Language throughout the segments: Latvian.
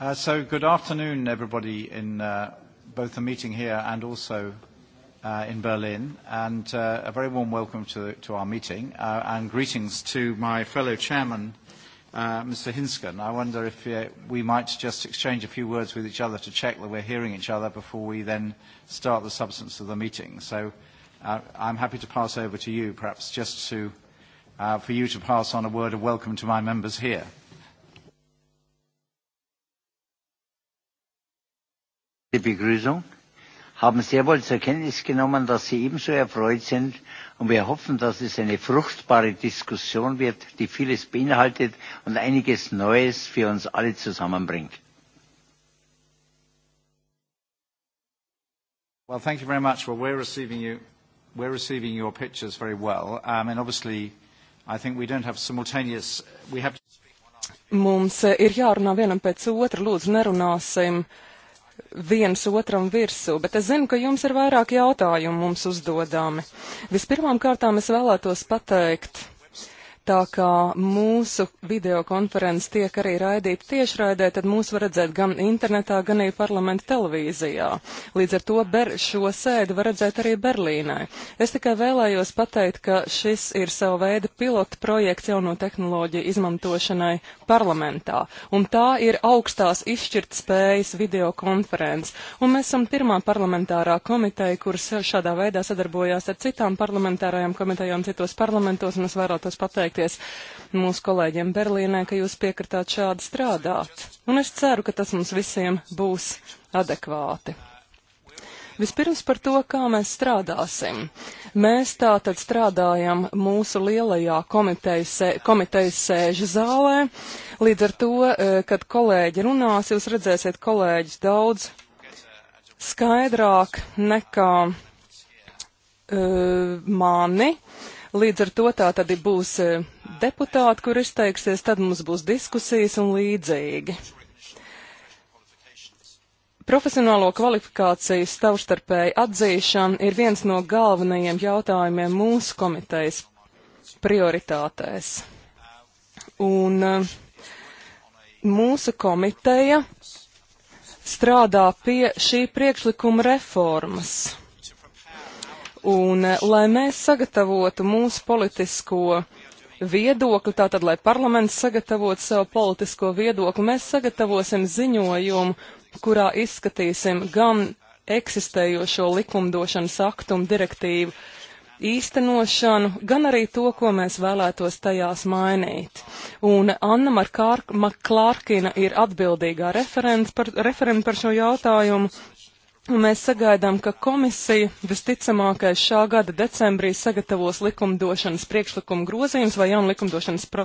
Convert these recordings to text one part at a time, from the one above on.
Uh, so good afternoon, everybody, in uh, both the meeting here and also uh, in Berlin, and uh, a very warm welcome to, to our meeting, uh, and greetings to my fellow chairman, uh, Mr. Hinsken. I wonder if uh, we might just exchange a few words with each other to check that we're hearing each other before we then start the substance of the meeting. So uh, I'm happy to pass over to you, perhaps just to, uh, for you to pass on a word of welcome to my members here. Die Begrüßung haben sehr wohl zur Kenntnis genommen, dass Sie ebenso erfreut sind, und wir hoffen, dass es eine fruchtbare Diskussion wird, die vieles beinhaltet und einiges Neues für uns alle zusammenbringt. Well, thank you very much. Well, we're receiving you, we're receiving your pictures very well. Um, and obviously, I think we don't have simultaneous. We have to speak one after. Mums eh, ir jārunā vienam pēc otra. Lūdzu, nerunāsim viens otram virsū, bet es zinu, ka jums ir vairāk jautājumu mums uzdodami. Vispirmām kārtām es vēlētos pateikt Tā kā mūsu videokonferences tiek arī raidīta tiešraidē, tad mūs var redzēt gan internetā, gan arī parlamenta televīzijā. Līdz ar to ber, šo sēdi var redzēt arī Berlīnai. Es tikai vēlējos pateikt, ka šis ir sava veida pilota projekts jauno tehnoloģiju izmantošanai parlamentā. Un tā ir augstās izšķirtspējas videokonferences. Un mēs esam pirmā parlamentārā komiteja, kuras šādā veidā sadarbojās ar citām parlamentārajām komitejām citos parlamentos, un es vēlētos pateikt pateikties mūsu kolēģiem Berlīnē, ka jūs piekritāt šādi strādāt. Un es ceru, ka tas mums visiem būs adekvāti. Vispirms par to, kā mēs strādāsim. Mēs tātad strādājam mūsu lielajā komitejas, komitejas sēžu zālē. Līdz ar to, e, kad kolēģi runās, jūs redzēsiet kolēģis daudz skaidrāk nekā uh, mani. Uh, Līdz ar to tā tad būs e, deputāti, kur izteiksies, tad mums būs diskusijas un līdzīgi. Profesionālo kvalifikāciju savstarpēji atzīšana ir viens no galvenajiem jautājumiem mūsu komitejas prioritātēs. Un e, mūsu komiteja strādā pie šī priekšlikuma reformas. Un, eh, lai mēs sagatavotu mūsu politisko viedokli, tātad, lai parlaments sagatavotu savu politisko viedokli, mēs sagatavosim ziņojumu, kurā izskatīsim gan eksistējošo likumdošanas aktu un direktīvu īstenošanu, gan arī to, ko mēs vēlētos tajās mainīt. Un Anna Markār, Maklārkina ir atbildīgā referents par, referent par šo jautājumu, Un mēs sagaidām, ka komisija visticamākais šā gada decembrī sagatavos likumdošanas priekšlikumu grozījums vai jaunu likumdošanas pro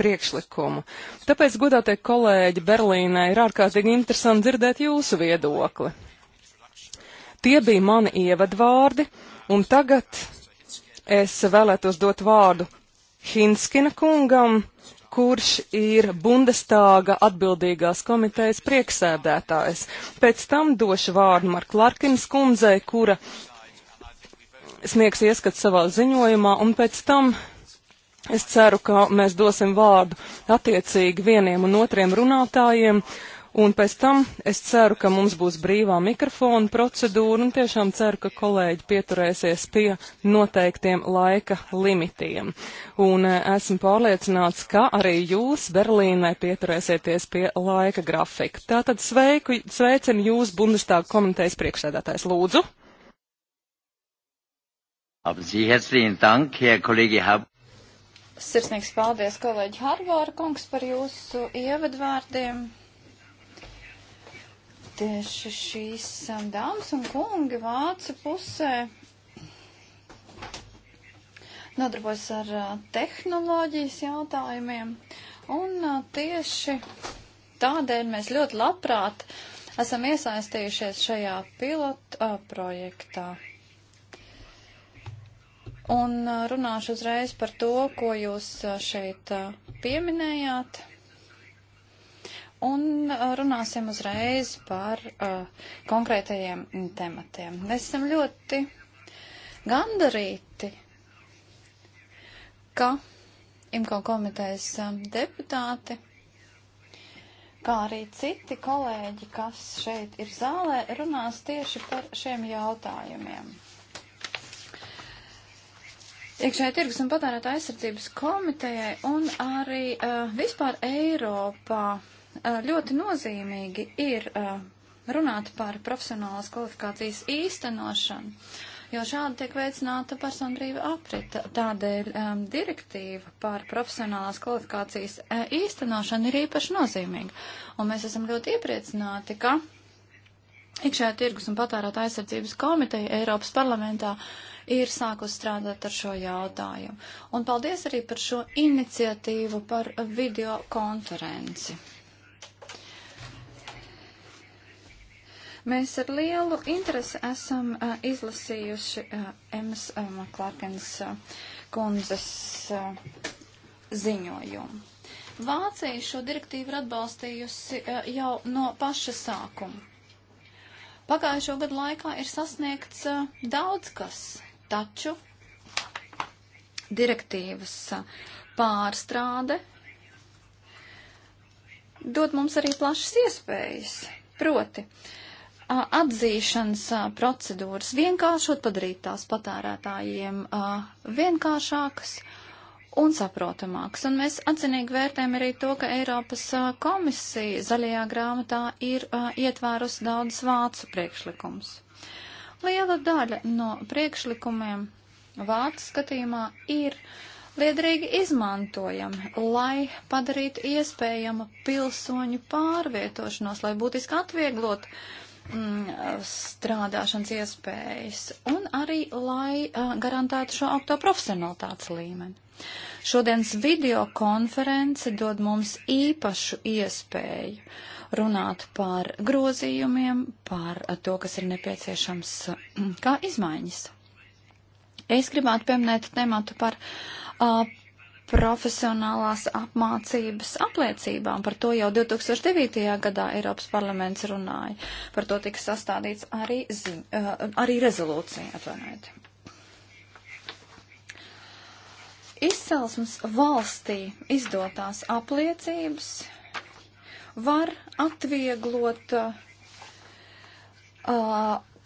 priekšlikumu. Tāpēc, godātie kolēģi Berlīnē, ir ārkārtīgi interesanti dzirdēt jūsu viedokli. Tie bija mani ievadvārdi, un tagad es vēlētos dot vārdu Hinskina kungam, kurš ir Bundestāga atbildīgās komitejas prieksēdētājs. Pēc tam došu vārdu Mark Larkins kundzei, kura sniegs ieskats savā ziņojumā, un pēc tam es ceru, ka mēs dosim vārdu attiecīgi vieniem un otriem runātājiem. Uh, Un pēc tam es ceru, ka mums būs brīvā mikrofona procedūra un tiešām ceru, ka kolēģi pieturēsies pie noteiktiem laika limitiem. Un e, esmu pārliecināts, ka arī jūs Berlīnē pieturēsieties pie laika grafika. Tātad sveiku, sveicinu jūs Bundestāga komitejas priekšsēdētājs Lūdzu. Sirsnīgs paldies, kolēģi Harvāra kungs, par jūsu ievadvārdiem tieši šīs um, dāmas un kungi vācu pusē nodarbojas ar uh, tehnoloģijas jautājumiem, un uh, tieši tādēļ mēs ļoti labprāt esam iesaistījušies šajā pilotu uh, projektā. Un uh, runāšu uzreiz par to, ko jūs šeit pieminējāt un uh, runāsim uzreiz par uh, konkrētajiem tematiem. Mēs esam ļoti gandarīti, ka IMKO komitejas um, deputāti, kā arī citi kolēģi, kas šeit ir zālē, runās tieši par šiem jautājumiem. Iekšējā tirgus un patērētā aizsardzības komitejai un arī uh, vispār Eiropā ļoti nozīmīgi ir runāt par profesionālas kvalifikācijas īstenošanu, jo šādi tiek veicināta personu brīva aprita. Tādēļ um, direktīva par profesionālās kvalifikācijas īstenošanu ir īpaši nozīmīga. Un mēs esam ļoti iepriecināti, ka iekšējā tirgus un patērēta aizsardzības komiteja Eiropas parlamentā ir sākus strādāt ar šo jautājumu. Un paldies arī par šo iniciatīvu par video konferenci. Mēs ar lielu interesi esam uh, izlasījuši uh, Emas um, Klārkens uh, kundzes uh, ziņojumu. Vācija šo direktīvu ir atbalstījusi uh, jau no paša sākuma. Pagājušo gadu laikā ir sasniegts uh, daudz kas, taču direktīvas uh, pārstrāde dod mums arī plašas iespējas. Proti, uh, atzīšanas procedūras vienkāršot, padarīt tās patērētājiem vienkāršākas un saprotamāks. Un mēs atzinīgi vērtējam arī to, ka Eiropas komisija zaļajā grāmatā ir ietvērusi daudz vācu priekšlikums. Liela daļa no priekšlikumiem vācu skatījumā ir liederīgi izmantojami, lai padarītu iespējama pilsoņu pārvietošanos, lai būtiski atvieglotu Mm, strādāšanas iespējas un arī, lai garantētu šo augto profesionalitātes līmeni. Šodienas video konference dod mums īpašu iespēju runāt par grozījumiem, par to, kas ir nepieciešams kā izmaiņas. Es gribētu pieminēt tematu par uh, profesionālās apmācības apliecībām. Par to jau 2009. gadā Eiropas parlaments runāja. Par to tika sastādīts arī, zi, eh, arī rezolūcija, atvainojiet. Izcelsmes valstī izdotās apliecības var atvieglot uh,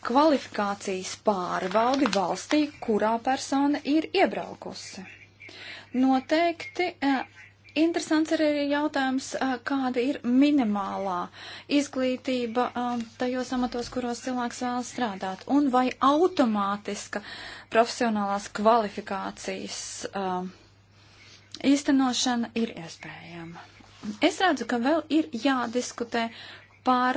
kvalifikācijas pārvaldi valstī, kurā persona ir iebraukusi. Noteikti eh, interesants arī ir jautājums, eh, kāda ir minimālā izglītība eh, tajos amatos, kuros cilvēks vēl strādāt, un vai automātiska profesionālās kvalifikācijas īstenošana ir iespējama. Es redzu, ka vēl ir jādiskutē par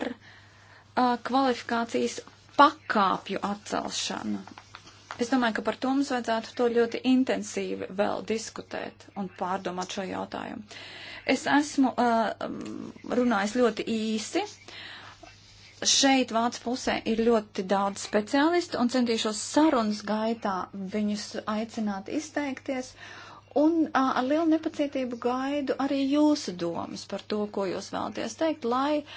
kvalifikācijas pakāpju atcelšanu. Es domāju, ka par to mums vajadzētu to ļoti intensīvi vēl diskutēt un pārdomāt šo jautājumu. Es esmu uh, runājis ļoti īsi. Šeit Vācu pusē ir ļoti daudz speciālistu un centīšos sarunas gaitā viņus aicināt izteikties. Un a, uh, ar lielu nepacietību gaidu arī jūsu domas par to, ko jūs vēlaties teikt, lai uh,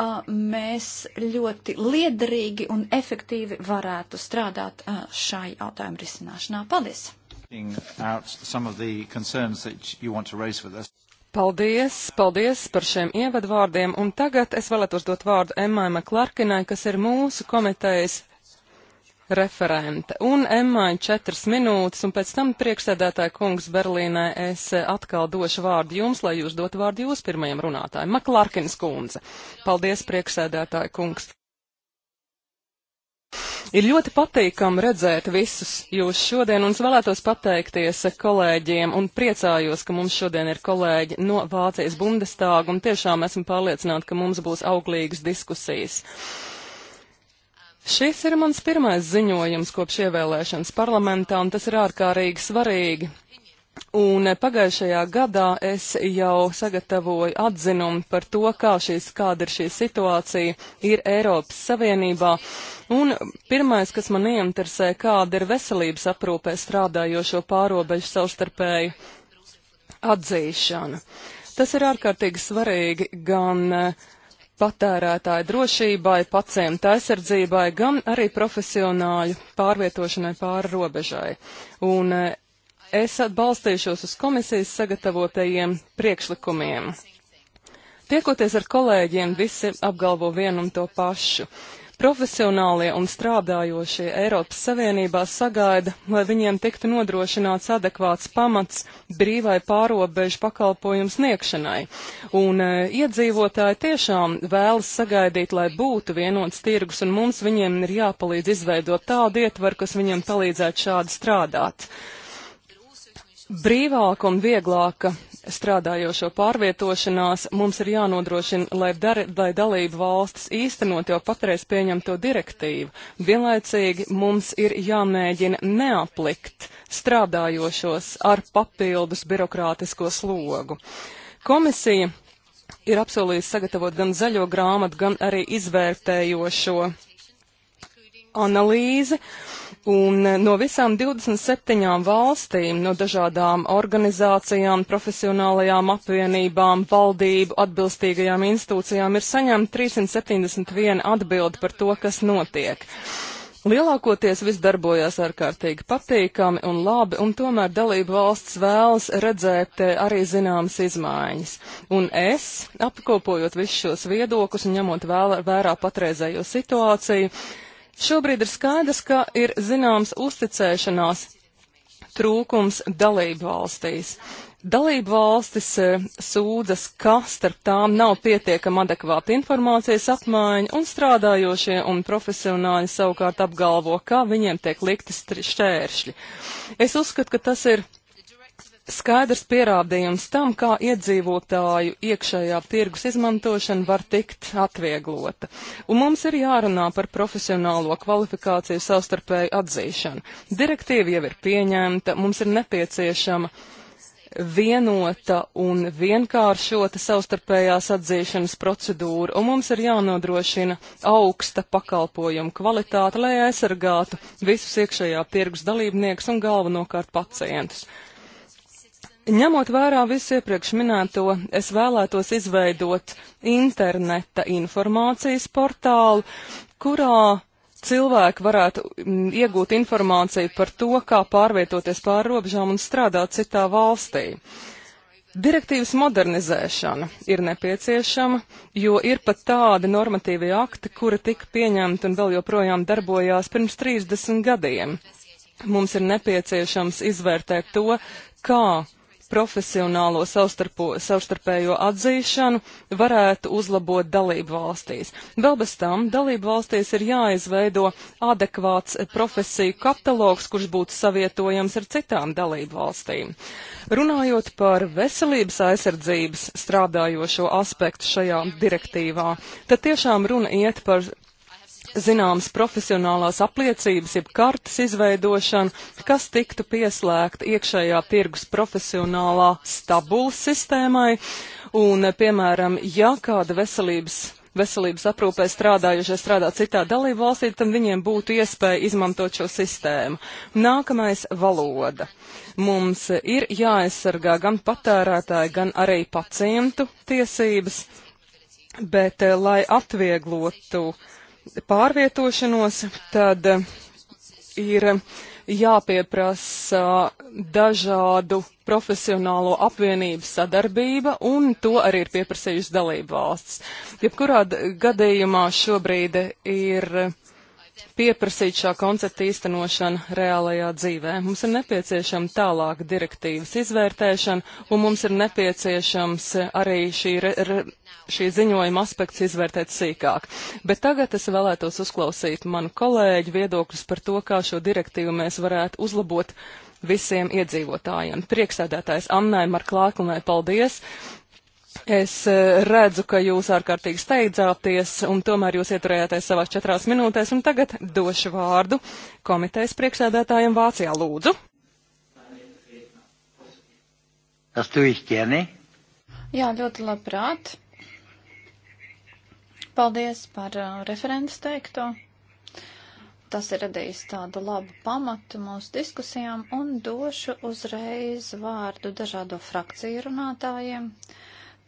mēs ļoti liederīgi un efektīvi varētu strādāt uh, šai jautājumu risināšanā. Paldies! Paldies, paldies par šiem ievadvārdiem, un tagad es vēlētos dot vārdu Emmai Maklarkinai, kas ir mūsu komitejas referente. Un Emmai četras minūtes, un pēc tam priekšsēdētāja kungs Berlīnē es eh, atkal došu vārdu jums, lai jūs dotu vārdu jūs pirmajam runātājam. Maklārkins kundze. Paldies, priekšsēdētāja kungs. Ir ļoti patīkami redzēt visus jūs šodien, un es vēlētos pateikties kolēģiem, un priecājos, ka mums šodien ir kolēģi no Vācijas Bundestāga, un tiešām esmu pārliecināta, ka mums būs auglīgas diskusijas. Uh, Šis ir mans pirmais ziņojums kopš ievēlēšanas parlamentā, un tas ir ārkārtīgi svarīgi. Un pagājušajā gadā es jau sagatavoju atzinumu par to, kā šīs, kāda ir šī situācija ir Eiropas Savienībā. Un pirmais, kas man ieinteresē, kāda ir veselības aprūpē strādājošo pārobežu savstarpēju atzīšana. Tas ir ārkārtīgi svarīgi gan uh, patērētāju drošībai, pacientu aizsardzībai, gan arī profesionāļu pārvietošanai pāri robežai. Un eh, es atbalstīšos uz komisijas sagatavotajiem priekšlikumiem. Tiekoties ar kolēģiem, visi apgalvo vienu un to pašu. Uh, Profesionālie un strādājošie Eiropas Savienībā sagaida, lai viņiem tiktu nodrošināts adekvāts pamats brīvai pārobežu pakalpojumu sniegšanai. Un e, iedzīvotāji tiešām vēlas sagaidīt, lai būtu vienots tirgus, un mums viņiem ir jāpalīdz izveidot tādu ietvaru, kas viņiem palīdzētu šādi strādāt. Brīvāka un vieglāka strādājošo pārvietošanās, mums ir jānodrošina, lai, dar, lai dalību valstis īstenot jau patreiz pieņemto direktīvu. Vienlaicīgi mums ir jāmēģina neaplikt strādājošos ar papildus birokrātisko slogu. Komisija ir apsolījusi sagatavot gan zaļo grāmatu, gan arī izvērtējošo analīzi. Uh, Un eh, no visām 27 valstīm, no dažādām organizācijām, profesionālajām apvienībām, valdību, atbilstīgajām institūcijām ir saņemta 371 atbildi par to, kas notiek. Lielākoties viss darbojās ārkārtīgi patīkami un labi, un tomēr dalību valsts vēlas redzēt eh, arī zināmas izmaiņas. Un es, apkopojot visus šos viedokļus un ņemot vērā patreizējo situāciju, uh, Šobrīd ir skaidrs, ka ir zināms uzticēšanās trūkums dalību valstīs. Dalību valstis e, sūdzas, ka starp tām nav pietiekama adekvāta informācijas apmaiņa, un strādājošie un profesionāļi savukārt apgalvo, kā viņiem tiek likti šķēršļi. Es uzskatu, ka tas ir skaidrs pierādījums tam, kā iedzīvotāju iekšējā tirgus izmantošana var tikt atvieglota. Un mums ir jārunā par profesionālo kvalifikāciju savstarpēju atzīšanu. Direktīva jau ir pieņemta, mums ir nepieciešama vienota un vienkāršota savstarpējās atzīšanas procedūra, un mums ir jānodrošina augsta pakalpojuma kvalitāte, lai aizsargātu visus iekšējā tirgus dalībniekus un galvenokārt pacientus. Ņemot vērā visu iepriekš minēto, es vēlētos izveidot interneta informācijas portālu, kurā cilvēki varētu mm, iegūt informāciju par to, kā pārvietoties pāri robežām un strādāt citā valstī. Direktīvas modernizēšana ir nepieciešama, jo ir pat tādi normatīvi akti, kura tika pieņemta un vēl joprojām darbojās pirms 30 gadiem. Mums ir nepieciešams izvērtēt to, kā profesionālo savstarpo, savstarpējo atzīšanu varētu uzlabot dalību valstīs. Vēl bez tam dalību valstīs ir jāizveido adekvāts profesiju katalogs, kurš būtu savietojams ar citām dalību valstīm. Runājot par veselības aizsardzības strādājošo aspektu šajā direktīvā, tad tiešām runa iet par zināmas profesionālās apliecības, jeb kartes izveidošana, kas tiktu pieslēgta iekšējā tirgus profesionālā stabulas sistēmai. Un, piemēram, ja kāda veselības veselības aprūpē strādājušie strādā citā dalību valstī, tad viņiem būtu iespēja izmantot šo sistēmu. Nākamais - valoda. Mums ir jāaizsargā gan patērētāji, gan arī pacientu tiesības, bet, eh, lai atvieglotu uh, pārvietošanos, tad eh, ir jāpieprasa dažādu profesionālo apvienību sadarbība, un to arī ir pieprasījusi dalību valsts. Jebkurā gadījumā šobrīd ir pieprasīt šā koncepta īstenošanu reālajā dzīvē. Mums ir nepieciešama tālāka direktīvas izvērtēšana, un mums ir nepieciešams arī šī re, re, šī ziņojuma aspekts izvērtēt sīkāk. Bet tagad es vēlētos uzklausīt manu kolēģu viedokļus par to, kā šo direktīvu mēs varētu uzlabot visiem iedzīvotājiem. Prieksēdētājs Annai Marklākunai paldies! Es eh, redzu, ka jūs ārkārtīgi steidzāties, un tomēr jūs ieturējāties savās četrās minūtēs, un tagad došu vārdu komitejas priekšsēdētājiem Vācijā lūdzu. Jā, ļoti labprāt. Paldies par uh, referents teikto. Tas ir radījis tādu labu pamatu mūsu diskusijām un došu uzreiz vārdu dažādo frakciju runātājiem.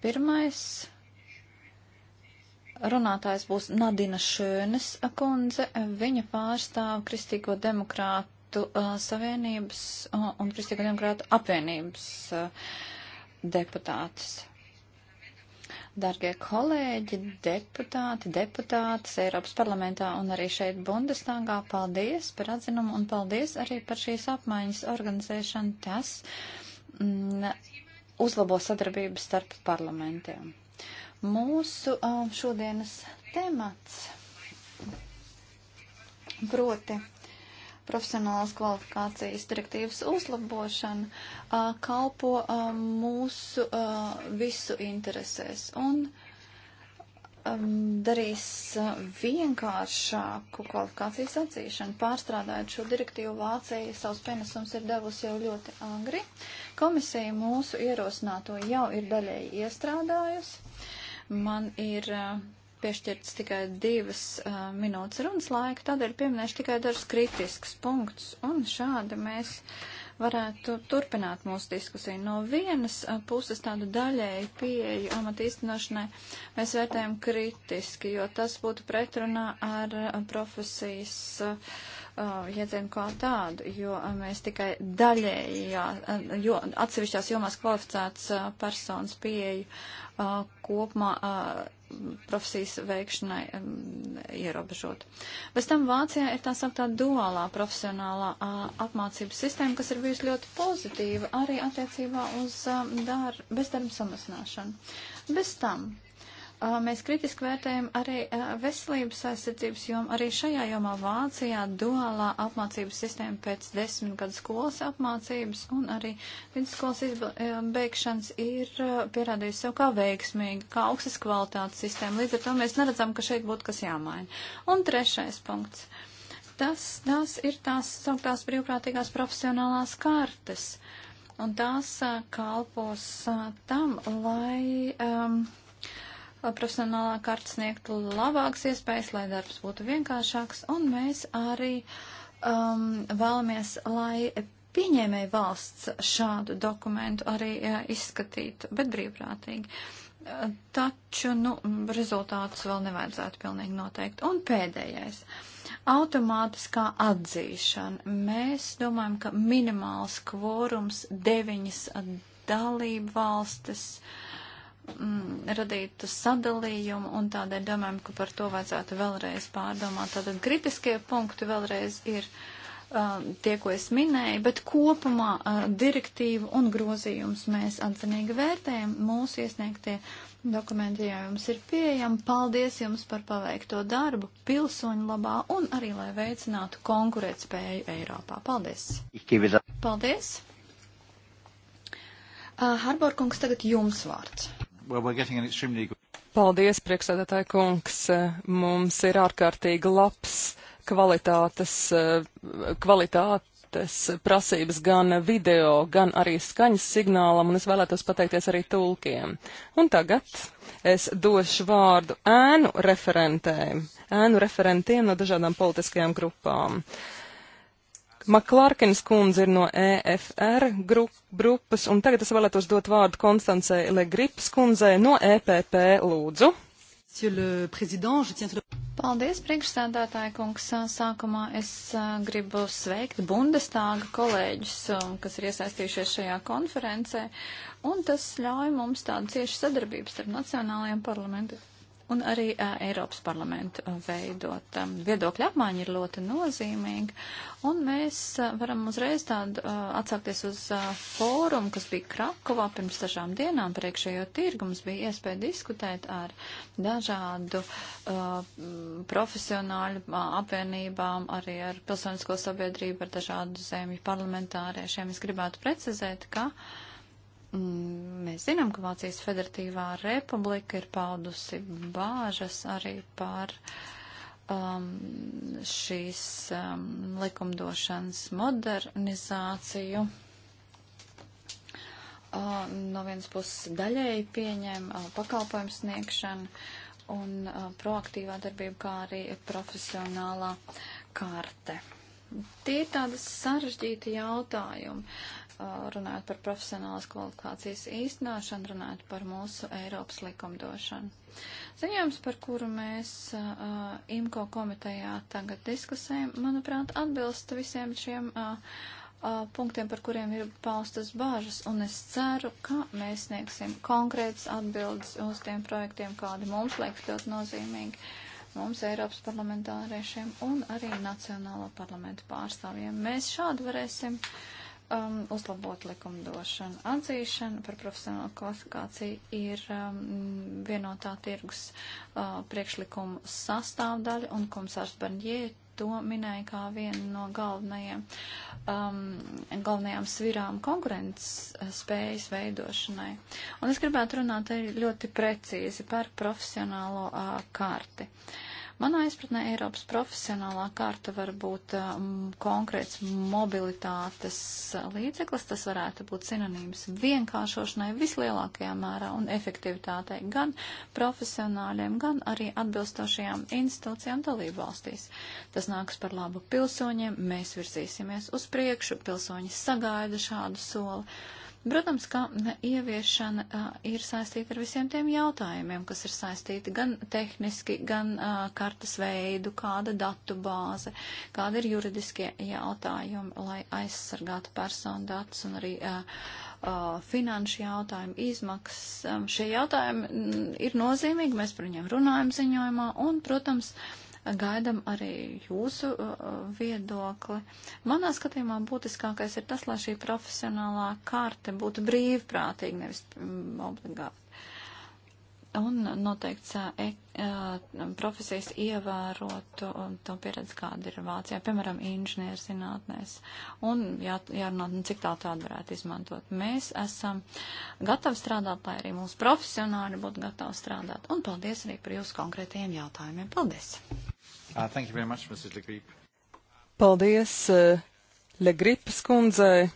Pirmais runātājs būs Nadina Šönes kundze. Viņa pārstāv Kristīgo demokrātu uh, savienības uh, un Kristīgo demokrātu apvienības uh, deputātus. Dargie kolēģi, deputāti, deputātes Eiropas parlamentā un arī šeit Bundestagā, paldies par atzinumu un paldies arī par šīs apmaiņas organizēšanu. Tas mm, uzlabo sadarbību starp parlamentiem. Mūsu šodienas temats proti profesionālās kvalifikācijas direktīvas uzlabošana uh, kalpo uh, mūsu uh, visu interesēs un um, darīs uh, vienkāršāku kvalifikācijas atzīšanu. Pārstrādājot šo direktīvu, Vācija savus pienesums ir devusi jau ļoti agri. Komisija mūsu ierosināto jau ir daļēji iestrādājusi. Man ir uh, piešķirts tikai divas uh, minūtes runas laika, tādēļ pieminēšu tikai dažus kritiskus punktus. Un šādi mēs varētu turpināt mūsu diskusiju. No vienas uh, puses tādu daļēju pieeju amata īstenošanai mēs vērtējam kritiski, jo tas būtu pretrunā ar uh, profesijas. Uh, uh, jēdzienu kā tādu, jo uh, mēs tikai daļēji, jā, uh, jo atsevišķās jomās kvalificēts uh, personas pieeju uh, kopumā uh, profesijas veikšanai um, ierobežot. Bez tam Vācijā ir tā sauktā duālā profesionālā uh, apmācības sistēma, kas ir bijusi ļoti pozitīva arī attiecībā uz uh, dar, bezdarba samazināšanu. Bez tam Uh, mēs kritiski vērtējam arī uh, veselības aizsardzības jomu. Arī šajā jomā Vācijā duālā apmācības sistēma pēc desmit gadu skolas apmācības un arī vidusskolas uh, beigšanas ir pierādījusi sev kā veiksmīga, kā augstas kvalitātes sistēma. Līdz ar to mēs neredzam, ka šeit būtu kas jāmaina. Un trešais punkts. Tas, tās ir tās sauktās brīvprātīgās profesionālās kartes. Un tās kalpos tam, lai. Um, profesionālā kārta sniegtu labākas iespējas, lai darbs būtu vienkāršāks, un mēs arī um, vēlamies, lai pieņēmēja valsts šādu dokumentu arī uh, izskatītu, bet brīvprātīgi. Uh, taču, nu, rezultātus vēl nevajadzētu pilnīgi noteikti. Un pēdējais. Automātiskā atzīšana. Mēs domājam, ka minimāls kvorums deviņas dalību valstis uh, mm, radītu sadalījumu, un tādēļ domājam, ka par to vajadzētu vēlreiz pārdomāt. Tātad kritiskie punkti vēlreiz ir uh, tie, ko es minēju, bet kopumā uh, direktīvu un grozījums mēs atzinīgi vērtējam. Mūsu iesniegtie dokumenti jau jums ir pieejami. Paldies jums par paveikto darbu pilsoņu labā un arī, lai veicinātu konkurētspēju Eiropā. Paldies! Paldies! Uh, Harborkungs, tagad jums vārds well, we're getting an extremely good. Paldies, priekšsēdētāji kungs. Mums ir ārkārtīgi labs kvalitātes, kvalitātes prasības gan video, gan arī skaņas signālam, un es vēlētos pateikties arī tulkiem. Un tagad es došu vārdu ēnu referentēm, ēnu referentiem no dažādām politiskajām grupām. Uh, Maklārkins kundze ir no EFR grup, grupas, un tagad es vēlētos dot vārdu Konstancei Legrips kundzei no EPP lūdzu. Paldies, priekšsēdētāji kungs. Sākumā es uh, gribu sveikt Bundestāga kolēģus, uh, kas ir iesaistījušies šajā konferencē, un tas ļauj mums tādu ciešu sadarbību starp nacionālajiem parlamentiem un arī uh, Eiropas parlamentu uh, veidot. Um, viedokļa apmaiņa ir ļoti nozīmīga, un mēs uh, varam uzreiz tādu uh, atsākties uz uh, fórumu, kas bija Krakovā pirms dažām dienām priekšējo tirgu. Mums bija iespēja diskutēt ar dažādu uh, profesionāļu uh, apvienībām, arī ar pilsonisko sabiedrību, ar dažādu zemju parlamentāriešiem. Es gribētu precizēt, ka uh, Mm, mēs zinām, ka Vācijas Federatīvā republika ir paudusi bāžas arī par um, šīs um, likumdošanas modernizāciju. Uh, no vienas puses daļēji pieņem uh, pakalpojumu sniegšanu un uh, proaktīvā darbība, kā arī profesionālā kārte. Tie ir tādas sarežģīti jautājumi runājot par profesionālas kvalifikācijas īstenošanu, runājot par mūsu Eiropas likumdošanu. Ziņojums, par kuru mēs uh, IMCO komitejā tagad diskusējam, manuprāt, atbilst visiem šiem uh, uh, punktiem, par kuriem ir paustas bāžas, un es ceru, ka mēs sniegsim konkrētas atbildes uz tiem projektiem, kādi mums liekas ļoti nozīmīgi mums Eiropas parlamentāriešiem un arī Nacionālo parlamentu pārstāvjiem. Mēs šādi varēsim uh, um, uzlabot likumdošanu. Atzīšana par profesionālo kvalifikāciju ir um, vienotā tirgus uh, priekšlikuma sastāvdaļa, un komisārs Barņē to minēja kā vienu no galvenajiem, um, galvenajām svirām konkurences uh, spējas veidošanai. Un es gribētu runāt ļoti precīzi par profesionālo uh, karti. Uh, Manā izpratnē Eiropas profesionālā karta var būt um, konkrēts mobilitātes līdzeklis, tas varētu būt sinonīms vienkāršošanai vislielākajā mērā un efektivitātei gan profesionāļiem, gan arī atbilstošajām institūcijām dalību valstīs. Tas nāks par labu pilsoņiem, mēs virzīsimies uz priekšu, pilsoņi sagaida šādu soli Protams, ka ieviešana uh, ir saistīta ar visiem tiem jautājumiem, kas ir saistīti gan tehniski, gan uh, kartas veidu, kāda datu bāze, kāda ir juridiskie jautājumi, lai aizsargātu personu datus un arī uh, Uh, finanšu jautājumu, izmaksas. Um, šie jautājumi m, ir nozīmīgi, mēs par viņiem runājam ziņojumā, un, protams, uh, gaidam arī jūsu uh, uh, viedokli. Manā skatījumā būtiskākais ir tas, lai šī profesionālā karte būtu brīvprātīga, nevis mm, obligāti. Un noteikts uh, e, profesijas ievērotu to pieredzi, kāda ir Vācijā, piemēram, inženieru zinātnēs. Un jā, jārunā, nu, cik tā tādu varētu izmantot. Mēs esam gatavi strādāt, lai arī mūsu profesionāļi būtu gatavi strādāt. Un paldies arī par jūsu konkrētajiem jautājumiem. Paldies! Uh, thank you very much, Mrs. Legrip. Paldies uh, Legripas kundzei.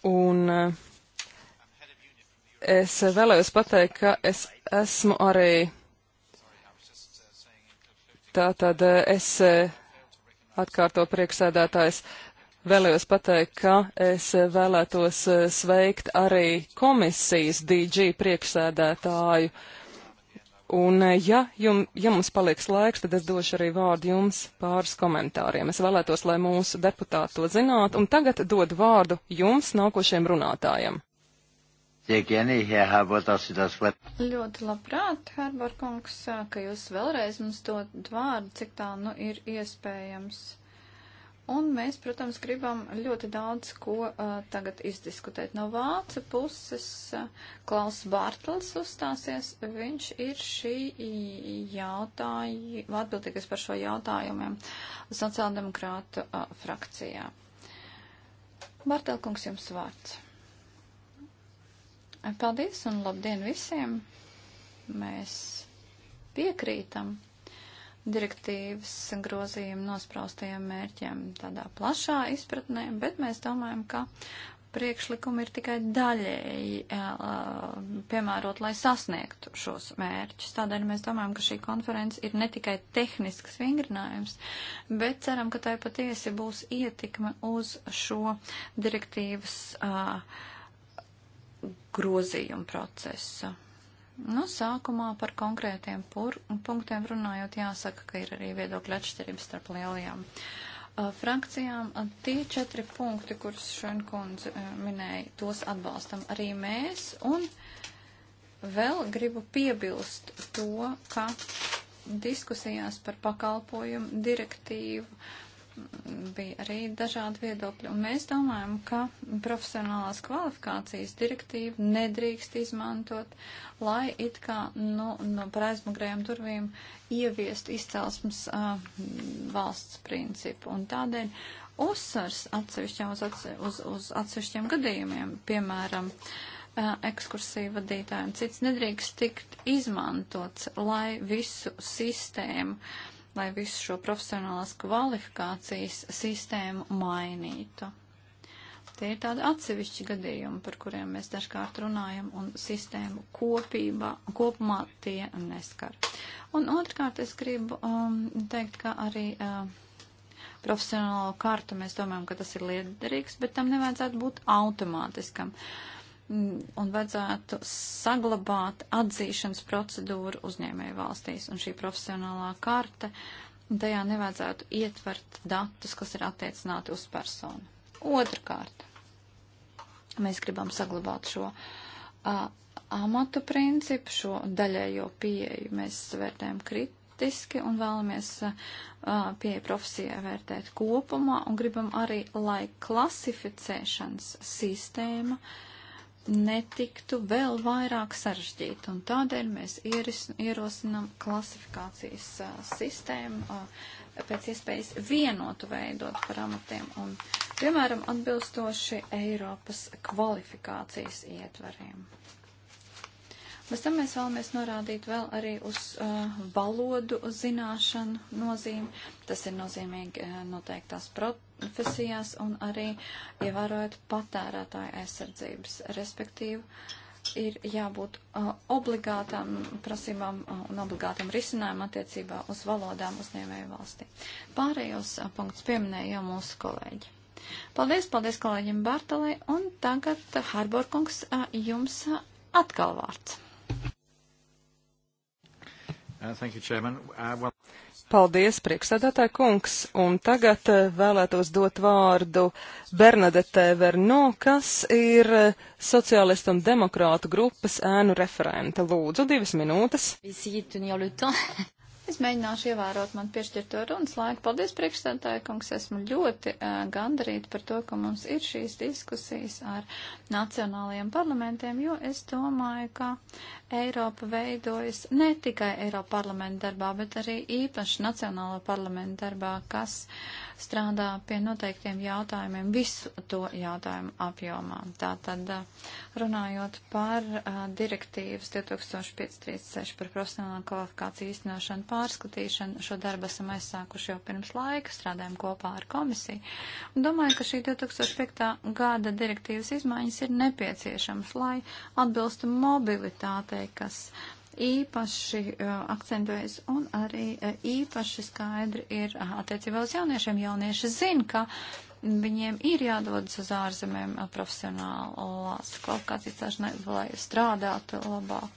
Un uh, es vēlējos pateikt, ka es esmu arī. Tātad uh, es uh, atkārto priekšsēdētājs. Vēlējos pateikt, ka es uh, vēlētos sveikt arī komisijas DG priekšsēdētāju uh, Un, eh, ja, jum, ja mums paliks laiks, tad es došu arī vārdu jums pāris komentāriem. Es vēlētos, lai mūsu deputāti to zinātu, un tagad dod vārdu jums nākošajam runātājam. Ļoti labprāt, Herbor kungs, ka jūs vēlreiz mums dod vārdu, cik tā nu ir iespējams. Un mēs, protams, gribam ļoti daudz ko uh, tagad izdiskutēt. No vācu puses uh, Klaus Bartels uzstāsies. Viņš ir šī jautājuma, atbildīgais par šo jautājumiem sociāldemokrātu uh, frakcijā. Bartelkungs, jums vārds. Paldies un labdien visiem. Mēs piekrītam direktīvas grozījumu nospraustajiem mērķiem tādā plašā izpratnē, bet mēs domājam, ka priekšlikumi ir tikai daļēji piemērot, lai sasniegtu šos mērķus. Tādēļ mēs domājam, ka šī konference ir ne tikai tehnisks vingrinājums, bet ceram, ka tai patiesi būs ietekme uz šo direktīvas grozījumu procesu. Nu, sākumā par konkrētiem pur, punktiem runājot, jāsaka, ka ir arī viedokļa atšķirības starp lielajām uh, frakcijām. Tie četri punkti, kurus Šenkundze uh, minēja, tos atbalstam arī mēs. Un vēl gribu piebilst to, ka diskusijās par pakalpojumu direktīvu bija arī dažādi viedokļi, un mēs domājam, ka profesionālās kvalifikācijas direktīva nedrīkst izmantot, lai it kā nu, no, no praizmugrējiem turvīm ieviest izcelsmes uh, valsts principu. Un tādēļ uzsvars atsevišķiem uz, atse, uz, uz atsevišķiem gadījumiem, piemēram, uh, ekskursiju vadītāji un cits nedrīkst tikt izmantots, lai visu sistēmu uh, lai visu šo profesionālās kvalifikācijas sistēmu mainītu. Tie ir tādi atsevišķi gadījumi, par kuriem mēs dažkārt runājam, un sistēmu kopībā, kopumā tie neskar. Un otrkārt es gribu um, teikt, ka arī uh, profesionālo kartu mēs domājam, ka tas ir liederīgs, bet tam nevajadzētu būt automātiskam. Uh, un vajadzētu saglabāt atzīšanas procedūru uzņēmēju valstīs. Un šī profesionālā karte, tajā nevajadzētu ietvert datus, kas ir attiecināti uz personu. Otrakārt, mēs gribam saglabāt šo uh, amatu principu, šo daļējo pieeju. Mēs vērtējam krit holistiski un vēlamies uh, pieeja profesijai vērtēt kopumā un gribam arī, lai klasificēšanas sistēma uh, netiktu vēl vairāk sarežģīta. Un tādēļ mēs ieris, ierosinam klasifikācijas uh, sistēmu uh, pēc iespējas vienotu veidot par amatiem un, piemēram, atbilstoši Eiropas kvalifikācijas ietvariem. Bez tam mēs vēlamies norādīt vēl arī uz uh, valodu zināšanu nozīmi. Tas ir nozīmīgi uh, noteiktās profesijās un arī ievērojot patērētāju aizsardzības. Respektīvi, ir jābūt uh, obligātām prasībām uh, un obligātam risinājumam attiecībā uz valodām uzņēmēju valstī. Pārējos uh, punktus pieminēja jau mūsu kolēģi. Paldies, paldies kolēģim Bartalē, un tagad uh, Harborkungs uh, jums uh, atkal vārds. Uh, thank you, Chairman. Uh, well... Paldies, priekšsēdētāji kungs, un tagad uh, vēlētos dot vārdu Bernadette Verno, kas ir uh, sociālistu un demokrātu grupas ēnu referente. Lūdzu, divas minūtes. Es mēģināšu ievērot man piešķirto runas laiku. Paldies, priekšstādātāji kungs, esmu ļoti uh, gandarīta par to, ka mums ir šīs diskusijas ar nacionālajiem parlamentiem, jo es domāju, ka Eiropa veidojas ne tikai Eiropa parlamenta darbā, bet arī īpaši Nacionālo parlamenta darbā, kas strādā pie noteiktiem jautājumiem visu to jautājumu apjomā. Tātad runājot par uh, direktīvas 2536 par profesionālā kvalifikāciju īstenošanu pārskatīšanu, šo darbu esam aizsākuši jau pirms laika, strādājam kopā ar komisiju. Un domāju, ka šī 2005. gada direktīvas izmaiņas ir nepieciešamas, lai atbilstu mobilitātei komitejai, kas īpaši uh, akcentuējas un arī uh, īpaši skaidri ir uh, attiecībā uz jauniešiem. Jaunieši zina, ka viņiem ir jādodas uz ārzemēm uh, profesionālās kvalifikācijas tāšanai, lai strādātu labāk.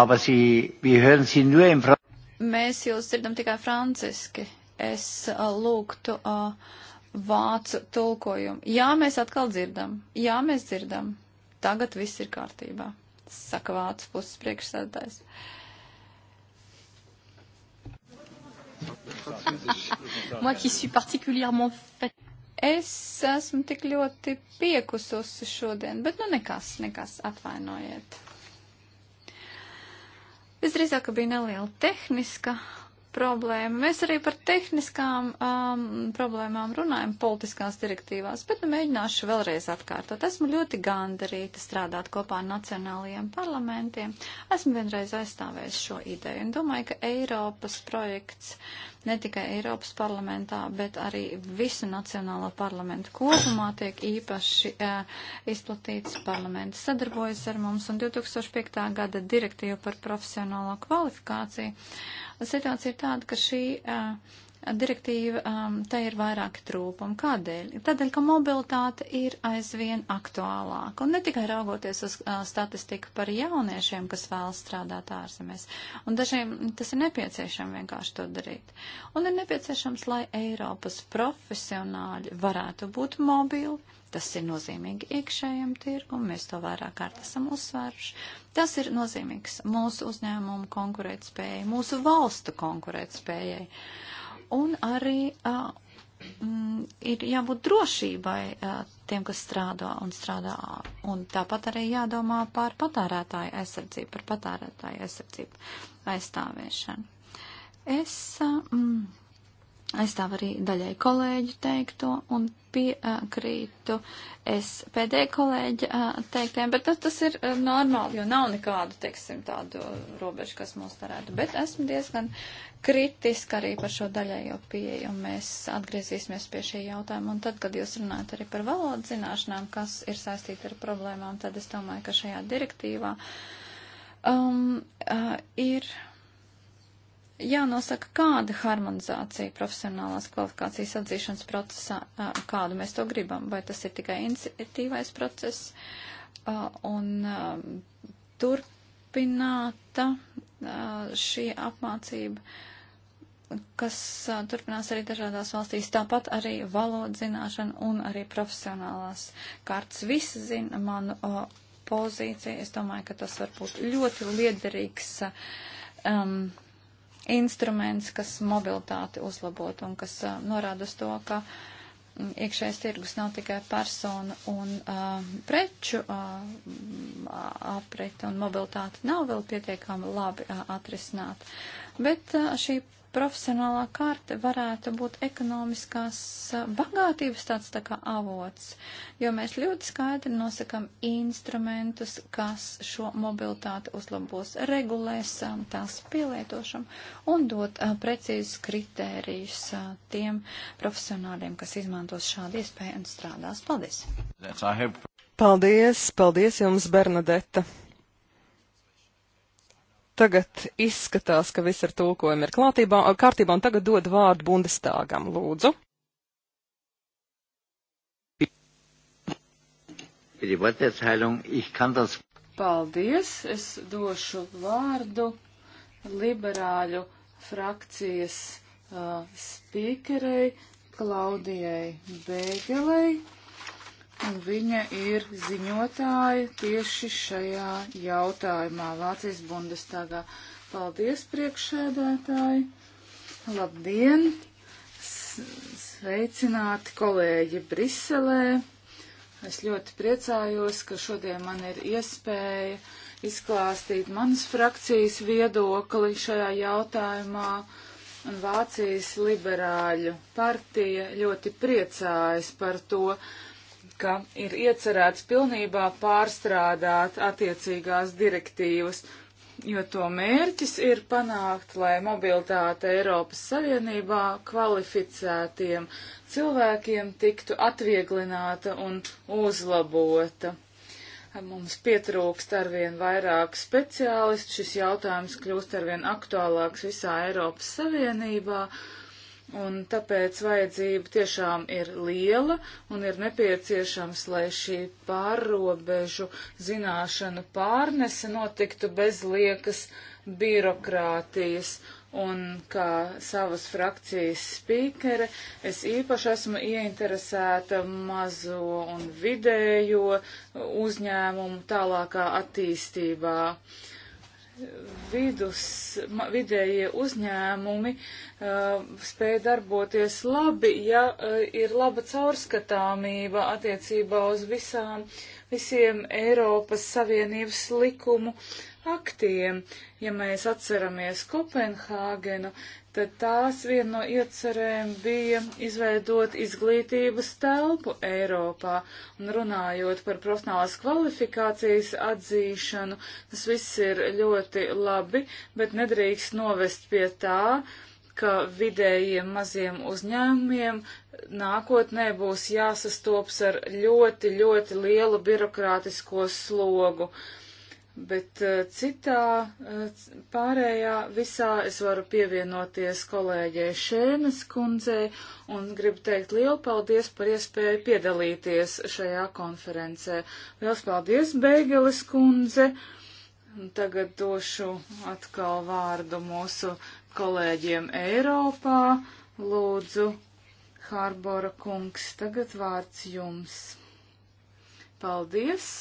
Aber Sie, wir hören Sie nur im Fra Mēs jūs dzirdam tikai franciski. Es uh, lūgtu uh, vācu tulkojumu. Jā, mēs atkal dzirdam. Jā, mēs dzirdam. Tagad viss ir kārtībā, saka vācu puses priekšsēdētājs. Moi qui suis particulièrement fait. Es esmu tik ļoti piekususi šodien, bet nu nekas, nekas, atvainojiet. Visdrīzāk bija neliela tehniska problēma. Mēs arī par tehniskām um, problēmām runājam politiskās direktīvās, bet nu mēģināšu vēlreiz atkārtot. Esmu ļoti gandarīta strādāt kopā ar nacionālajiem parlamentiem. Esmu vienreiz aizstāvējis šo ideju un domāju, ka Eiropas projekts ne tikai Eiropas parlamentā, bet arī visu nacionālo parlamentu kopumā tiek īpaši uh, izplatīts. Parlamenti sadarbojas ar mums un 2005. gada direktīva par profesionālo kvalifikāciju Situācija ir tāda, ka šī uh, direktīva, um, tai ir vairāki trūkumi. Kādēļ? Tādēļ, ka mobilitāte ir aizvien aktuālāka. Un ne tikai raugoties uz uh, statistiku par jauniešiem, kas vēlas strādāt ārzemēs. Un dažiem tas ir nepieciešams vienkārši to darīt. Un ir nepieciešams, lai Eiropas profesionāļi varētu būt mobili. Tas ir nozīmīgi iekšējiem tirgumam, mēs to vairāk kārt esam uzsvēruši. Tas ir nozīmīgs mūsu uzņēmumu konkurētspējai, mūsu valstu konkurētspējai. Uh, un arī uh, mm, ir jābūt drošībai uh, tiem, kas strādā un strādā. Un tāpat arī jādomā par patērētāju aizsardzību, par patērētāju aizsardzību aizstāvēšanu. Es mm, aizstāv arī daļai kolēģu teikto un piekrītu es pēdējai kolēģi teiktiem, bet tas, tas ir normāli, jo nav nekādu, teiksim, tādu robežu, kas mūs darētu. Bet esmu diezgan kritiska arī par šo daļējo pieeju, un mēs atgriezīsimies pie šī jautājuma. Un tad, kad jūs runājat arī par valodas zināšanām, kas ir saistīta ar problēmām, tad es domāju, ka šajā direktīvā um, uh, ir jānosaka, kāda harmonizācija profesionālās kvalifikācijas atzīšanas procesā, kādu mēs to gribam, vai tas ir tikai iniciatīvais process un turpināta šī apmācība, kas turpinās arī dažādās valstīs, tāpat arī valodas zināšana un arī profesionālās kārtas. Visi zina manu pozīciju, es domāju, ka tas var būt ļoti liederīgs. Um, instruments, kas mobilitāti uzlabot un kas uh, norāda uz to, ka iekšējais tirgus nav tikai persona un uh, preču uh, aprita un mobilitāte nav vēl pietiekami labi uh, atrisināt. Bet uh, šī profesionālā karte varētu būt ekonomiskās bagātības tāds tā kā avots, jo mēs ļoti skaidri nosakam instrumentus, kas šo mobilitāti uzlabos, regulēs tās pielietošanu un dot precīzus kritērijus tiem profesionāļiem, kas izmantos šādu iespēju un strādās. Paldies! Paldies! Paldies jums, Bernadeta! Tagad izskatās, ka viss ar tulkojumu ir klātībā, kārtībā, un tagad dod vārdu Bundestāgam, lūdzu. Paldies, es došu vārdu liberāļu frakcijas uh, spīkerei Klaudijai Bēgelei un viņa ir ziņotāja tieši šajā jautājumā Vācijas Bundestagā. Paldies, priekšsēdētāji! Labdien! Sveicināti kolēģi Briselē! Es ļoti priecājos, ka šodien man ir iespēja izklāstīt manas frakcijas viedokli šajā jautājumā. Un Vācijas liberāļu partija ļoti priecājas par to, ka ir iecerēts pilnībā pārstrādāt attiecīgās direktīvas, jo to mērķis ir panākt, lai mobilitāte Eiropas Savienībā kvalificētiem cilvēkiem tiktu atvieglināta un uzlabota. Mums pietrūkst arvien vairāk speciālistu, šis jautājums kļūst arvien aktuālāks visā Eiropas Savienībā, un tāpēc vajadzība tiešām ir liela un ir nepieciešams, lai šī pārrobežu zināšanu pārnese notiktu bez liekas birokrātijas. Un kā savas frakcijas spīkere, es īpaši esmu ieinteresēta mazo un vidējo uzņēmumu tālākā attīstībā. Uh, vidus, vidējie uzņēmumi uh, spēja darboties labi, ja uh, ir laba caurskatāmība attiecībā uz visām, visiem Eiropas Savienības likumu aktiem. Ja mēs atceramies Kopenhāgenu, tad tās viena no iecerēm bija izveidot izglītības telpu Eiropā. Un runājot par profesionālās kvalifikācijas atzīšanu, tas viss ir ļoti labi, bet nedrīkst novest pie tā, ka vidējiem maziem uzņēmumiem nākotnē būs jāsastops ar ļoti, ļoti lielu birokrātisko slogu. Uh, bet eh, citā eh, pārējā visā es varu pievienoties kolēģei Šēnas kundzei un gribu teikt lielu paldies par iespēju piedalīties šajā konferencē. Liels paldies, Beigelis kundze! Tagad došu atkal vārdu mūsu kolēģiem Eiropā. Lūdzu, Hārbora kungs, tagad vārds jums. Paldies!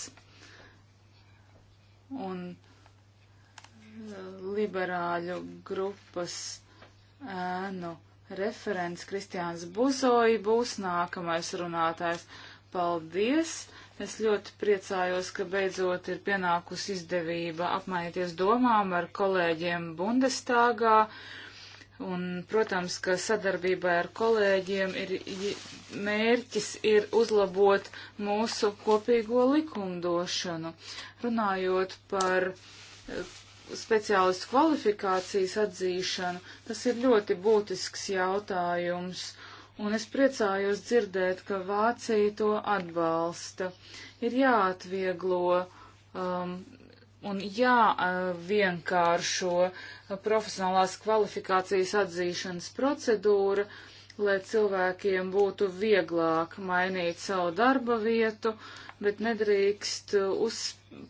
un eh, liberāļu grupas ēnu referents Kristiāns Buzoji būs nākamais runātājs. Paldies! Es ļoti priecājos, ka beidzot ir pienākusi izdevība apmainīties domām ar kolēģiem Bundestāgā Un, protams, ka sadarbībai ar kolēģiem ir mērķis ir uzlabot mūsu kopīgo likumdošanu. Runājot par e, speciālistu kvalifikācijas atzīšanu, tas ir ļoti būtisks jautājums. Un es priecājos dzirdēt, ka Vācija to atbalsta. Ir jāatvieglo um, un jāvienkāršo profesionālās kvalifikācijas atzīšanas procedūra, lai cilvēkiem būtu vieglāk mainīt savu darba vietu, bet nedrīkst uz,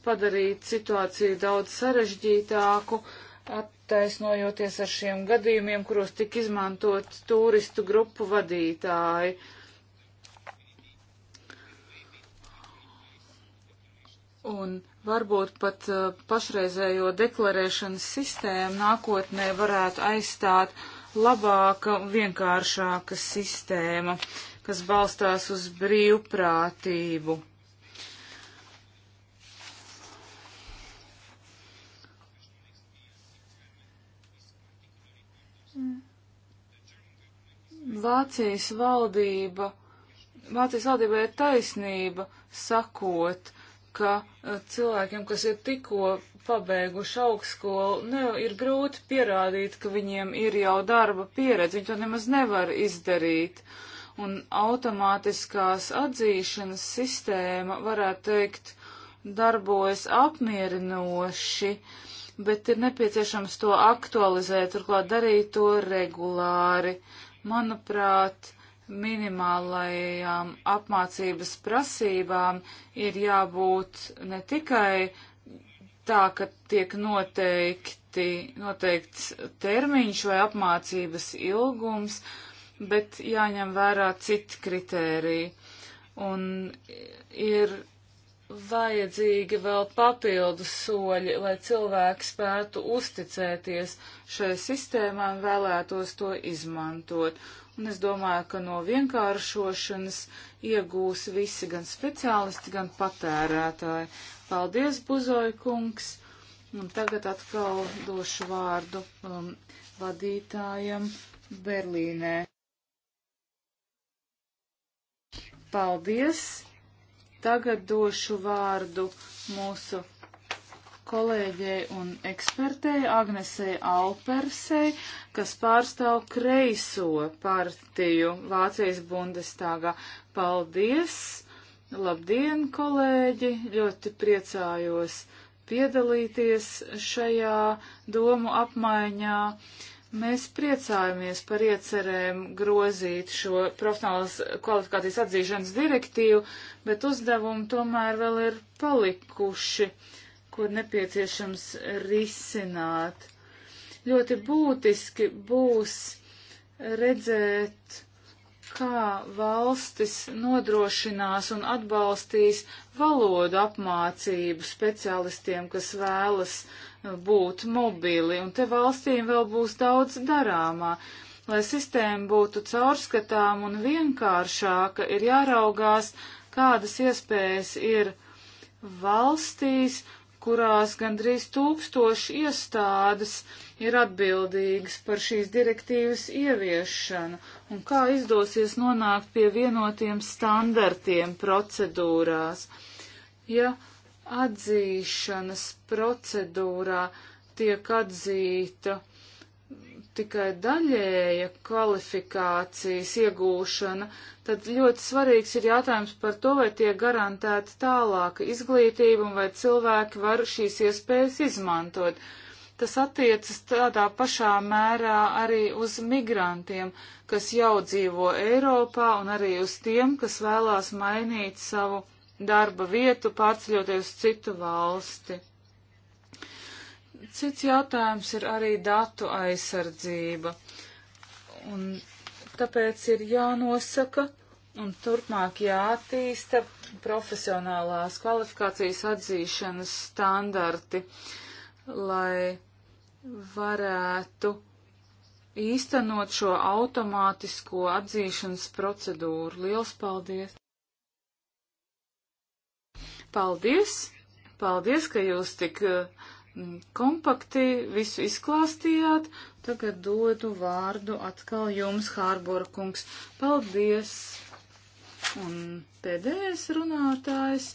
padarīt situāciju daudz sarežģītāku, attaisnojoties ar šiem gadījumiem, kuros tik izmantot turistu grupu vadītāji. Un Varbūt pat uh, pašreizējo deklarēšanas sistēmu nākotnē varētu aizstāt labāka un vienkāršāka sistēma, kas balstās uz brīvprātību. Vācijas valdība, Vācijas valdībai ir taisnība sakot, ka e, cilvēkiem, kas ir tikko pabeiguši augstskolu, ne, ir grūti pierādīt, ka viņiem ir jau darba pieredze. Viņi to nemaz nevar izdarīt. Un automātiskās atzīšanas sistēma, varētu teikt, darbojas apmierinoši, bet ir nepieciešams to aktualizēt, turklāt darīt to regulāri. Manuprāt, minimālajām apmācības prasībām ir jābūt ne tikai tā, ka tiek noteikti, noteikts termiņš vai apmācības ilgums, bet jāņem vērā citi kritēriji. Un ir vajadzīgi vēl papildus soļi, lai cilvēki spētu uzticēties šai sistēmai un vēlētos to izmantot. Un es domāju, ka no vienkāršošanas iegūs visi gan speciālisti, gan patērētāji. Paldies, Buzoja kungs! Un tagad atkal došu vārdu um, vadītājam Berlīnē. Paldies! Tagad došu vārdu mūsu kolēģei un ekspertei Agnesei Alpersei, kas pārstāv kreiso partiju Vācijas Bundestāgā. Paldies! Labdien, kolēģi! Ļoti priecājos piedalīties šajā domu apmaiņā. Mēs priecājamies par iecerēm grozīt šo profesionālas kvalifikācijas atzīšanas direktīvu, bet uzdevumi tomēr vēl ir palikuši. Uh, ko nepieciešams risināt. Ļoti būtiski būs redzēt, kā valstis nodrošinās un atbalstīs valodu apmācību speciālistiem, kas vēlas uh, būt mobili, un te valstīm vēl būs daudz darāmā. Lai sistēma būtu caurskatām un vienkāršāka, ir jāraugās, kādas iespējas ir valstīs kurās gandrīz tūkstoši iestādes ir atbildīgas par šīs direktīvas ieviešanu, un kā izdosies nonākt pie vienotiem standartiem procedūrās. Ja atzīšanas procedūrā tiek atzīta tikai daļēja kvalifikācijas iegūšana, tad ļoti svarīgs ir jautājums par to, vai tiek garantēta tālāka izglītība un vai cilvēki var šīs iespējas izmantot. Tas attiecas tādā pašā mērā arī uz migrantiem, kas jau dzīvo Eiropā un arī uz tiem, kas vēlās mainīt savu darba vietu, pārceļoties uz citu valsti. Cits jautājums ir arī datu aizsardzība. Un tāpēc ir jānosaka un turpmāk jātīsta profesionālās kvalifikācijas atzīšanas standarti, lai varētu īstenot šo automātisko atzīšanas procedūru. Liels paldies! Paldies! Paldies, ka jūs tik uh, Mm, kompakti visu izklāstījāt. Tagad dodu vārdu atkal jums, Hārbora kungs. Paldies! Un pēdējais runātājs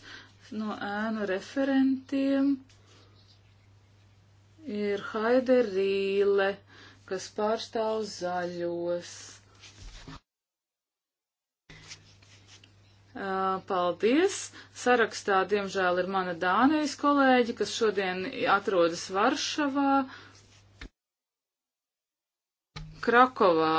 no ēnu referentiem ir Haider Rīle, kas pārstāv zaļos. Uh, paldies! Sarakstā, diemžēl, ir mana Dānijas kolēģi, kas šodien atrodas Varšavā, Krakovā,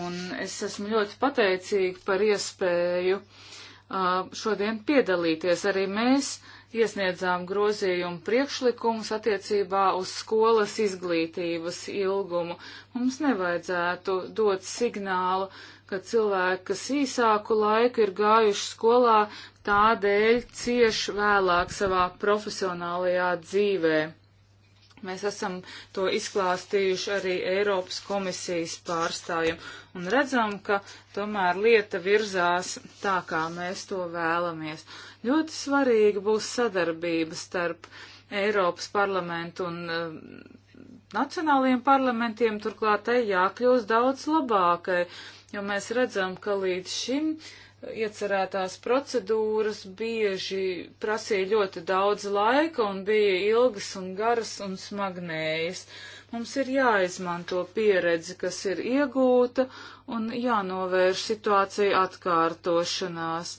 un es esmu ļoti pateicīga par iespēju uh, šodien piedalīties. Arī mēs iesniedzām grozījumu priekšlikumus attiecībā uz skolas izglītības ilgumu. Mums nevajadzētu dot signālu, ka cilvēki, kas īsāku laiku ir gājuši skolā, tādēļ cieši vēlāk savā profesionālajā dzīvē. Mēs esam to izklāstījuši arī Eiropas komisijas pārstāvjiem un redzam, ka tomēr lieta virzās tā, kā mēs to vēlamies. Ļoti svarīga būs sadarbība starp Eiropas parlamentu un um, nacionālajiem parlamentiem, turklāt tai jākļūst daudz labākai, jo mēs redzam, ka līdz šim uh, iecerētās procedūras bieži prasīja ļoti daudz laika un bija ilgas un garas un smagnējas. Mums ir jāizmanto pieredze, kas ir iegūta un jānovērš situācija atkārtošanās.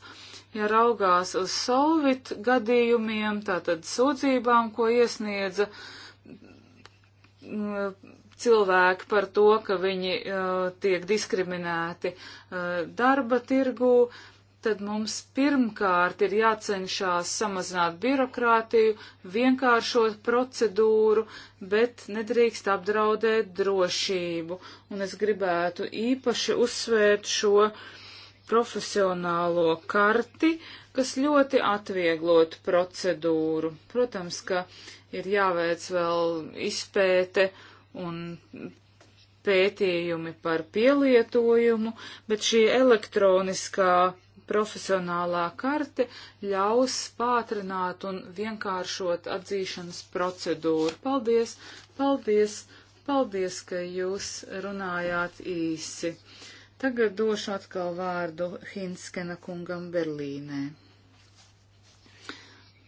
Ja raugās uz solvit gadījumiem, tātad sūdzībām, ko iesniedza cilvēki par to, ka viņi uh, tiek diskriminēti uh, darba tirgū, tad mums pirmkārt ir jācenšas samazināt birokrātiju, vienkāršot procedūru, bet nedrīkst apdraudēt drošību. Un es gribētu īpaši uzsvērt šo profesionālo karti, kas ļoti atvieglot procedūru. Protams, ka ir jāveic vēl izpēte, uh, un pētījumi par pielietojumu, bet šī elektroniskā profesionālā karte ļaus pātrināt un vienkāršot atzīšanas procedūru. Paldies, paldies, paldies, ka jūs runājāt īsi. Tagad došu atkal vārdu Hinskena kungam Berlīnē.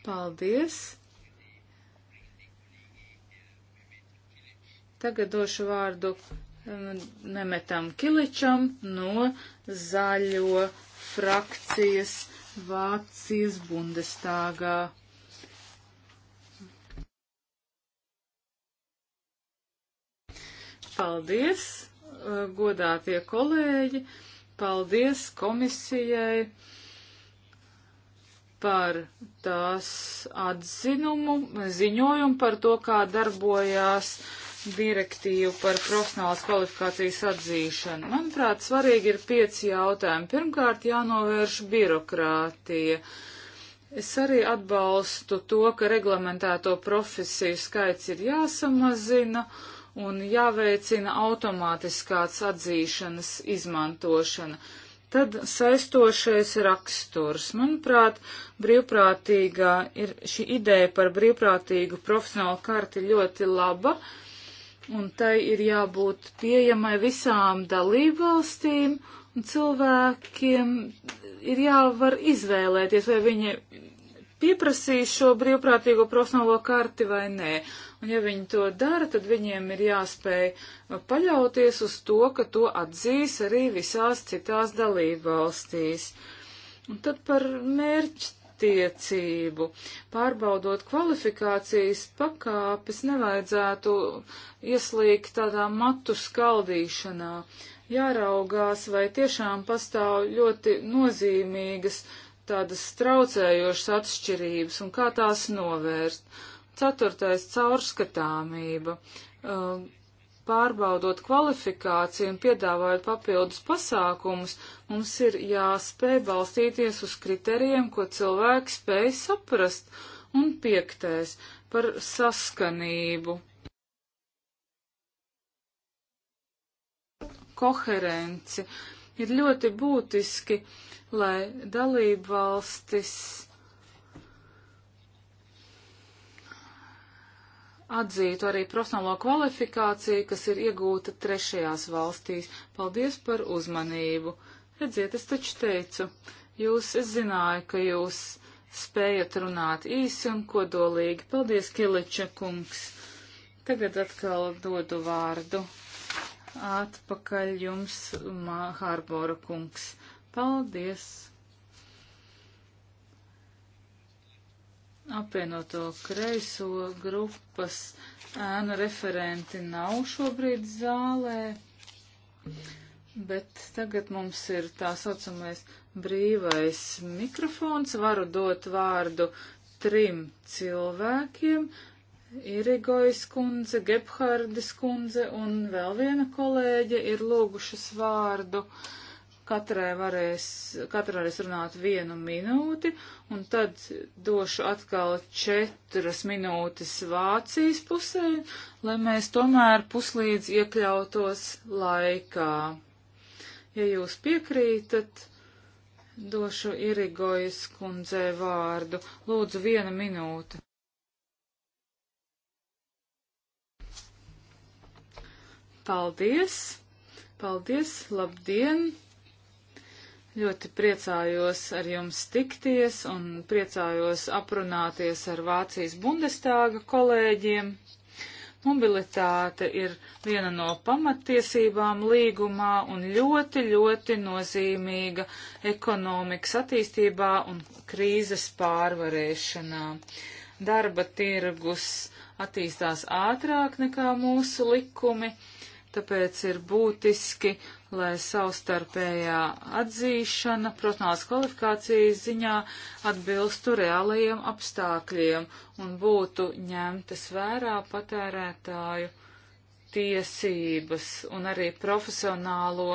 Paldies! Tagad došu vārdu um, Nemetam Kiličam no zaļo frakcijas Vācijas Bundestāgā. Paldies, uh, godātie kolēģi, paldies komisijai par tās atzinumu, ziņojumu par to, kā darbojās uh, direktīvu par profesionālas kvalifikācijas atzīšanu. Manuprāt, svarīgi ir pieci jautājumi. Pirmkārt, jānovērš birokrātija. Es arī atbalstu to, ka reglamentēto profesiju skaits ir jāsamazina un jāveicina automātiskāts atzīšanas izmantošana. Tad saistošais raksturs. Manuprāt, brīvprātīgā ir šī ideja par brīvprātīgu profesionālu karti ļoti laba, uh, un tai ir jābūt pieejamai visām dalībvalstīm, un cilvēkiem ir jāvar izvēlēties, vai viņi pieprasīs šo brīvprātīgo profesionālo karti vai nē. Un ja viņi to dara, tad viņiem ir jāspēj paļauties uz to, ka to atzīs arī visās citās dalībvalstīs. Un tad par mērķi attiecību. Pārbaudot kvalifikācijas pakāpes, nevajadzētu ieslīgt tādā matu skaldīšanā. Jāraugās, vai tiešām pastāv ļoti nozīmīgas tādas traucējošas atšķirības un kā tās novērst. Ceturtais - caurskatāmība. Uh, pārbaudot kvalifikāciju un piedāvājot papildus pasākumus, mums ir jāspēj balstīties uz kriterijiem, ko cilvēki spēj saprast, un piektais par saskanību. Koherenci ir ļoti būtiski, lai dalību valstis atzītu arī profesionālo kvalifikāciju, kas ir iegūta trešajās valstīs. Paldies par uzmanību. Redziet, es taču teicu, jūs, es zināju, ka jūs spējat runāt īsi un kodolīgi. Paldies, Kiliča kungs. Tagad atkal dodu vārdu. Atpakaļ jums, Hārbora kungs. Paldies! apvienoto kreiso grupas ēnu referenti nav šobrīd zālē, bet tagad mums ir tā saucamais brīvais mikrofons. Varu dot vārdu trim cilvēkiem. Irigojas kundze, Gebhardis kundze un vēl viena kolēģe ir lūgušas vārdu. Uh, Katrai varēs, katra varēs runāt vienu minūti, un tad došu atkal četras minūtes Vācijas pusē, lai mēs tomēr puslīdz iekļautos laikā. Ja jūs piekrītat, došu Irigojas kundzē vārdu. Lūdzu, viena minūte. Paldies! Paldies! Labdien! Ļoti priecājos ar jums tikties un priecājos aprunāties ar Vācijas Bundestāga kolēģiem. Mobilitāte ir viena no pamatiesībām līgumā un ļoti, ļoti nozīmīga ekonomikas attīstībā un krīzes pārvarēšanā. Darba tirgus attīstās ātrāk nekā mūsu likumi, tāpēc ir būtiski lai savstarpējā atzīšana profesionālās kvalifikācijas ziņā atbilstu reālajiem apstākļiem un būtu ņemtas vērā patērētāju tiesības un arī profesionālo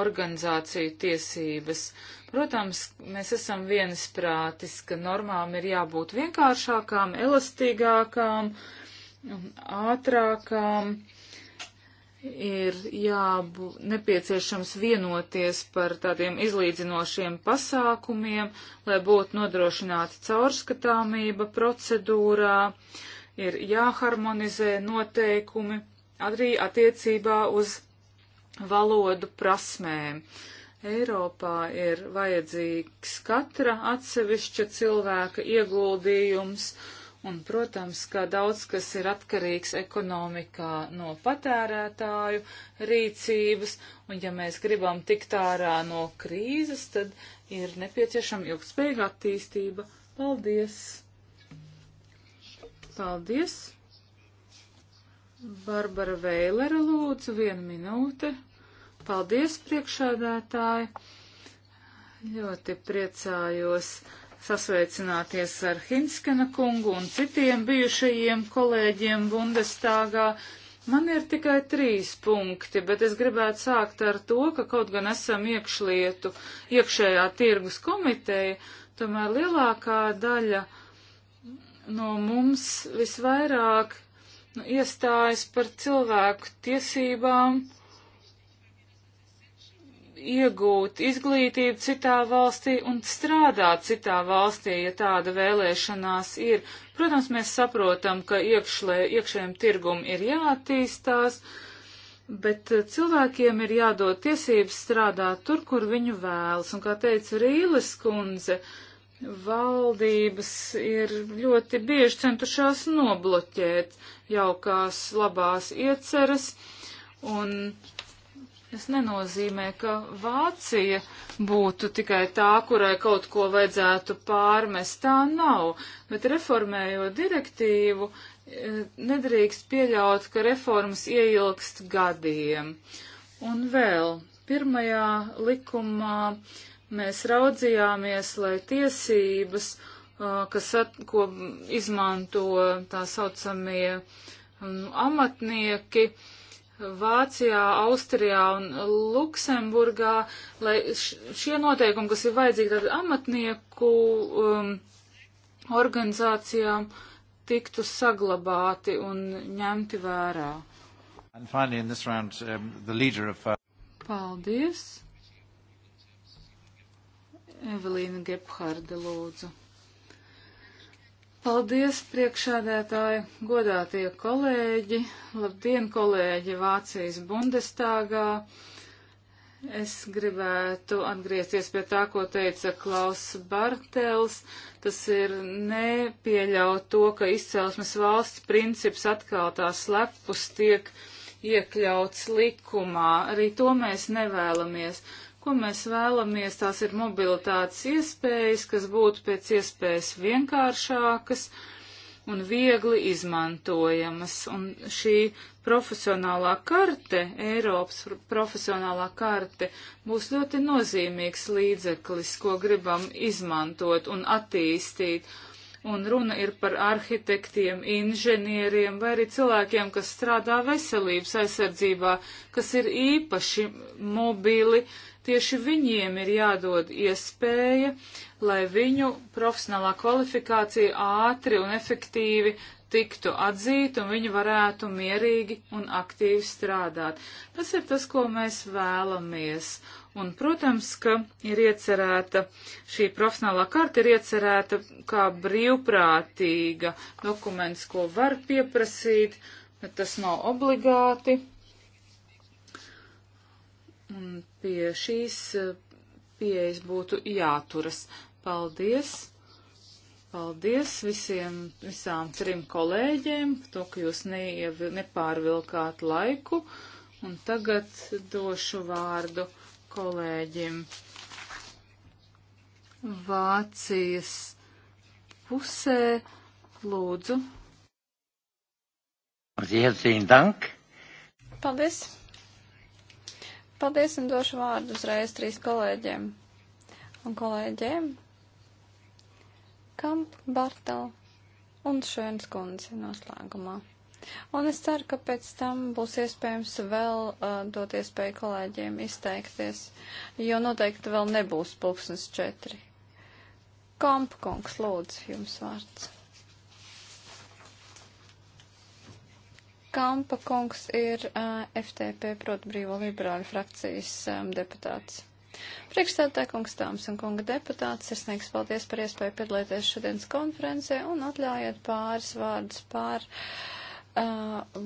organizāciju tiesības. Protams, mēs esam viensprātis, ka normām ir jābūt vienkāršākām, elastīgākām, ātrākām ir jābūt nepieciešams vienoties par tādiem izlīdzinošiem pasākumiem, lai būtu nodrošināta caurskatāmība procedūrā, ir jāharmonizē noteikumi arī attiecībā uz valodu prasmēm. Eiropā ir vajadzīgs katra atsevišķa cilvēka ieguldījums Un, protams, kā daudz kas ir atkarīgs ekonomikā no patērētāju rīcības, un ja mēs gribam tikt ārā no krīzes, tad ir nepieciešama ilgspējīga attīstība. Paldies! Paldies! Barbara Veilera lūdzu, viena minūte. Paldies, priekšādētāji! Ļoti priecājos sasveicināties ar Hinskena kungu un citiem bijušajiem kolēģiem Bundestāgā. Man ir tikai trīs punkti, bet es gribētu sākt ar to, ka kaut gan esam iekšlietu, iekšējā tirgus komiteja, tomēr lielākā daļa no mums visvairāk nu, iestājas par cilvēku tiesībām iegūt izglītību citā valstī un strādāt citā valstī, ja tāda vēlēšanās ir. Protams, mēs saprotam, ka iekšlē, iekšējiem tirgum ir jāattīstās, bet eh, cilvēkiem ir jādod tiesības strādāt tur, kur viņu vēlas. Un, kā teica Rīles kundze, valdības ir ļoti bieži centušās nobloķēt jaukās labās ieceras un Tas nenozīmē, ka Vācija būtu tikai tā, kurai kaut ko vajadzētu pārmest. Tā nav. Bet reformējot direktīvu, eh, nedrīkst pieļaut, ka reformas ieilgst gadiem. Un vēl pirmajā likumā mēs raudzījāmies, lai tiesības, eh, kas at, ko izmanto tā saucamie mm, amatnieki, uh, Vācijā, Austrijā un Luksemburgā, lai šie noteikumi, kas ir vajadzīgi tad amatnieku um, organizācijām, tiktu saglabāti un ņemti vērā. Finally, round, um, of... Uh, Paldies! Evelīna Gebharde lūdzu. Paldies, priekšādētāji, godātie kolēģi, labdien, kolēģi Vācijas Bundestāgā. Es gribētu atgriezties pie tā, ko teica Klaus Bartels. Tas ir nepieļaut to, ka izcelsmes valsts princips atkal tās slepus tiek iekļauts likumā. Arī to mēs nevēlamies. Ko mēs vēlamies? Tās ir mobilitātes iespējas, kas būtu pēc iespējas vienkāršākas un viegli izmantojamas. Un šī profesionālā karte, Eiropas profesionālā karte, būs ļoti nozīmīgs līdzeklis, ko gribam izmantot un attīstīt. Un runa ir par arhitektiem, inženieriem vai arī cilvēkiem, kas strādā veselības aizsardzībā, kas ir īpaši mobili, Tieši viņiem ir jādod iespēja, lai viņu profesionālā kvalifikācija ātri un efektīvi tiktu atzīta un viņi varētu mierīgi un aktīvi strādāt. Tas ir tas, ko mēs vēlamies. Un, protams, ka ir iecerēta, šī profesionālā karta ir iecerēta kā brīvprātīga dokuments, ko var pieprasīt, bet tas nav obligāti. Un pie šīs eh, pieejas būtu jāturas. Paldies! Paldies visiem, visām trim kolēģiem, to, ka jūs neiev, nepārvilkāt laiku. Un tagad došu vārdu kolēģim. Vācijas pusē lūdzu. Paldies! Paldies un došu vārdu uzreiz trīs kolēģiem un kolēģiem. Kamp, Bartel un Šēns kundze noslēgumā. Un es ceru, ka pēc tam būs iespējams vēl uh, dot iespēju kolēģiem izteikties, jo noteikti vēl nebūs pulksnes četri. Kamp, kungs, lūdzu, jums vārds. Kampa kungs ir uh, FTP, proti brīvo liberāļu frakcijas um, deputāts. Priekšstādātāja kungs Tāms un kunga deputāts ir sniegs paldies par iespēju piedalīties šodienas konferencē un atļaujiet pāris vārdus pār uh,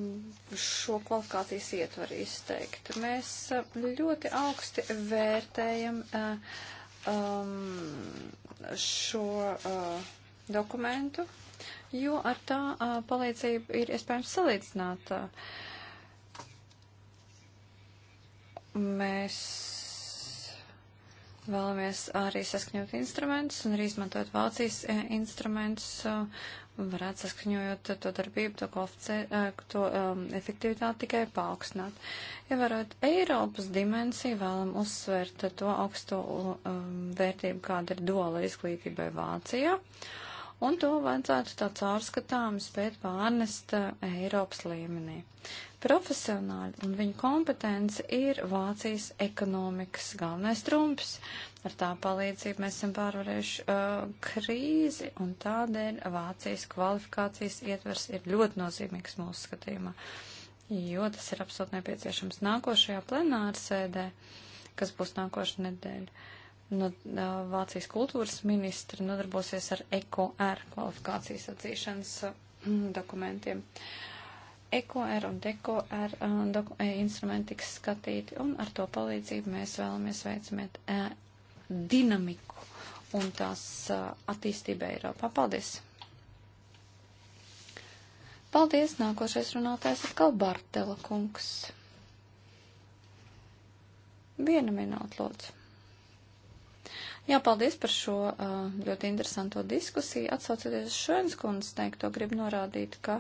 šo kvalifikācijas ietvaru izteikt. Mēs uh, ļoti augsti vērtējam uh, um, šo uh, dokumentu, jo ar tā uh, palīdzību ir iespējams salīdzināt. Mēs vēlamies arī saskaņot instrumentus un arī izmantot Vācijas instrumentus, varētu saskaņojot to darbību, to, kofice, to um, efektivitāti tikai paaugstināt. Ievarot ja Eiropas dimensiju, vēlam uzsvērt to augsto um, vērtību, kāda ir dola izglītībai Vācijā. Uh, un to vajadzētu tā caurskatām spēt pārnest eh, Eiropas līmenī. Profesionāļi un viņu kompetence ir Vācijas ekonomikas galvenais trumps. Ar tā palīdzību mēs esam pārvarējuši uh, krīzi, un tādēļ Vācijas kvalifikācijas ietvers ir ļoti nozīmīgs mūsu skatījumā, jo tas ir absolūti nepieciešams nākošajā plenārsēdē, kas būs nākošais nedēļa. Uh, no nu, Vācijas kultūras ministra nodarbosies ar ECOR kvalifikācijas atzīšanas dokumentiem. ECOR un DECOR doku, instrumenti tiks skatīti, un ar to palīdzību mēs vēlamies veicamiet dinamiku un tās attīstību Eiropā. Paldies! Paldies! Nākošais runātājs atkal Bartela kungs. Viena minūte, lūdzu. Jā, paldies par šo uh, ļoti interesanto diskusiju. Atsaucoties uz Šoins kundzes teikto, gribu norādīt, ka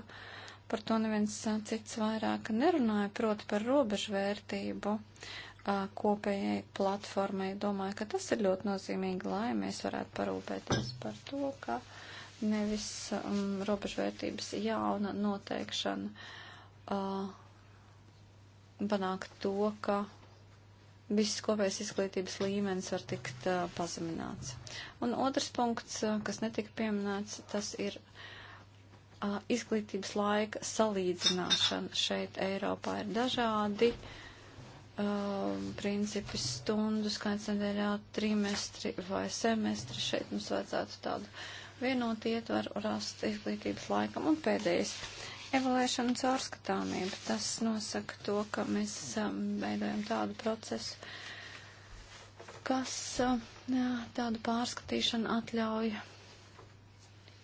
par to neviens cits vairāk nerunāja, proti par robežvērtību uh, kopējai platformai. Domāju, ka tas ir ļoti nozīmīgi, lai mēs varētu parūpēties par to, ka nevis um, robežvērtības jauna noteikšana. Uh, panākt to, ka viss kopējais izglītības līmenis var tikt uh, pazemināts. Un otrs punkts, uh, kas netika pieminēts, tas ir uh, izglītības laika salīdzināšana. Šeit Eiropā ir dažādi principi stundu skaits nedēļā, trimestri vai semestri. Šeit mums vajadzētu tādu vienotu ietvaru rast izglītības laikam. Un pēdējais evolēšana caurskatāmība. Tas nosaka to, ka mēs um, veidojam tādu procesu, kas um, jā, tādu pārskatīšanu atļauj,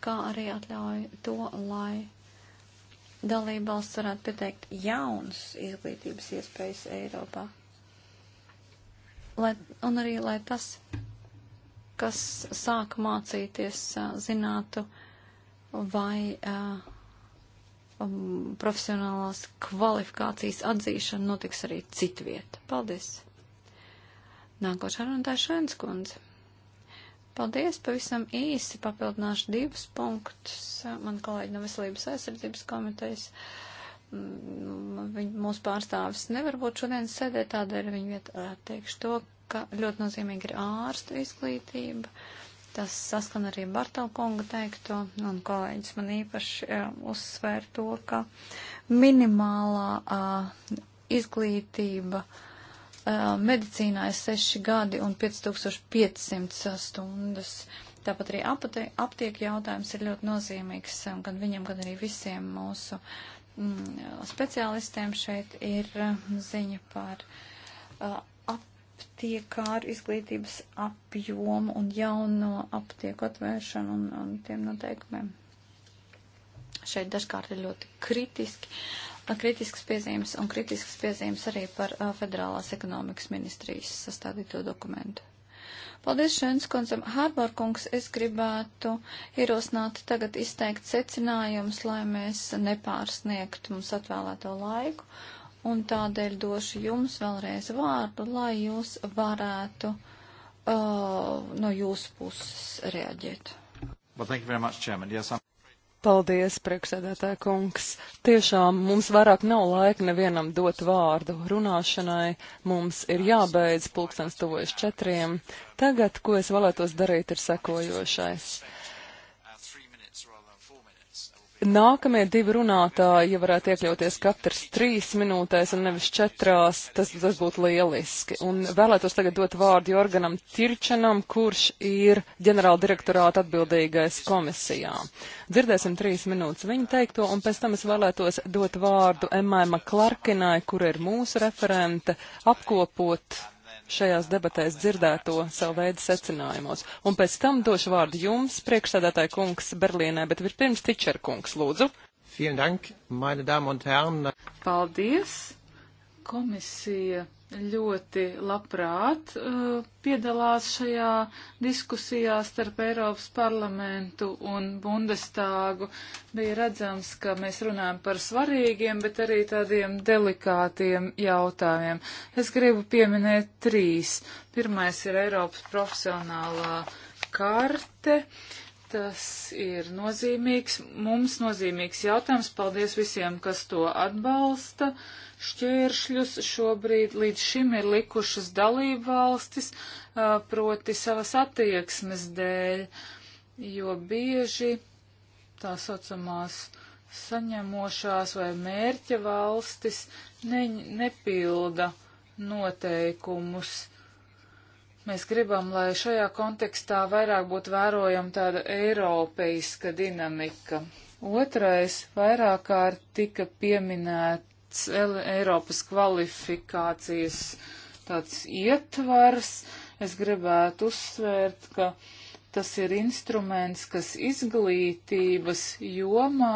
kā arī atļauj to, lai dalībvalsts varētu pieteikt jaunas izglītības iespējas Eiropā. Lai, un arī, lai tas, kas sāk mācīties, zinātu, vai uh, um, profesionālās kvalifikācijas atzīšana notiks arī citvieta. Paldies! Nākošā runātāja Šēns kundze. Paldies, pavisam īsi papildināšu divus punktus. Man kolēģi no Veselības aizsardzības komitejas, mm, nu, viņ, mūsu pārstāvis nevar būt šodien sēdē, tādēļ viņa vietā teikšu to, ka ļoti nozīmīgi ir ārstu izglītība. Uh, Tas saskan arī Bartau kunga teikto, un kolēģis man īpaši jā, e, uzsvēr to, ka minimālā uh, izglītība uh, medicīnā ir 6 gadi un 5500 stundas. Tāpat arī apte, aptieku jautājums ir ļoti nozīmīgs e, gan viņam, gan arī visiem mūsu mm, speciālistiem. Šeit ir e, ziņa par uh, aptiekāru izglītības apjomu un jauno aptieku atvēršanu un, un tiem noteikumiem. Šeit dažkārt ir ļoti kritiski, kritisks piezīmes un kritisks piezīmes arī par uh, federālās ekonomikas ministrijas sastādīto dokumentu. Paldies, Šēns kundzam. Hārbārkungs, es gribētu ierosināt tagad izteikt secinājumus, lai mēs nepārsniegtu mums atvēlēto laiku un tādēļ došu jums vēlreiz vārdu, lai jūs varētu uh, no jūsu puses reaģēt. Well, much, Chairman. yes, I'm... Paldies, priekšsēdētāja kungs. Tiešām mums vairāk nav laika nevienam dot vārdu runāšanai. Mums ir jābeidz pulkstens tuvojas četriem. Tagad, ko es vēlētos darīt, ir sekojošais. Nākamie divi runātāji, ja varētu iekļauties katrs trīs minūtēs un nevis četrās, tas, tas būtu lieliski. Un vēlētos tagad dot vārdu Jorganam Tirčanam, kurš ir ģenerāldirektorāta atbildīgais komisijā. Dzirdēsim trīs minūtes viņa teikto, un pēc tam es vēlētos dot vārdu Emmai Maklarkinai, kur ir mūsu referente, apkopot šajās debatēs dzirdēto savu veidu secinājumos. Un pēc tam došu vārdu jums, priekšsēdētāja kungs Berlīnē, bet vispirms Tičer kungs, lūdzu. Dank, Paldies, Komisija ļoti labprāt uh, piedalās šajā diskusijā starp Eiropas parlamentu un Bundestāgu. Bija redzams, ka mēs runājam par svarīgiem, bet arī tādiem delikātiem jautājumiem. Es gribu pieminēt trīs. Pirmais ir Eiropas profesionālā karte. Uh, Tas ir nozīmīgs, mums nozīmīgs jautājums. Paldies visiem, kas to atbalsta. Šķēršļus šobrīd līdz šim ir likušas dalību valstis, proti savas attieksmes dēļ, jo bieži tā saucamās saņemošās vai mērķa valstis ne, nepilda noteikumus Mēs gribam, lai šajā kontekstā vairāk būtu vērojama tāda eiropeiska dinamika. Otrais vairāk kārt tika pieminēts Eiropas kvalifikācijas tāds ietvars. Es gribētu uzsvērt, ka tas ir instruments, kas izglītības jomā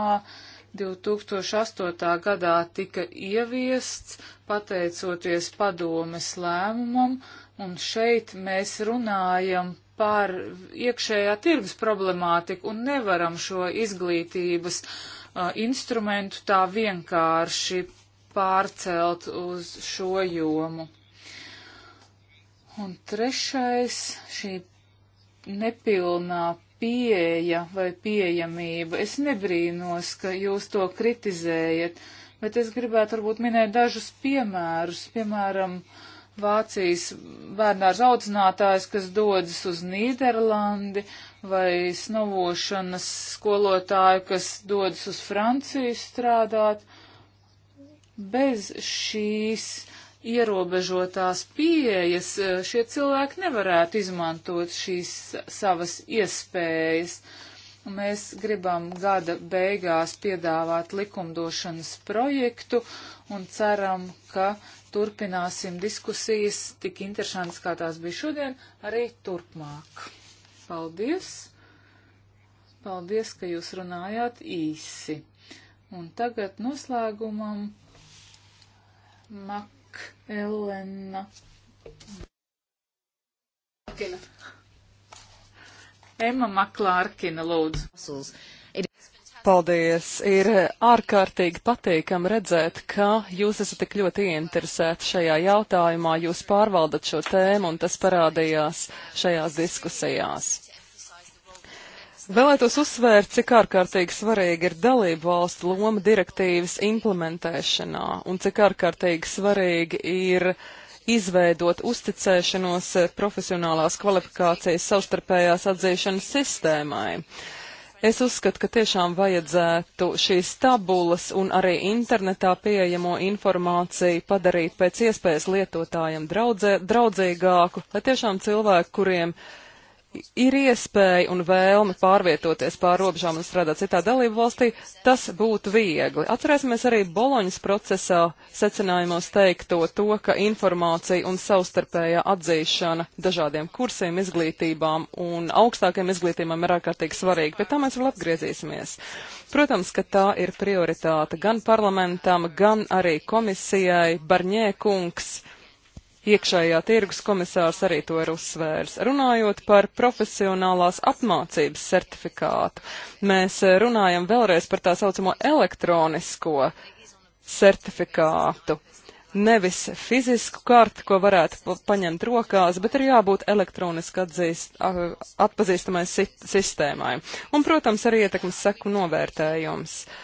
2008. gadā tika ieviests pateicoties padomes lēmumam Un šeit mēs runājam par iekšējā tirgus problemātiku un nevaram šo izglītības uh, instrumentu tā vienkārši pārcelt uz šo jomu. Un trešais - šī nepilnā pieeja vai pieejamība. Es nebrīnos, ka jūs to kritizējat, bet es gribētu varbūt minēt dažus piemērus. Piemēram, uh, Vācijas bērnārs audzinātājs, kas dodas uz Nīderlandi, vai snavošanas skolotāju, kas dodas uz Franciju strādāt. Bez šīs ierobežotās pieejas eh, šie cilvēki nevarētu izmantot šīs savas iespējas. Mēs gribam gada beigās piedāvāt likumdošanas projektu un ceram, ka turpināsim diskusijas tik interesantas, kā tās bija šodien, arī turpmāk. Paldies! Paldies, ka jūs runājāt īsi. Un tagad noslēgumam Mak Elena. Emma Maklārkina, lūdzu. Paldies! Ir ārkārtīgi patīkam redzēt, ka jūs esat tik ļoti ieinteresēti šajā jautājumā, jūs pārvaldat šo tēmu un tas parādījās šajās diskusijās. Vēlētos uzsvērt, cik ārkārtīgi svarīgi ir dalību valstu loma direktīvas implementēšanā un cik ārkārtīgi svarīgi ir izveidot uzticēšanos profesionālās kvalifikācijas savstarpējās atzīšanas sistēmai. Es uzskatu, ka tiešām vajadzētu šīs tabulas un arī internetā pieejamo informāciju padarīt pēc iespējas lietotājiem draudzē, draudzīgāku, lai tiešām cilvēki, kuriem ir iespēja un vēlme pārvietoties pār robežām un strādāt citā dalību valstī, tas būtu viegli. Atcerēsimies arī Boloņas procesā secinājumos teikto to, ka informācija un savstarpējā atzīšana dažādiem kursiem, izglītībām un augstākiem izglītībām ir ārkārtīgi svarīga, bet tā mēs vēl atgriezīsimies. Protams, ka tā ir prioritāte gan parlamentam, gan arī komisijai. Barņē kungs Iekšējā tirgus komisārs arī to ir uzsvērs. Runājot par profesionālās apmācības certifikātu, mēs eh, runājam vēlreiz par tā saucamo elektronisko certifikātu nevis fizisku karti, ko varētu paņemt rokās, bet ir jābūt elektroniski atzīst, atpazīstamai sistēmai. Un, protams, arī ietekmes seku novērtējums. Uh,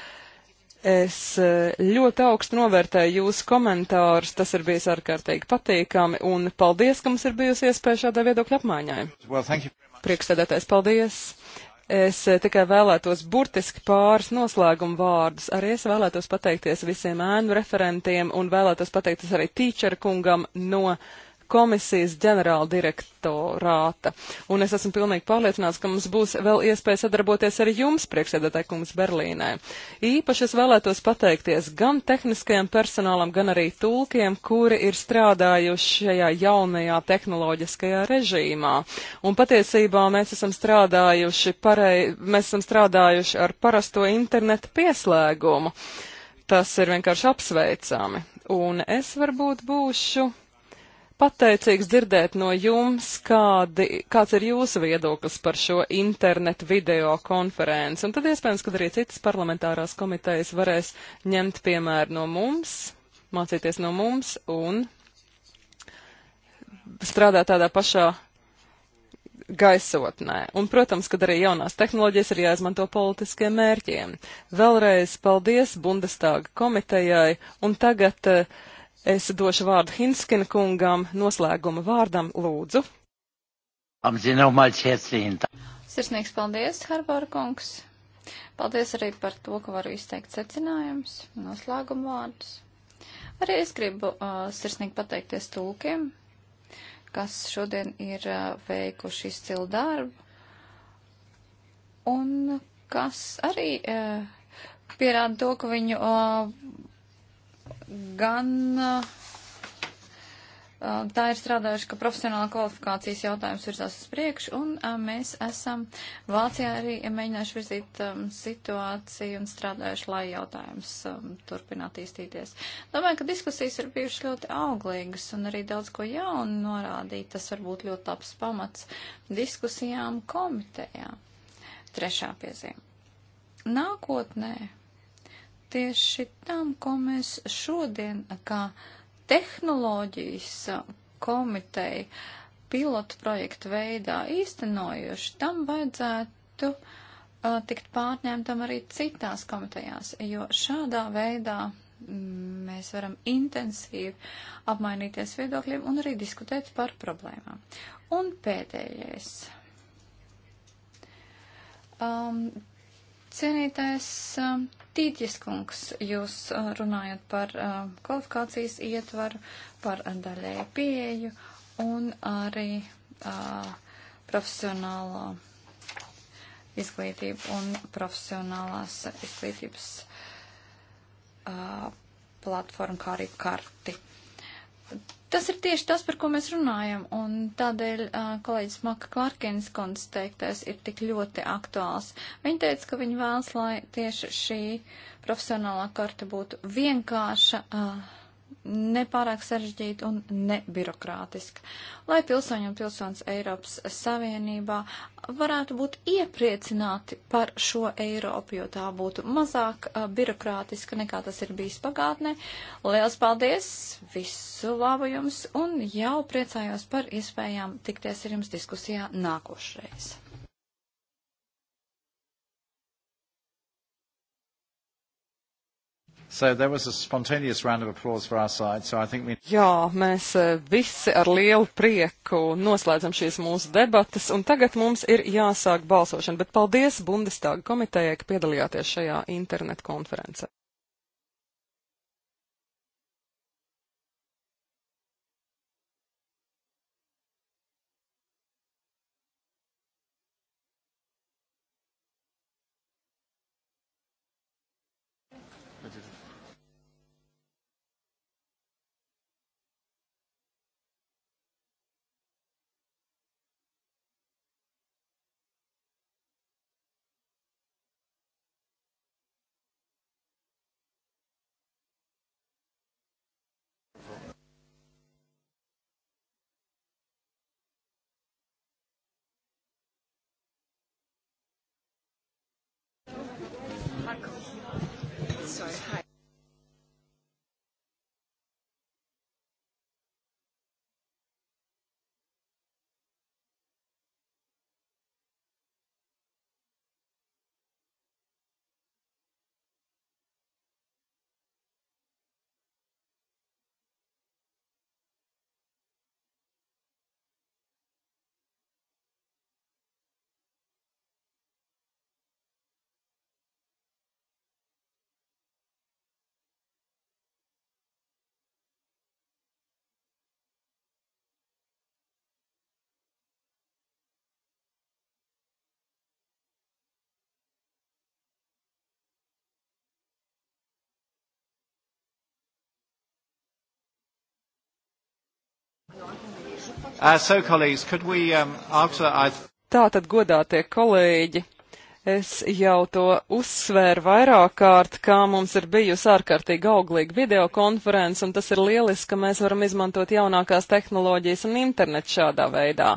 Es eh, ļoti augstu novērtēju jūsu komentārus, tas ir bijis ārkārtīgi patīkami, un paldies, ka mums ir bijusi iespēja šādā viedokļa apmaiņai. Well, Priekšsēdētājs, paldies! Es eh, tikai vēlētos burtiski pāris noslēguma vārdus. Arī es vēlētos pateikties visiem ēnu referentiem un vēlētos pateikties arī tīčera kungam no komisijas ģenerāla direktorāta. Un es esmu pilnīgi pārliecināts, ka mums būs vēl iespēja sadarboties ar jums, priekšsēdētāji kungs Berlīnē. Īpaši es vēlētos pateikties gan tehniskajam personālam, gan arī tulkiem, kuri ir strādājuši šajā jaunajā tehnoloģiskajā režīmā. Un patiesībā mēs esam strādājuši, parei, mēs esam strādājuši ar parasto internetu pieslēgumu. Tas ir vienkārši apsveicami. Un es varbūt būšu pateicīgs dzirdēt no jums, kādi, kāds ir jūsu viedoklis par šo internetu video konferenci. Un tad iespējams, ka arī citas parlamentārās komitejas varēs ņemt piemēru no mums, mācīties no mums un strādāt tādā pašā gaisotnē. Un, protams, kad arī jaunās tehnoloģijas ir jāizmanto politiskiem mērķiem. Vēlreiz paldies Bundestāga komitejai, un tagad uh, Es došu vārdu Hinskina kungam noslēguma vārdam lūdzu. Sirsnīgs paldies, Harbor kungs. Paldies arī par to, ka varu izteikt secinājumus, noslēguma vārdus. Arī es gribu uh, sirsnīgi pateikties tulkiem, kas šodien ir uh, veikuši izcilu darbu un kas arī uh, pierāda to, ka viņu uh, gan tā ir strādājuši, ka profesionāla kvalifikācijas jautājums virzās uz priekšu, un mēs esam Vācijā arī mēģinājuši virzīt um, situāciju un strādājuši, lai jautājums um, turpinātu attīstīties. Domāju, ka diskusijas ir bijušas ļoti auglīgas un arī daudz ko jaunu norādīt. Tas var būt ļoti labs pamats diskusijām komitejā. Trešā piezīme. Nākotnē tieši tam, ko mēs šodien kā tehnoloģijas komiteja pilotu projektu veidā īstenojuši, tam vajadzētu uh, tikt pārņemtam arī citās komitejās, jo šādā veidā mēs varam intensīvi apmainīties viedokļiem un arī diskutēt par problēmām. Un pēdējais. Um, Cienītais uh, Tītjas kungs, jūs uh, runājat par uh, kvalifikācijas ietvaru, par daļēju pieeju un arī a, profesionālo izglītību un profesionālās izglītības a, platformu, kā arī karti Tas ir tieši tas, par ko mēs runājam, un tādēļ uh, kolēģis Maka Klarkins konstateiktais ir tik ļoti aktuāls. Viņa teica, ka viņa vēlas, lai tieši šī profesionālā karta būtu vienkārša, uh, nepārāk sarežģīta un nebirokrātiska, lai pilsoņi un pilsonis Eiropas Savienībā varētu būt iepriecināti par šo Eiropu, jo tā būtu mazāk uh, birokrātiska nekā tas ir bijis pagātnē. Liels paldies! Visu labu jums un jau priecājos par iespējām tikties ar jums diskusijā nākošreiz. So there was a spontaneous round of applause for our side, so I think we... Jā, mēs eh, visi ar lielu prieku noslēdzam šīs mūsu debatas, un tagad mums ir jāsāk balsošana, bet paldies Bundestāga komitejai, ka piedalījāties šajā internet konferencē. Uh, so, colleagues, could we, um, after I... Tātad, godātie kolēģi, Es jau to uzsvēru vairāk kārt, kā mums ir bijusi ārkārtīgi auglīga videokonference, un tas ir lieliski, ka mēs varam izmantot jaunākās tehnoloģijas un internetu šādā veidā.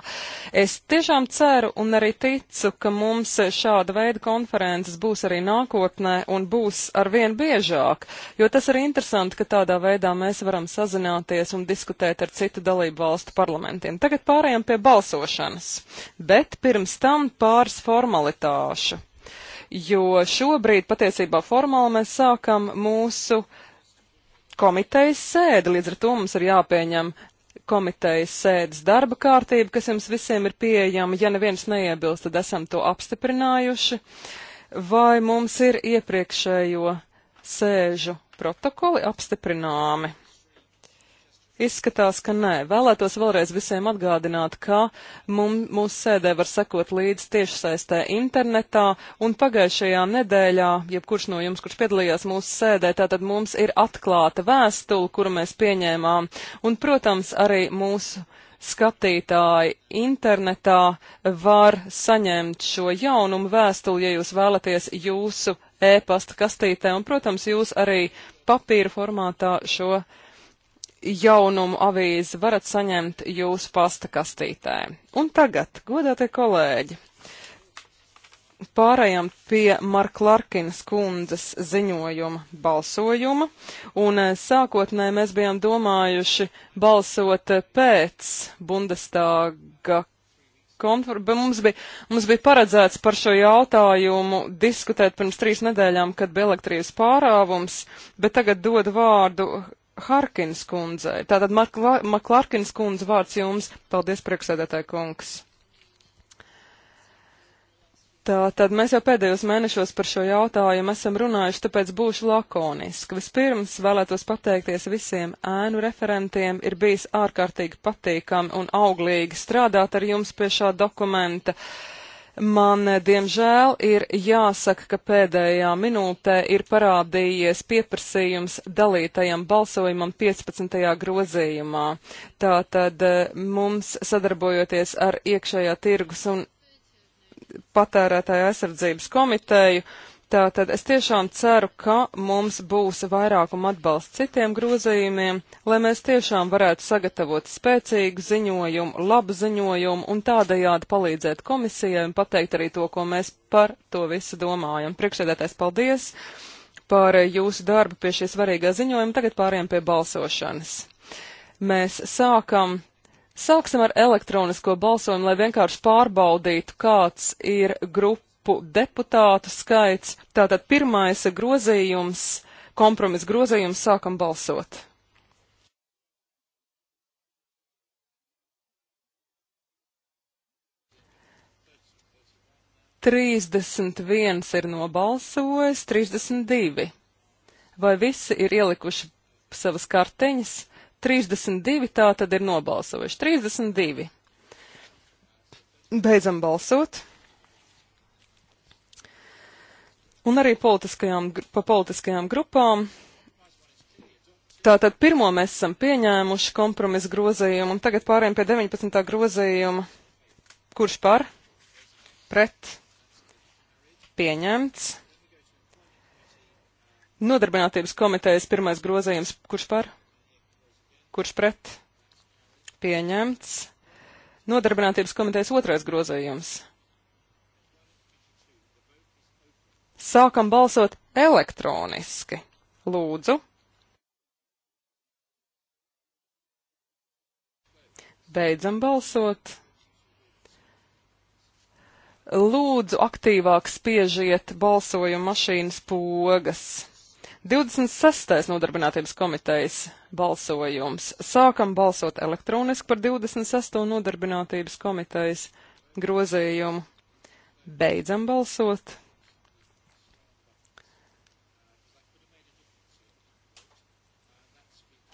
Es tiešām ceru un arī ticu, ka mums šāda veida konferences būs arī nākotnē un būs arvien biežāk, jo tas ir interesanti, ka tādā veidā mēs varam sazināties un diskutēt ar citu dalību valstu parlamentiem. Tagad pārējām pie balsošanas, bet pirms tam pāris formalitāšu jo šobrīd patiesībā formāli mēs sākam mūsu komitejas sēdi, līdz ar to mums ir jāpieņem komitejas sēdes darba kārtība, kas jums visiem ir pieejama. Ja neviens neiebilst, tad esam to apstiprinājuši. Vai mums ir iepriekšējo sēžu protokoli apstiprināmi? Izskatās, ka nē. Vēlētos vēlreiz visiem atgādināt, ka mum, mūsu sēdē var sekot līdz tiešsaistē internetā, un pagājušajā nedēļā, jebkurš no jums, kurš piedalījās mūsu sēdē, tātad mums ir atklāta vēstule, kuru mēs pieņēmām, un, protams, arī mūsu skatītāji internetā var saņemt šo jaunumu vēstuli, ja jūs vēlaties jūsu e-pasta kastītē, un, protams, jūs arī papīra formātā šo vēstuli jaunumu avīzi varat saņemt jūsu pasta kastītē. Un tagad, godātie kolēģi, pārējām pie Marklarkinas kundzes ziņojuma balsojuma, un eh, sākotnē mēs bijām domājuši balsot eh, pēc Bundestāga konfer... mums, bija, mums bija paredzēts par šo jautājumu diskutēt pirms trīs nedēļām, kad bija elektrības pārāvums, bet tagad dodu vārdu Harkins kundzei. Tātad Maklārkins kundze vārds jums. Paldies, priekšsēdētāji kungs. Tātad mēs jau pēdējos mēnešos par šo jautājumu esam runājuši, tāpēc būšu lakoniski. Vispirms vēlētos pateikties visiem ēnu referentiem. Ir bijis ārkārtīgi patīkami un auglīgi strādāt ar jums pie šā dokumenta. Uh, Man, diemžēl, ir jāsaka, ka pēdējā minūtē ir parādījies pieprasījums dalītajam balsojumam 15. grozījumā. Tātad eh, mums sadarbojoties ar iekšējā tirgus un patērētāja aizsardzības komiteju, Tātad es tiešām ceru, ka mums būs vairākuma atbalsts citiem grozījumiem, lai mēs tiešām varētu sagatavot spēcīgu ziņojumu, labu ziņojumu un tādējādi palīdzēt komisijai un pateikt arī to, ko mēs par to visu domājam. Priekšsēdētais paldies par jūsu darbu pie šī svarīgā ziņojuma. Tagad pāriem pie balsošanas. Mēs sākam. Sāksim ar elektronisko balsojumu, lai vienkārši pārbaudītu, kāds ir grupa grupu deputātu skaits. Tātad pirmais grozījums, kompromis grozījums, sākam balsot. Trīsdesmit viens ir nobalsojis, trīsdesmit divi. Vai visi ir ielikuši savas karteņas? 32 tā tad ir nobalsojuši. 32. Beidzam balsot. un arī politiskajām, pa politiskajām grupām. Tātad pirmo mēs esam pieņēmuši kompromisu grozījumu, un tagad pāriem pie 19. grozījuma. Kurš par? Pret? Pieņemts. Nodarbinātības komitejas pirmais grozījums. Kurš par? Kurš pret? Pieņemts. Nodarbinātības komitejas otrais grozījums. Sākam balsot elektroniski. Lūdzu. Beidzam balsot. Lūdzu, aktīvāk spiežiet balsojuma mašīnas pogas. 26. nodarbinātības komitejas balsojums. Sākam balsot elektroniski par 26. nodarbinātības komitejas grozījumu. Beidzam balsot.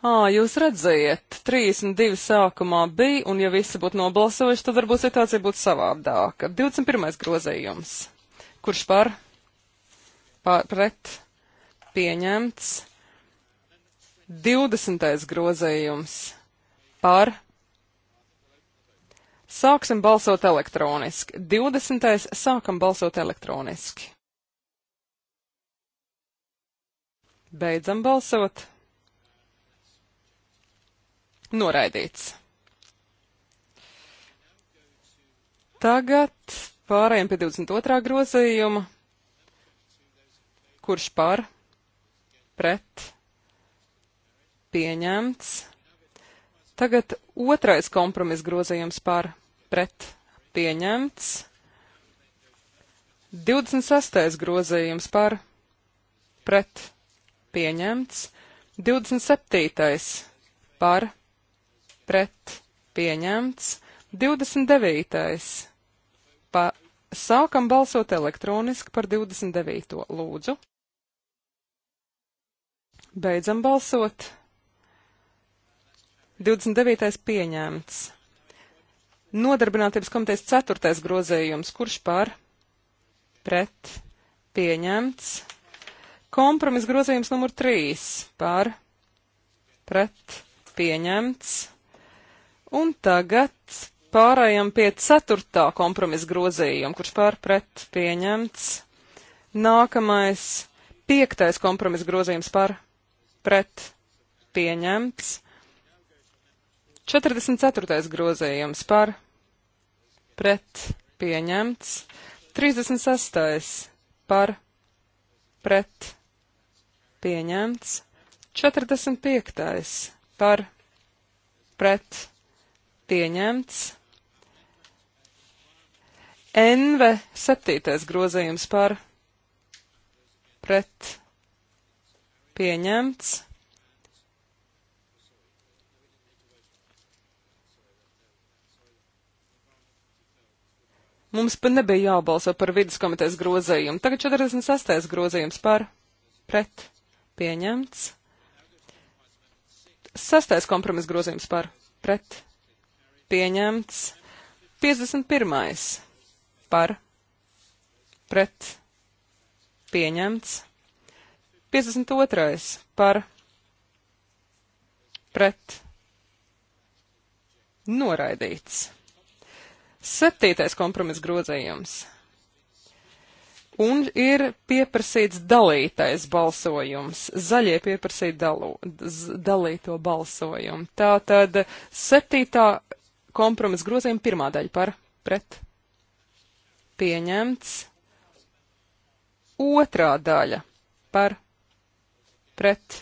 Ā, jūs redziet, 32 sākumā bija, un ja visi būtu nobalsojuši, tad varbūt situācija būtu savādāka. 21. grozījums. Kurš par? Pār, pret? Pieņemts. 20. grozījums. Par? Sāksim balsot elektroniski. 20. sākam balsot elektroniski. Beidzam balsot. Noraidīts. Tagad pārējiem pie 22. grozījuma. Kurš par? Pret? Pieņemts. Tagad otrais kompromis grozījums par? Pret? Pieņemts. 26. grozījums par? Pret? Pieņemts. 27. par? pret pieņemts. 29. Pa, sākam balsot elektroniski par 29. lūdzu. Beidzam balsot. 29. pieņemts. Nodarbinātības komitejas ceturtais grozējums, kurš par pret pieņemts. Kompromis grozējums numur 3 par pret pieņemts. Un tagad pārējām pie ceturtā kompromisa grozījuma, kurš pārpret pieņemts. Nākamais piektais kompromisa grozījums pārpret pieņemts. 44. grozījums par pret pieņemts. 36. par pret pieņemts. 45. par pret pieņemts pieņemts. NV septītais grozījums par pret pieņemts. Mums pat nebija jābalso par viduskomitejas grozījumu. Tagad 46. grozījums par pret pieņemts. Sastais kompromis grozījums par pret pieņemts. 51. par pret pieņemts. 52. par pret noraidīts. Septītais kompromiss grozījums. Un ir pieprasīts dalītais balsojums. Zaļie pieprasīja dalīto balsojumu. Tātad septītā kompromisa grozījuma pirmā daļa par pret pieņemts. Otrā daļa par pret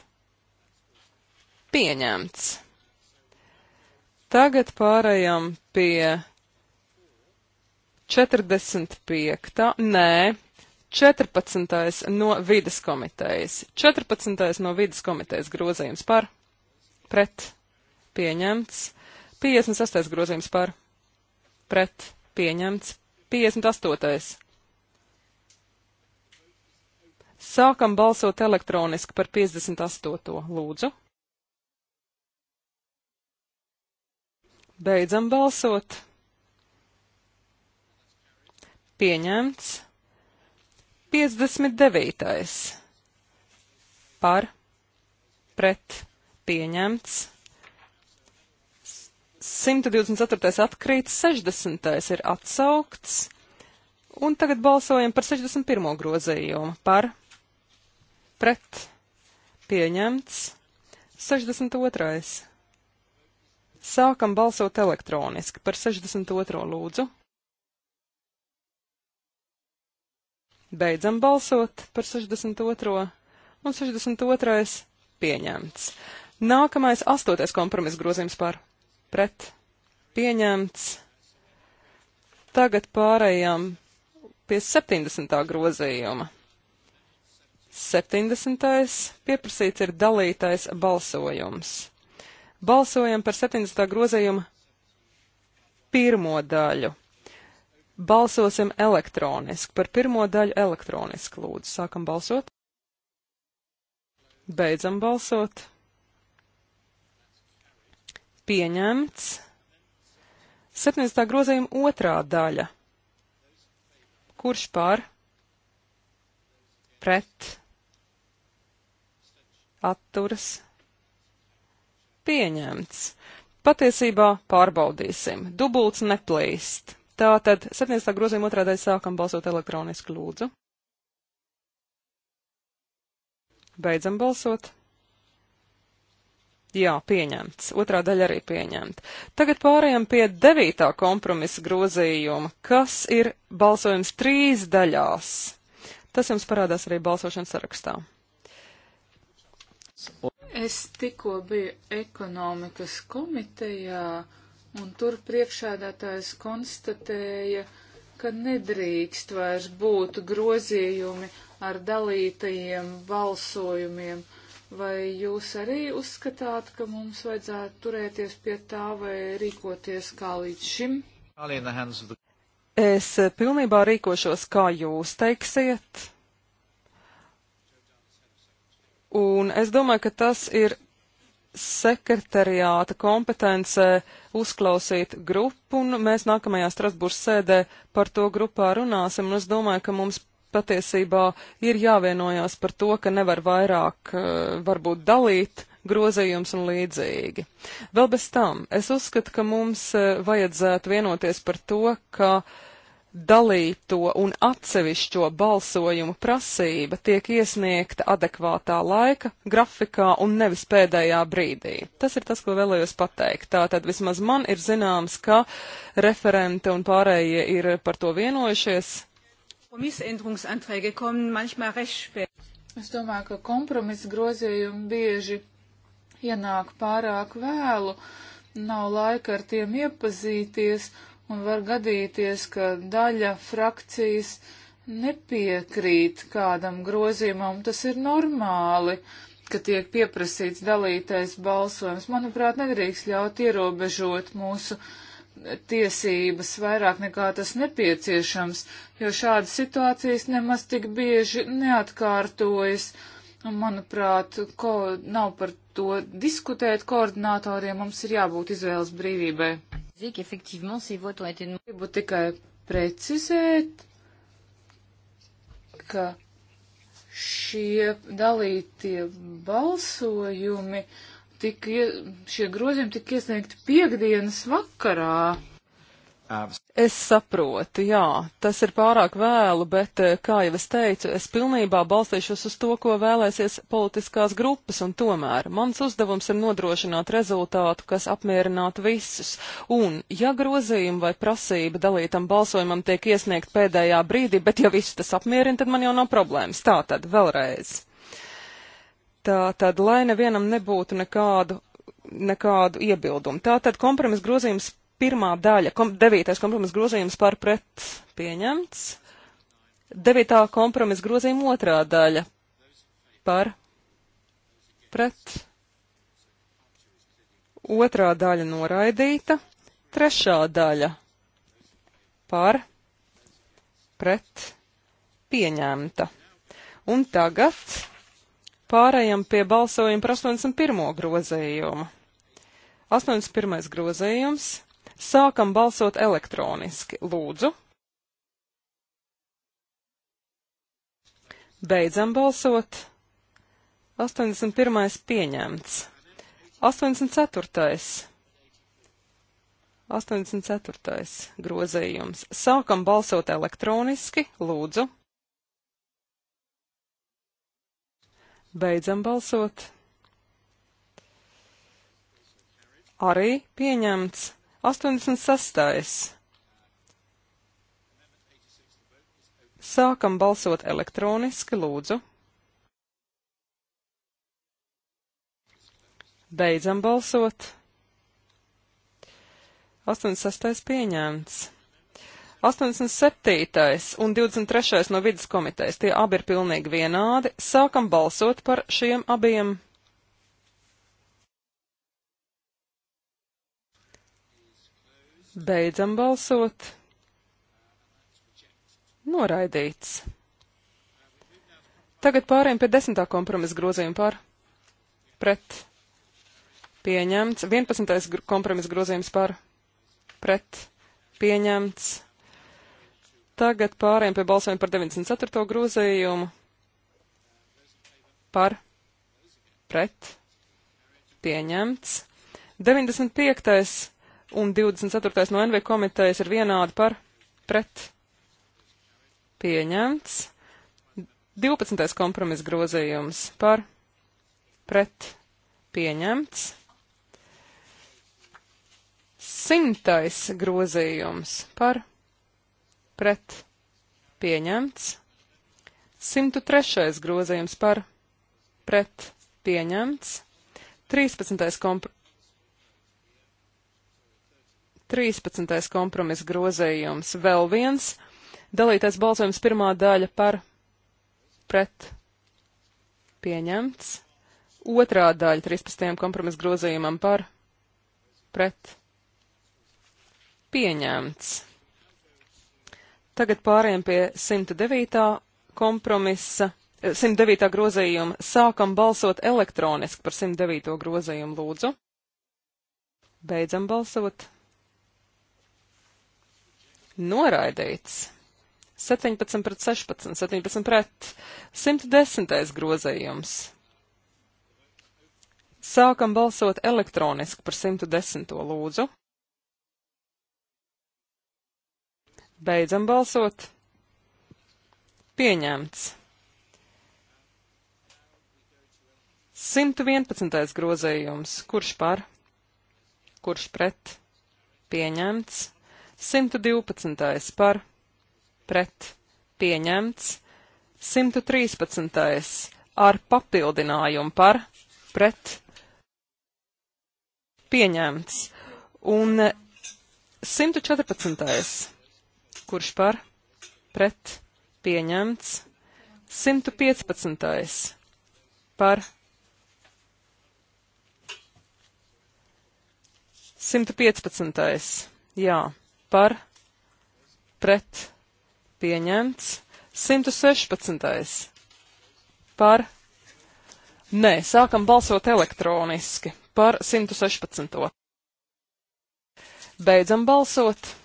pieņemts. Tagad pārējām pie 45. Nē, 14. no vidas komitejas. 14. no vidas komitejas grozījums par pret pieņemts. 58. grozījums par pret pieņemts. 58. Sākam balsot elektroniski par 58. lūdzu. Beidzam balsot. Pieņemts. 59. par pret pieņemts. 124. atkrīt, 60. ir atsaukts, un tagad balsojam par 61. grozījumu, par pret pieņemts 62. Sākam balsot elektroniski par 62. lūdzu. Beidzam balsot par 62. un 62. pieņemts. Nākamais astotais kompromiss grozījums par pret pieņemts. Tagad pārējām pie 70. grozījuma. 70. pieprasīts ir dalītais balsojums. Balsojam par 70. grozījumu pirmo daļu. Balsosim elektroniski. Par pirmo daļu elektroniski lūdzu. Sākam balsot. Beidzam balsot pieņemts. 17. grozījuma otrā daļa. Kurš par? Pret. Atturas. Pieņemts. Patiesībā pārbaudīsim. Dubults neplīst. Tātad 17. grozījuma otrā daļa sākam balsot elektroniski lūdzu. Beidzam balsot. Jā, pieņemts. Otrā daļa arī pieņemta. Tagad pārējām pie devītā kompromisa grozījuma, kas ir balsojums trīs daļās. Tas jums parādās arī balsošanas sarakstā. Es tikko biju ekonomikas komitejā, un tur priekšādātājs konstatēja, ka nedrīkst vairs būt grozījumi ar dalītajiem balsojumiem Vai jūs arī uzskatāt, ka mums vajadzētu turēties pie tā vai rīkoties kā līdz šim? Es pilnībā rīkošos, kā jūs teiksiet. Un es domāju, ka tas ir sekretariāta kompetencē uzklausīt grupu, un mēs nākamajā Strasbūras sēdē par to grupā runāsim, un es domāju, ka mums patiesībā ir jāvienojās par to, ka nevar vairāk eh, varbūt dalīt grozījums un līdzīgi. Vēl bez tam es uzskatu, ka mums eh, vajadzētu vienoties par to, ka dalīto un atsevišķo balsojumu prasība tiek iesniegta adekvātā laika grafikā un nevis pēdējā brīdī. Tas ir tas, ko vēlējos pateikt. Tātad vismaz man ir zināms, ka referente un pārējie ir par to vienojušies, Kompromisänderungsanträge kommen manchmal recht spät. Es domāju, ka kompromisa grozījumi bieži ienāk pārāk vēlu, nav laika ar tiem iepazīties un var gadīties, ka daļa frakcijas nepiekrīt kādam grozījumam. Tas ir normāli, ka tiek pieprasīts dalītais balsojums. Manuprāt, nedrīkst ļaut ierobežot mūsu tiesības vairāk nekā tas nepieciešams, jo šādas situācijas nemaz tik bieži neatkārtojas. Un, manuprāt, ko nav par to diskutēt koordinātoriem, mums ir jābūt izvēles brīvībai. Nu- Gribu tikai precizēt, ka šie dalītie balsojumi uh, tik, šie grozījumi tika iesniegti piekdienas vakarā. Es saprotu, jā, tas ir pārāk vēlu, bet, eh, kā jau es teicu, es pilnībā balstīšos uz to, ko vēlēsies politiskās grupas, un tomēr mans uzdevums ir nodrošināt rezultātu, kas apmierinātu visus. Un, ja grozījumi vai prasība dalītam balsojumam tiek iesniegt pēdējā brīdī, bet ja visus tas apmierina, tad man jau nav problēmas. Tātad, vēlreiz. Tā tad, lai nevienam nebūtu nekādu, nekādu iebildumu. Tā tad kompromisa grozījums pirmā daļa, kom, devītais kompromisa grozījums par pret pieņemts. Devītā kompromisa grozījuma otrā daļa par pret. Otrā daļa noraidīta. Trešā daļa par pret pieņemta. Un tagad Pārējām pie balsojuma par 81. grozījumu. 81. grozījums. Sākam balsot elektroniski. Lūdzu. Beidzam balsot. 81. pieņemts. 84. 84. grozījums. Sākam balsot elektroniski, lūdzu. Beidzam balsot. Arī pieņemts 86. Sākam balsot elektroniski, lūdzu. Beidzam balsot. 86. pieņemts. 87. un 23. no vidas komitejas, tie abi ir pilnīgi vienādi. Sākam balsot par šiem abiem. Beidzam balsot. Noraidīts. Tagad pārējiem pie desmitā kompromisa grozījuma par pret. Pieņemts. 11. kompromisa grozījums par pret. Pieņemts. Tagad pāriem pie balsojuma par 94. grozījumu. Par, pret, pieņemts. 95. un 24. no NV komitejas ir vienādi par, pret, pieņemts. 12. kompromis grozījums par, pret, pieņemts. Simtais grozījums par, pret pret pieņemts. 103. grozījums par pret pieņemts. 13. Kompr 13. kompromis grozījums vēl viens. Dalītais balsojums pirmā daļa par pret pieņemts. Otrā daļa 13. kompromis grozījumam par pret pieņemts. Tagad pāriem pie 109. kompromisa, 109. Eh, grozījuma. Sākam balsot elektroniski par 109. grozījumu lūdzu. Beidzam balsot. Noraidīts. 17 pret 16, 17 pret 110. grozījums. Sākam balsot elektroniski par 110. lūdzu. Beidzam balsot. Pieņemts. 111. grozējums. Kurš par? Kurš pret? Pieņemts. 112. par? Pret? Pieņemts. 113. ar papildinājumu par? Pret? Pieņemts. Un 114. Eh, kurš par pret pieņemts. 115. par 115. jā, par pret pieņemts. 116. par Nē, sākam balsot elektroniski par 116. Beidzam balsot.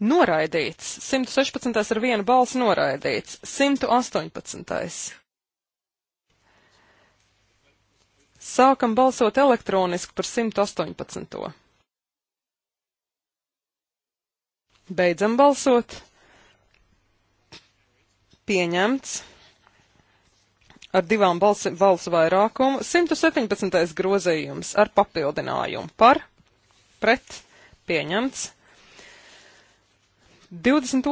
Noraidīts. 116. ar vienu balsu noraidīts. 118. Sākam balsot elektroniski par 118. Beidzam balsot. Pieņemts ar divām balsi, balsu vairākumu 117. grozījums ar papildinājumu par, pret, pieņemts, 22.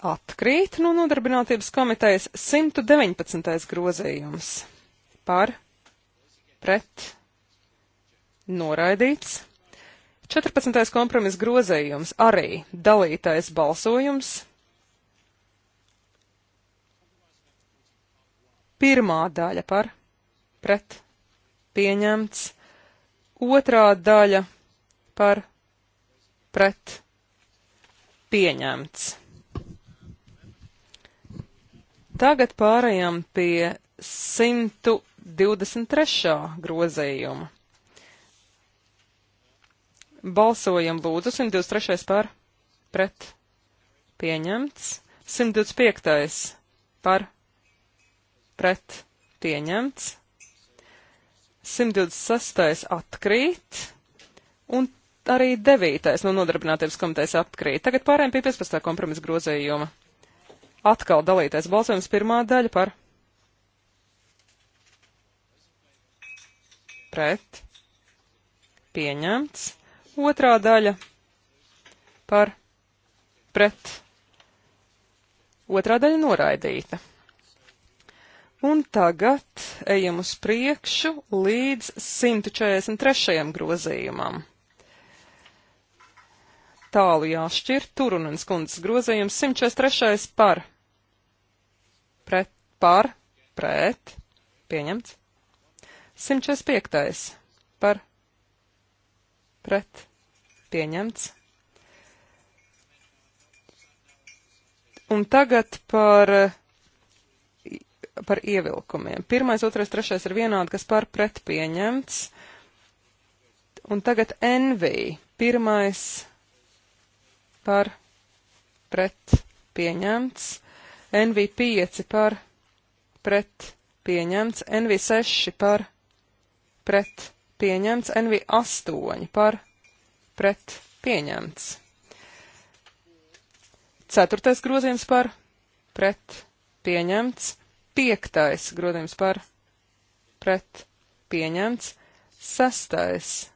atkrīt no nodarbinātības komitejas 119. grozījums par pret noraidīts. 14. kompromis grozījums arī dalītais balsojums. Pirmā daļa par pret pieņemts, otrā daļa par pret pieņemts pieņemts. Tagad pārējām pie 123. grozījuma. Balsojam lūdzu 123. par pret pieņemts, 125. par pret pieņemts, 126. atkrīt un arī 9. no nodarbinātības komitejas atkrīt. Tagad pārējām pie 15. kompromisa grozījuma. Atkal dalītais balsojums pirmā daļa par. Pret. Pieņemts. Otrā daļa par. Pret. Otrā daļa noraidīta. Un tagad ejam uz priekšu līdz 143. grozījumam tālu jāšķir. Turunens kundzes grozījums 143. par. Pret. Par. Pret. Pieņemts. 145. par. Pret. Pieņemts. Un tagad par, par ievilkumiem. Pirmais, otrais, trešais ir vienādi, kas par pret pieņemts. Un tagad NV. Pirmais, par pret pieņemts, NV5 par pret pieņemts, NV6 par pret pieņemts, NV8 par pret pieņemts. Ceturtais grozījums par pret pieņemts, piektais grozījums par pret pieņemts, sestais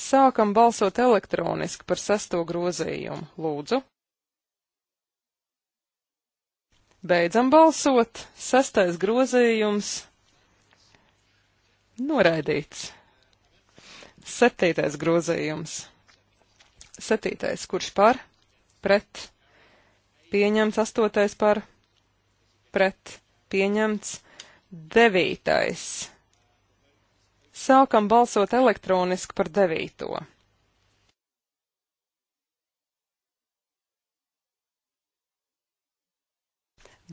Sākam balsot elektroniski par sesto grozījumu. Lūdzu! Beidzam balsot. Sastais grozījums noraidīts. Septītais grozījums. Septītais, kurš par? Pret. Pieņemts astotais par? Pret. Pieņemts devītais. Sākam balsot elektroniski par devīto.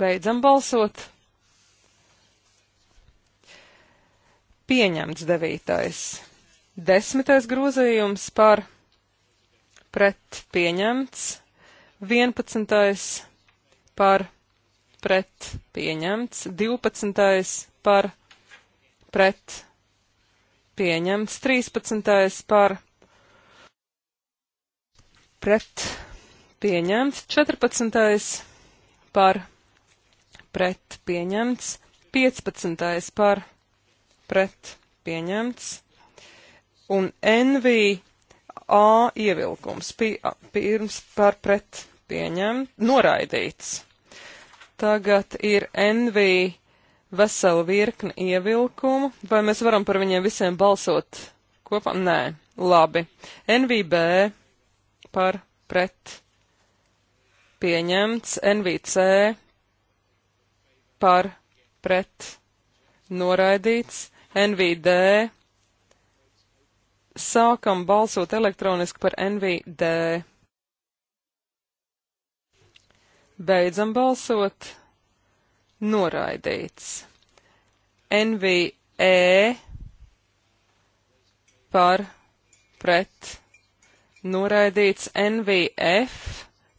Beidzam balsot. Pieņemts devītais. Desmitais grozījums par pret pieņemts. Vienpadsmitais par pret pieņemts. Divpadsmitais par pret pieņemts 13. par pret pieņemts 14. par pret pieņemts 15. par pret pieņemts un NV A ievilkums pirms par pret pieņemt noraidīts. Tagad ir NV A veselu virkni ievilkumu, vai mēs varam par viņiem visiem balsot kopā? Nē, labi. NVB par pret pieņemts, NVC par pret noraidīts, NVD sākam balsot elektroniski par NVD. Beidzam balsot noraidīts. NVE par pret noraidīts, NVF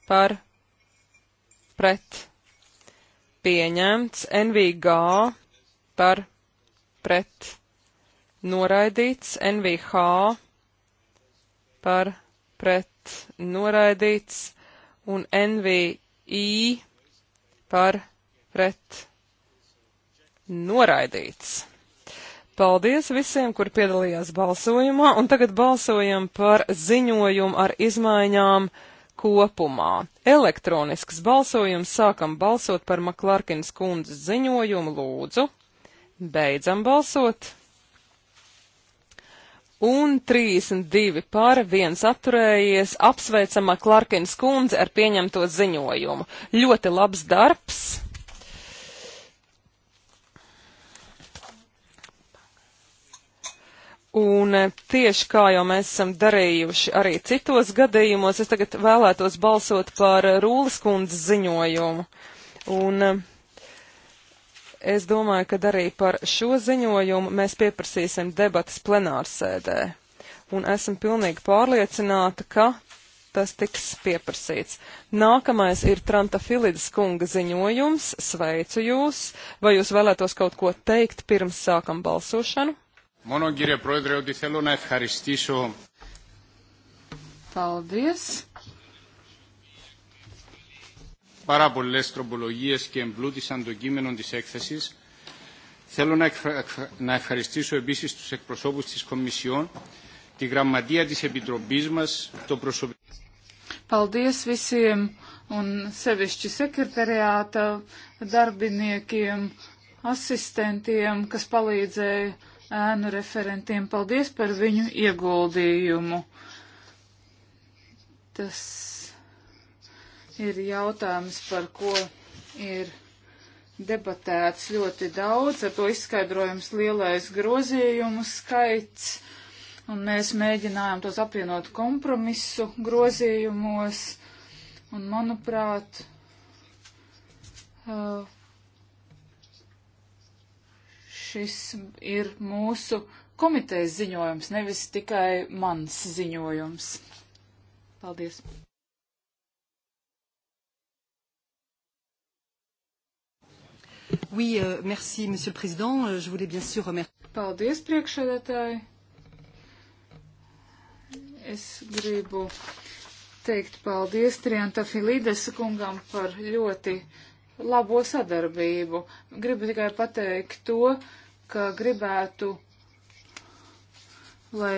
par pret pieņemts, NVG par pret noraidīts, NVH par pret noraidīts un NVI par pret pret noraidīts. Paldies visiem, kur piedalījās balsojumā, un tagad balsojam par ziņojumu ar izmaiņām kopumā. Elektronisks balsojums sākam balsot par Maklārkins kundzes ziņojumu lūdzu. Beidzam balsot. Un 32 pār 1 atturējies apsveicamā Klarkins kundze ar pieņemto ziņojumu. Ļoti labs darbs! Un eh, tieši kā jau mēs esam darījuši arī citos gadījumos, es tagad vēlētos balsot par eh, Rūlas kundzes ziņojumu. Un eh, es domāju, ka arī par šo ziņojumu mēs pieprasīsim debatas plenārsēdē. Un esam pilnīgi pārliecināti, ka tas tiks pieprasīts. Nākamais ir Tranta Filidas kunga ziņojums. Sveicu jūs! Vai jūs vēlētos kaut ko teikt pirms sākam balsošanu? Mono, ģirie proedre, odi thelu na efharistīšu. Paldies. Πάρα πολλές τροπολογίες και εμπλούτησαν το κείμενο της έκθεσης. Θέλω να ευχαριστήσω επίσης τους εκπροσώπους της Κομισιόν, τη Γραμματεία της Επιτροπής μας, το προσωπικό. Paldies visiem un sevišķi sekretariāta darbiniekiem, asistentiem, kas palīdzēja ēnu referentiem. Paldies par viņu ieguldījumu. Tas ir jautājums, par ko ir debatēts ļoti daudz, ar to izskaidrojums lielais grozījumu skaits, un mēs mēģinājām tos apvienot kompromisu grozījumos, un manuprāt, uh, šis ir mūsu komitejas ziņojums, nevis tikai mans ziņojums. Paldies! Oui, euh, merci, Monsieur le Président. Euh, je voulais bien sûr remercier. Paldies, priekšsēdētāji. Es gribu teikt paldies Trianta Filides kungam par ļoti labo sadarbību. Gribu tikai pateikt to, ka gribētu, lai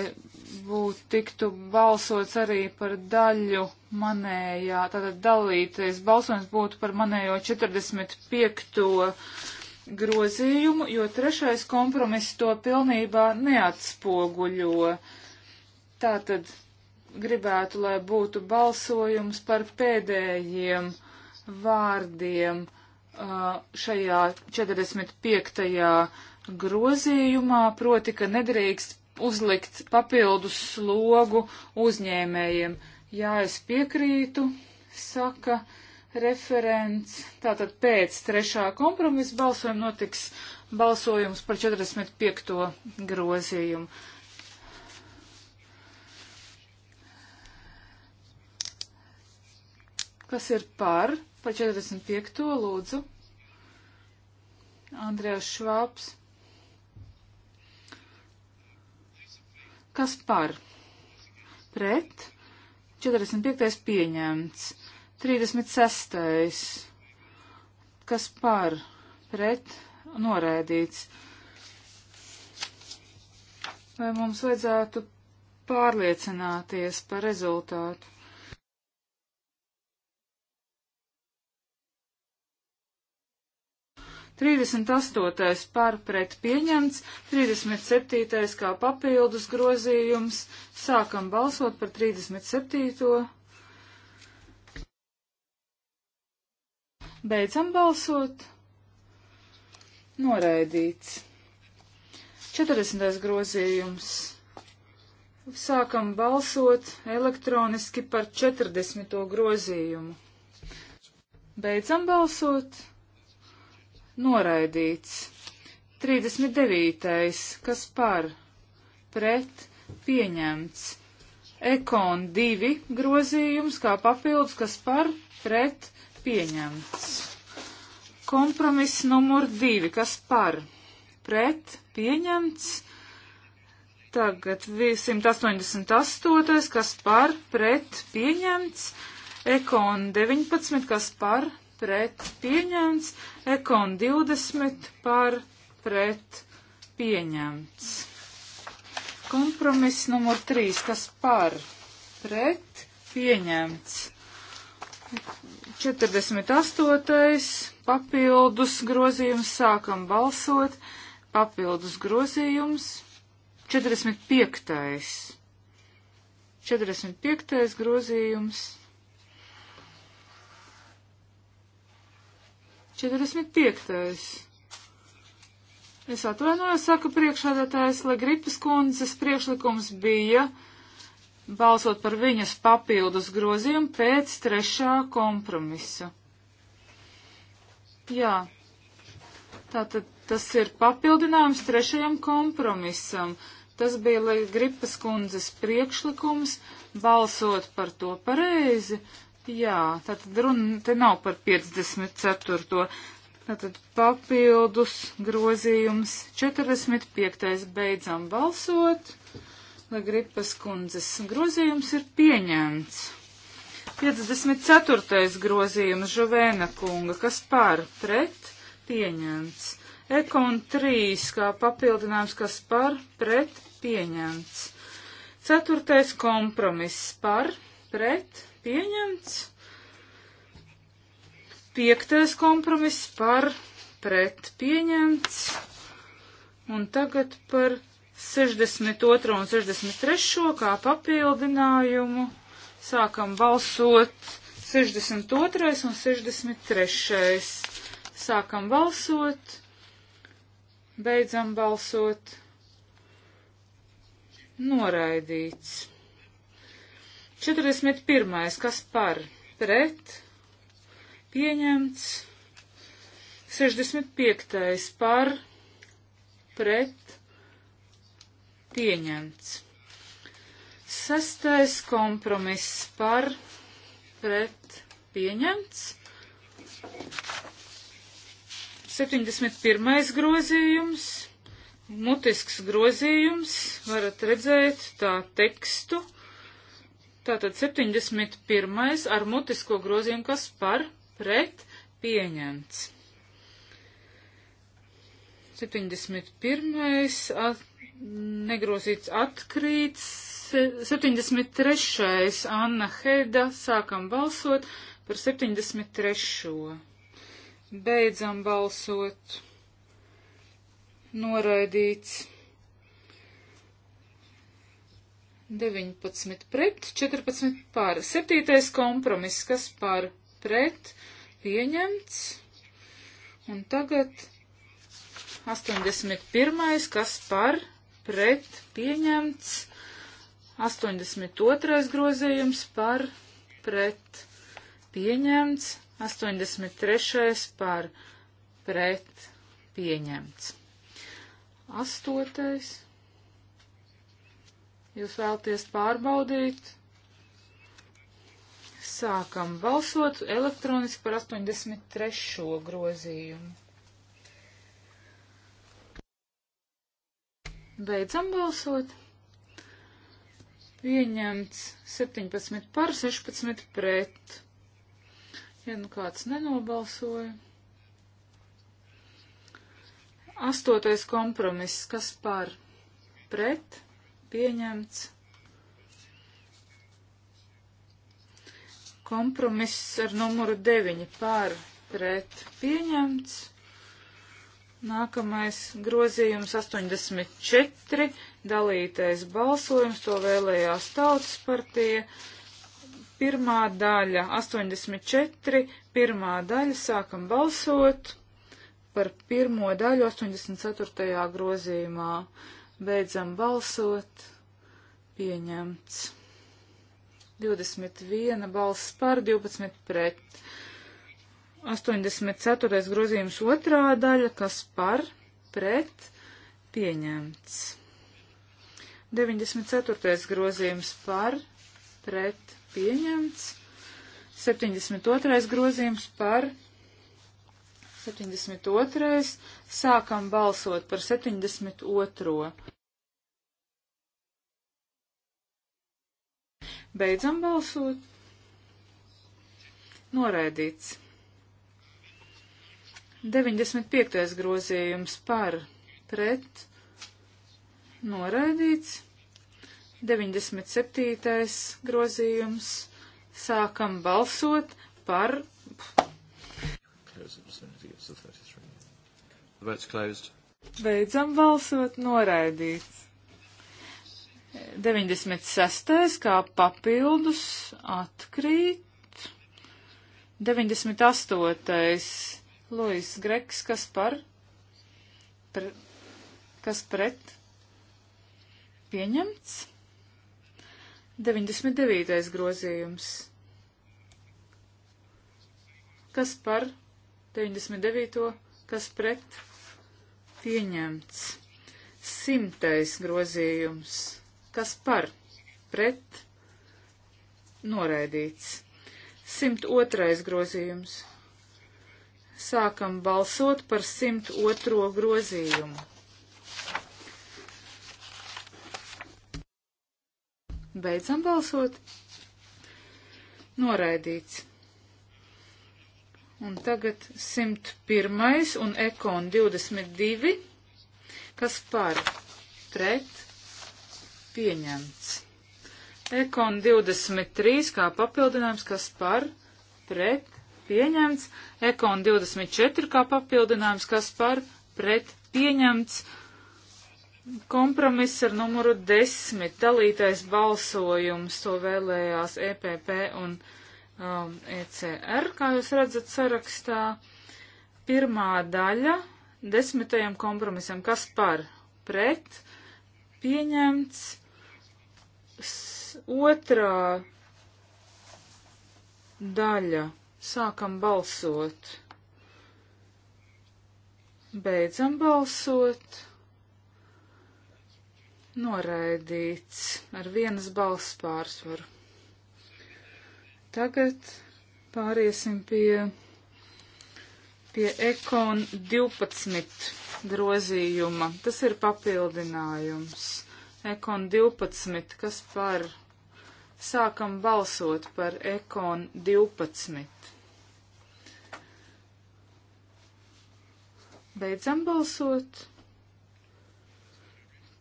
būtu tiktu balsots arī par daļu manējā, tātad dalīties balsojums būtu par manējo 45. grozījumu, jo trešais kompromiss to pilnībā neatspoguļo. Tātad gribētu, lai būtu balsojums par pēdējiem uh, vārdiem uh, šajā 45. grozījumā, proti, ka nedrīkst uzlikt papildus slogu uzņēmējiem. Jā, es piekrītu, saka referents. Tātad pēc trešā kompromisa balsojuma notiks balsojums par 45. grozījumu. Kas ir par? Par 45. lūdzu. Andrēs Švāps. Kas par? Pret. 45. pieņemts. 36. Kas par? Pret. Noraidīts. Vai mums vajadzētu pārliecināties par rezultātu? 38. par pret pieņemts, 37. kā papildus grozījums. Sākam balsot par 37. Beidzam balsot. Noraidīts. 40. grozījums. Sākam balsot elektroniski par 40. grozījumu. Beidzam balsot noraidīts. 39. kas par pret pieņemts. Ekon 2 grozījums kā papildus, kas par pret pieņemts. Kompromiss numur 2, kas par pret pieņemts. Tagad 188, kas par pret pieņemts. Ekon 19, kas par pret pieņemts, ekon 20 par pret pieņemts. Kompromiss numur 3, kas par pret pieņemts. 48. papildus grozījums sākam balsot. Papildus grozījums 45. 45. grozījums 45. Es atvainojos, saka priekšādātājs, lai gripas kundzes priekšlikums bija balsot par viņas papildus grozījumu pēc trešā kompromisa. Jā, tātad tas ir papildinājums trešajam kompromisam. Tas bija gripas kundzes priekšlikums balsot par to pareizi, Jā, tātad runa te nav par 54. Tātad papildus grozījums 45. beidzam balsot. Legripas kundzes grozījums ir pieņemts. 54. grozījums Žovēna kunga, kas par pret pieņemts. Ekon 3 kā papildinājums, kas par pret pieņemts. 4. kompromiss par pret pret pieņemts. Piektais kompromiss par pret pieņemts. Un tagad par 62. un 63. kā papildinājumu sākam balsot 62. un 63. Sākam balsot, beidzam balsot, noraidīts. 41. Kas par? Pret. Pieņemts. 65. Par. Pret. Pieņemts. Sastais kompromiss par pret pieņemts. 71. grozījums, mutisks grozījums, varat redzēt tā tekstu. Tātad 71. ar mutisko grozījumu, kas par pret pieņemts. 71. At, negrozīts atkrīts. 73. Anna Heda. Sākam balsot par 73. Beidzam balsot. Noraidīts. 19 pret, 14 par. Septītais kompromiss, kas par pret pieņemts. Un tagad 81. kas par pret pieņemts. 82. grozījums par pret pieņemts. 83. par pret pieņemts. 8. Jūs vēlties pārbaudīt? Sākam balsot elektroniski par 83. grozījumu. Beidzam balsot. Pieņemts 17 par 16 pret. Ja nu kāds nenobalsoja. Astotais kompromiss, kas par pret? pieņemts. Kompromiss ar numuru 9 par pret pieņemts. Nākamais grozījums 84, dalītais balsojums, to vēlējās tautas partija. Pirmā daļa 84, pirmā daļa sākam balsot par pirmo daļu 84. grozījumā. Beidzam balsot. Pieņemts. 21 balss par, 12 pret. 84. grozījums otrā daļa, kas par, pret, pieņemts. 94. grozījums par, pret, pieņemts. 72. grozījums par, 72. Sākam balsot par 72. Beidzam balsot. Noraidīts. 95. grozījums par pret. Noraidīts. 97. grozījums. Sākam balsot par. Pff. The vote's closed. Beidzam balsot noraidīts. 96. kā papildus atkrīt. 98. Luis Greks, kas par? Pre, kas pret? Pieņemts. 99. grozījums. Kas par 99. kas pret? pieņemts. Simtais grozījums. Kas par? Pret? Noraidīts. 102. grozījums. Sākam balsot par 102. grozījumu. Beidzam balsot. Noraidīts. Un tagad 101. un ekon 22, kas par pret pieņemts. Ekon 23 kā papildinājums, kas par pret pieņemts. Ekon 24 kā papildinājums, kas par pret pieņemts. Kompromiss ar numuru 10, dalītais balsojums, to vēlējās EPP un EPP um, ECR, kā jūs redzat sarakstā. Pirmā daļa desmitajam kompromisam, kas par pret pieņemts. S otrā daļa. Sākam balsot. Beidzam balsot. Noraidīts ar vienas balss pārsvaru. Tagad pāriesim pie, pie ekon 12 grozījuma. Tas ir papildinājums. Ekon 12, kas par sākam balsot par ekon 12. Beidzam balsot.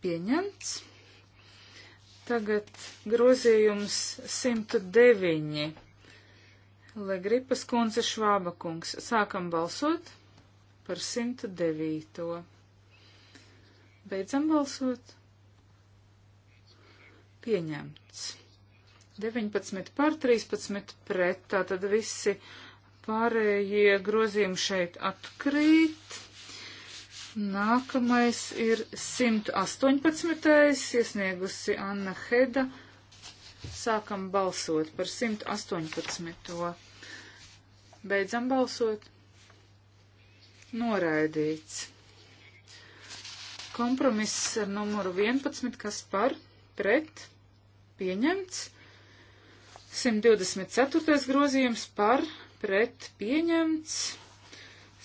Pieņemts. Tagad grozījums 109. Legripas kundze Švāba kungs. Sākam balsot par 109. Beidzam balsot. Pieņemts. 19 pār 13 pret, tātad visi pārējie grozījumi šeit atkrīt. Nākamais ir 118. iesniegusi Anna Heda. Sākam balsot par 118. Beidzam balsot. Noraidīts. Kompromiss ar numuru 11, kas par pret pieņemts. 124. grozījums par pret pieņemts.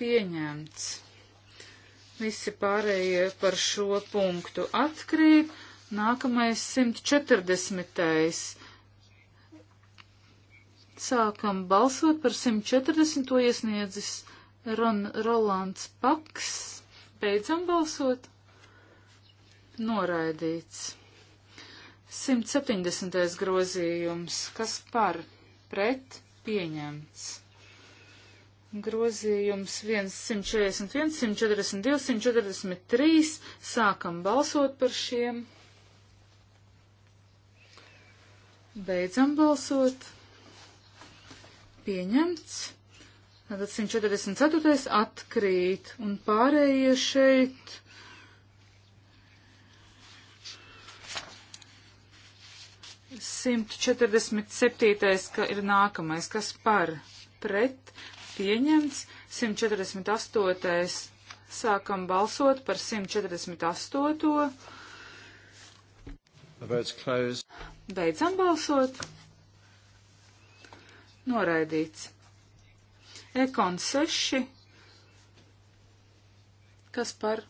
pieņemts. Visi pārējie par šo punktu atkrīt. Nākamais 140. Sākam balsot par 140. To iesniedzis Ron Rolands Paks. Beidzam balsot. Noraidīts. 170. grozījums. Kas par? Pret? Pieņemts. Grozījums 141, 142, 143. Sākam balsot par šiem. Beidzam balsot. Pieņemts. Tātad 144. atkrīt un pārējie šeit. Simt četrdesmit septītais, ka ir nākamais, kas par pret pieņemts. 148. Sākam balsot par 148. Beidzam balsot. Noraidīts. Ekon 6. Kas par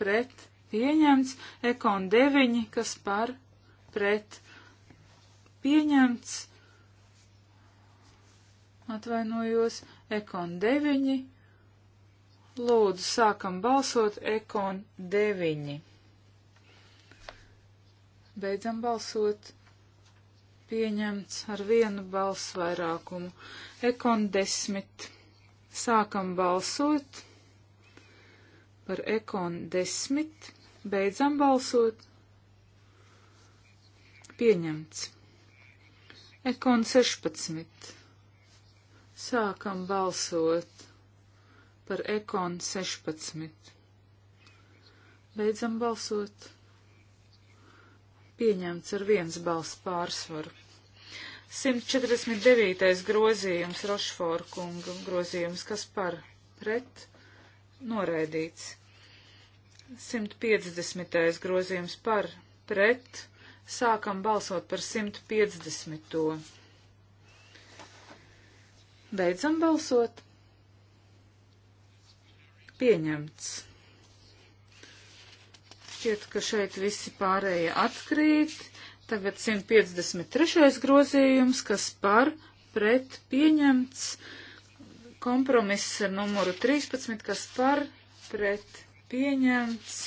pret pieņemts. Ekon 9. Kas par pret pieņemts. Atvainojos. Ekon 9. Lūdzu, sākam balsot Ekon 9. Beidzam balsot. Pieņemts ar vienu balsu vairākumu. Ekon 10. Sākam balsot par Ekon 10. Beidzam balsot. Pieņemts. Ekon 16. Sākam balsot par ekonu 16. Beidzam balsot. Pieņemts ar viens balss pārsvaru. 149. grozījums Rošforu kunga grozījums, kas par pret noraidīts. 150. grozījums par pret. Sākam balsot par 150. Beidzam balsot. Pieņemts. Šķiet, ka šeit visi pārējie atkrīt. Tagad 153. grozījums, kas par pret pieņemts. Kompromiss ar numuru 13, kas par pret pieņemts.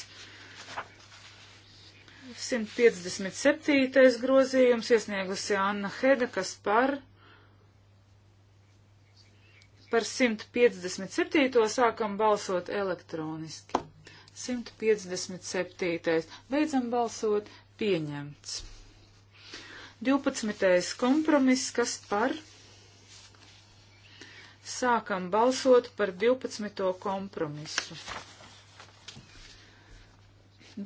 157. grozījums iesniegusi Anna Heda, kas par pret Par 157. sākam balsot elektroniski. 157. Beidzam balsot pieņemts. 12. kompromiss, kas par? Sākam balsot par 12. kompromisu.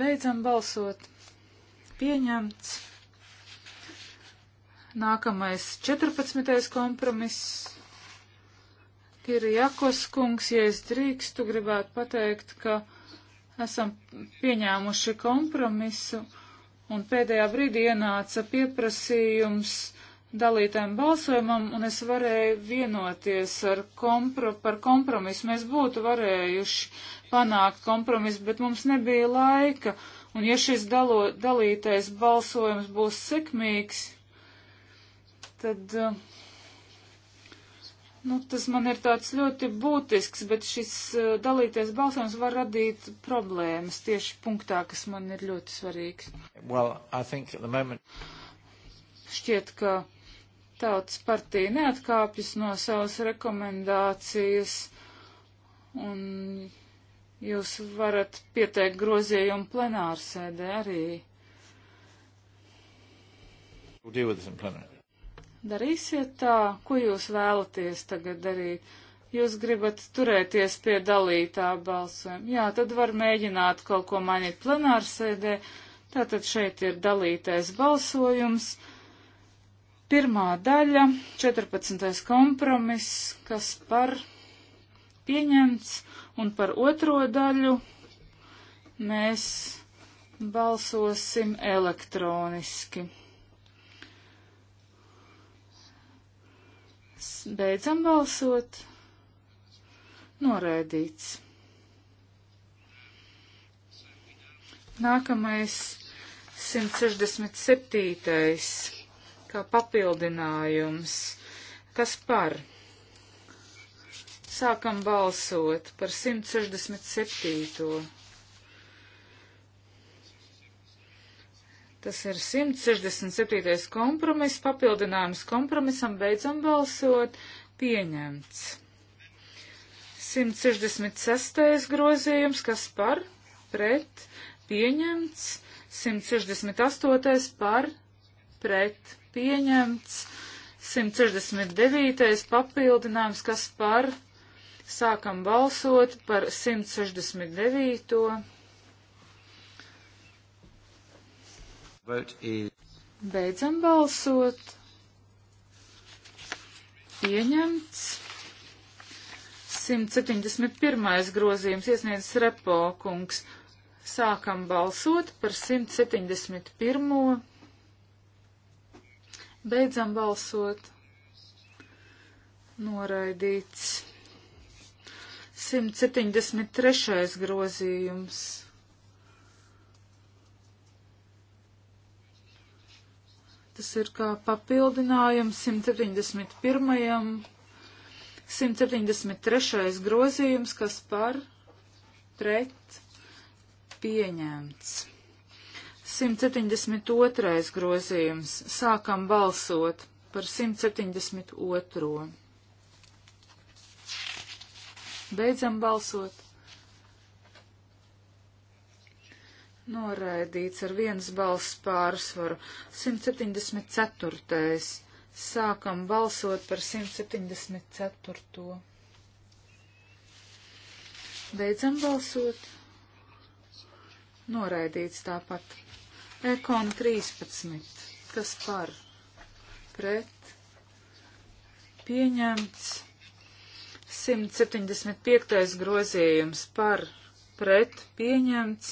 Beidzam balsot. Pieņemts. Nākamais 14. kompromiss. Kirjakos kungs, ja es drīkstu, gribētu pateikt, ka esam pieņēmuši kompromisu un pēdējā brīdī ienāca pieprasījums dalītēm balsojumam, un es varēju vienoties ar kompro, par kompromisu. Mēs būtu varējuši panākt kompromisu, bet mums nebija laika. Un ja šis dalo, dalītais balsojums būs sekmīgs, tad uh, Nu, tas man ir tāds ļoti būtisks, bet šis eh, dalīties balsojums var radīt problēmas tieši punktā, kas man ir ļoti svarīgs. Well, moment... Šķiet, ka tautas partija neatkāpjas no savas rekomendācijas, un jūs varat pieteikt grozījumu plenārsēdē arī. We'll deal with this in plenary. Darīsiet tā, ko jūs vēlaties tagad darīt. Jūs gribat turēties pie dalītā balsojuma. Jā, tad var mēģināt kaut ko mainīt plenārsēdē. Tātad šeit ir dalītais balsojums. Pirmā daļa, 14. kompromiss, kas par pieņemts, un par otro daļu mēs balsosim elektroniski. Beidzam balsot. Noraidīts. Nākamais 167. kā papildinājums. Kas par? Sākam balsot par 167. Tas ir 167. kompromiss, papildinājums kompromisam, beidzam balsot, pieņemts. 166. grozījums, kas par, pret, pieņemts, 168. par, pret, pieņemts, 169. papildinājums, kas par, sākam balsot par 169. Beidzam balsot. Pieņemts. 171. grozījums iesniedzis Repo kungs. Sākam balsot par 171. Beidzam balsot. Noraidīts. 173. grozījums. Tas ir kā papildinājums 171. 173. grozījums, kas par pret pieņemts. 172. grozījums. Sākam balsot par 172. Beidzam balsot. Noraidīts ar vienas balss pārsvaru. 174. Sākam balsot par 174. Beidzam balsot. Noraidīts tāpat. Ekon 13. Kas par? Pret. Pieņemts. 175. grozījums par. Pret. Pieņemts.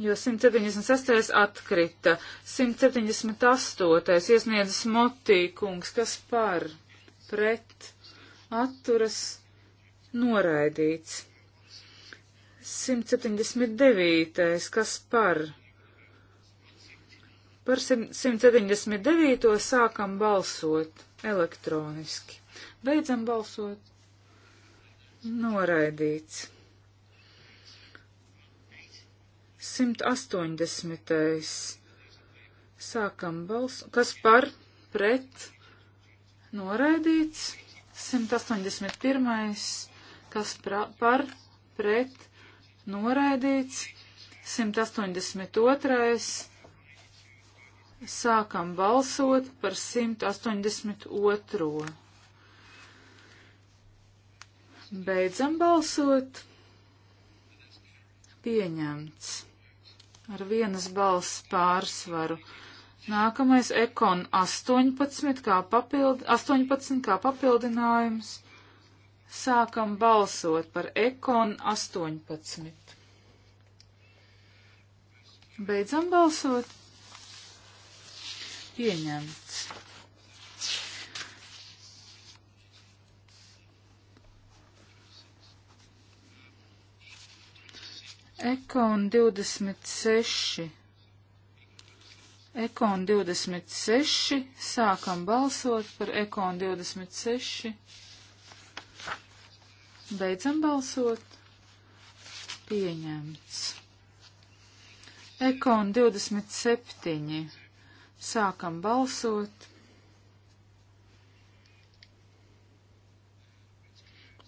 jo 176. atkrita, 178. iesniedzas motīkungs, kas par, pret, atturas, noraidīts. 179. kas par. Par 179. sākam balsot elektroniski. Beidzam balsot. Noraidīts. 180. Sākam balsu. Kas par? Pret? Noraidīts. 181. Kas pra, par? Pret? Noraidīts. 182. Sākam balsot par 182. Beidzam balsot. Pieņemts ar vienas balss pārsvaru. Nākamais ekon 18 kā, papild, 18 kā papildinājums. Sākam balsot par ekon 18. Beidzam balsot. Pieņemts. Ekon 26. Ekon 26. Sākam balsot par Ekon 26. Beidzam balsot. Pieņemts. Ekon 27. Sākam balsot.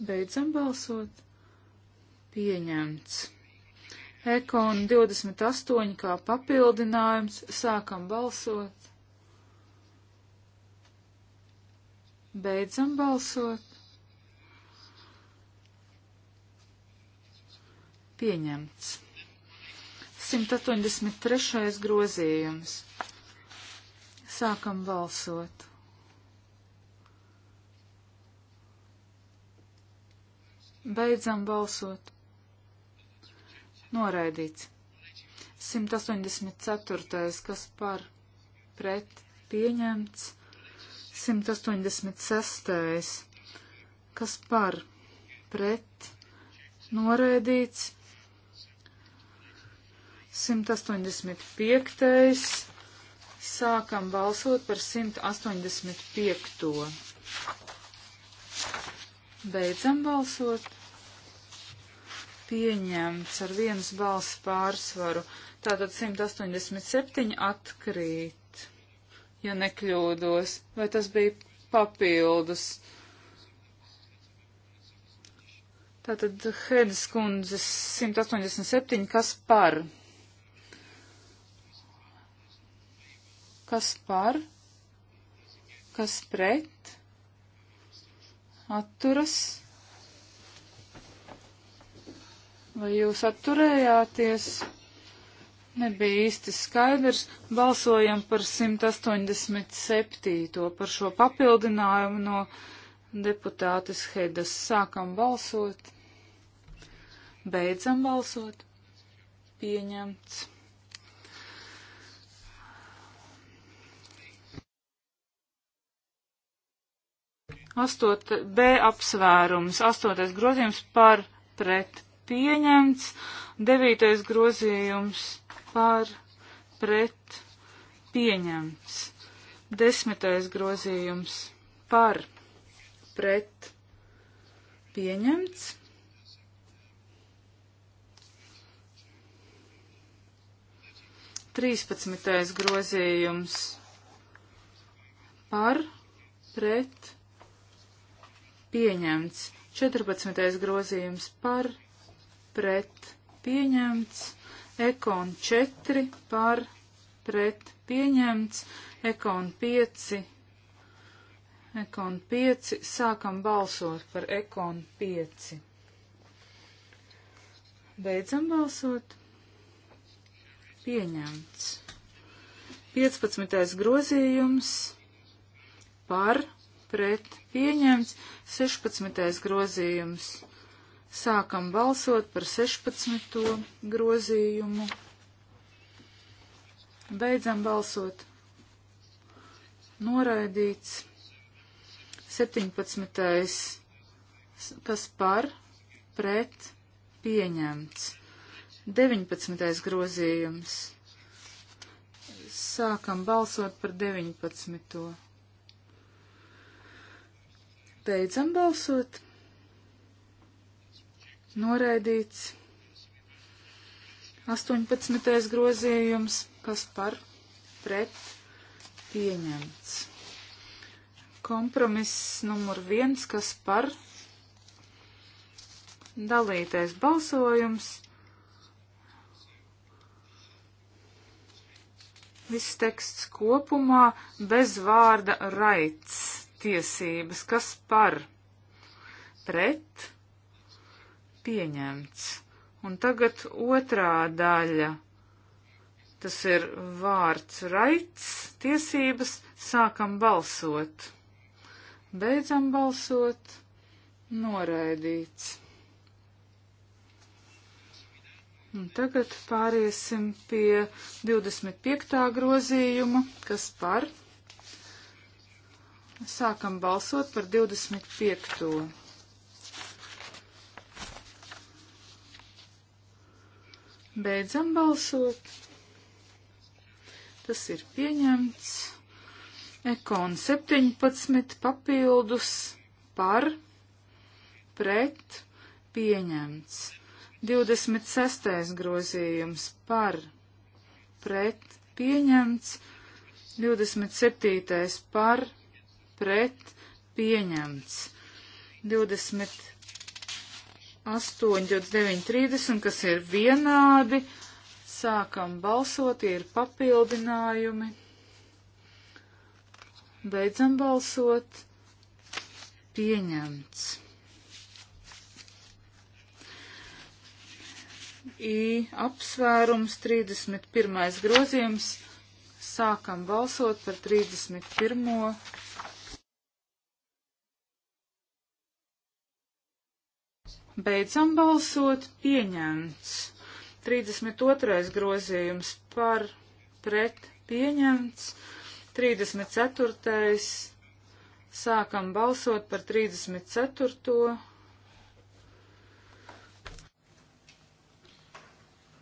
Beidzam balsot. Pieņemts. Ekon 28 kā papildinājums. Sākam balsot. Beidzam balsot. Pieņemts. 183. grozījums. Sākam balsot. Beidzam balsot. Noraidīts. 184. kas par pret pieņemts. 186. kas par pret noraidīts. 185. Sākam balsot par 185. Beidzam balsot pieņemts ar vienas balss pārsvaru. Tātad 187 atkrīt, ja nekļūdos. Vai tas bija papildus? Tātad Hedas kundzes 187, kas par? Kas par? Kas pret? Atturas? Vai jūs atturējāties? Nebija īsti skaidrs. Balsojam par 187. par šo papildinājumu no deputātes Hedas. Sākam balsot. Beidzam balsot. Pieņemts. Astot, B apsvērums, astotais grozījums par pret pieņemts. Devītais grozījums par pret pieņemts. Desmitais grozījums par pret pieņemts. Trīspadsmitais grozījums par pret pieņemts. 14. grozījums par pret pieņemts, ekon 4 par pret pieņemts, ekon 5, ekon 5, sākam balsot par ekon 5. Beidzam balsot. Pieņemts. 15. grozījums par pret pieņemts. 16. grozījums Sākam balsot par 16. grozījumu. Beidzam balsot. Noraidīts. 17. kas par, pret, pieņemts. 19. grozījums. Sākam balsot par 19. Beidzam balsot noraidīts. 18. grozījums, kas par pret pieņemts. Kompromiss numur viens, kas par dalītais balsojums. Viss teksts kopumā bez vārda raits tiesības, kas par pret Pieņemts. Un tagad otrā daļa. Tas ir vārds raits, tiesības, sākam balsot. Beidzam balsot, noraidīts. Un tagad pāriesim pie 25. grozījuma, kas par. Sākam balsot par 25. Beidzam balsot. Tas ir pieņemts. Ekon 17 papildus par, pret, pieņemts. 26. grozījums par, pret, pieņemts. 27. par, pret, pieņemts. 20. 8, 29, 30, kas ir vienādi. Sākam balsot, tie ir papildinājumi. Beidzam balsot. Pieņemts. I apsvērums 31. grozījums. Sākam balsot par 31. Beidzam balsot pieņemts. 32. grozījums par pret pieņemts. 34. Sākam balsot par 34.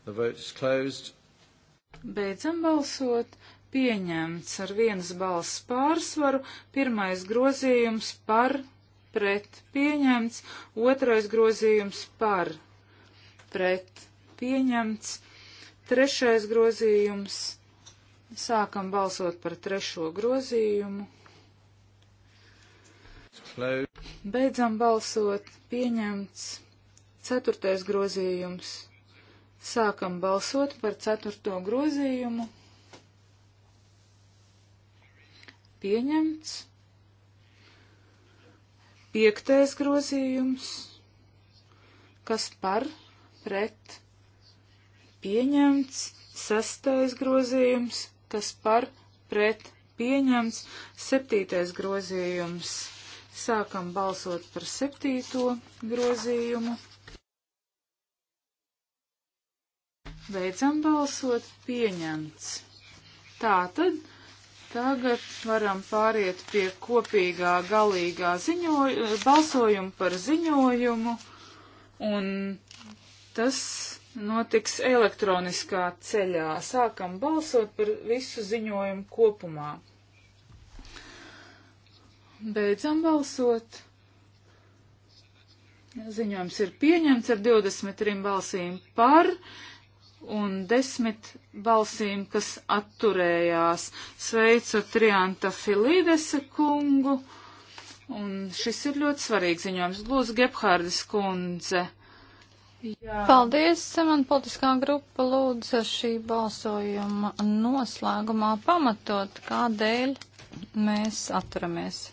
The vote is closed. Beidzam balsot. Pieņemts ar vienas balss pārsvaru. Pirmais grozījums par pret pieņemts, otrais grozījums par pret pieņemts, trešais grozījums. Sākam balsot par trešo grozījumu. Beidzam balsot, pieņemts ceturtais grozījums. Sākam balsot par ceturto grozījumu. Pieņemts. Piektais grozījums, kas par pret pieņemts. Sastais grozījums, kas par pret pieņemts. Septītais grozījums. Sākam balsot par septīto grozījumu. Beidzam balsot pieņemts. Tātad Tagad varam pāriet pie kopīgā galīgā ziņoju, balsojuma par ziņojumu, un tas notiks elektroniskā ceļā. Sākam balsot par visu ziņojumu kopumā. Beidzam balsot. Ziņojums ir pieņemts ar 23 balsīm par un desmit balsīm, kas atturējās. Sveicu Trianta Filidese kungu, un šis ir ļoti svarīgs ziņojums. Lūdzu, Gebhārdis kundze. Jā. Paldies, man politiskā grupa lūdza šī balsojuma noslēgumā pamatot, kādēļ mēs atturamies.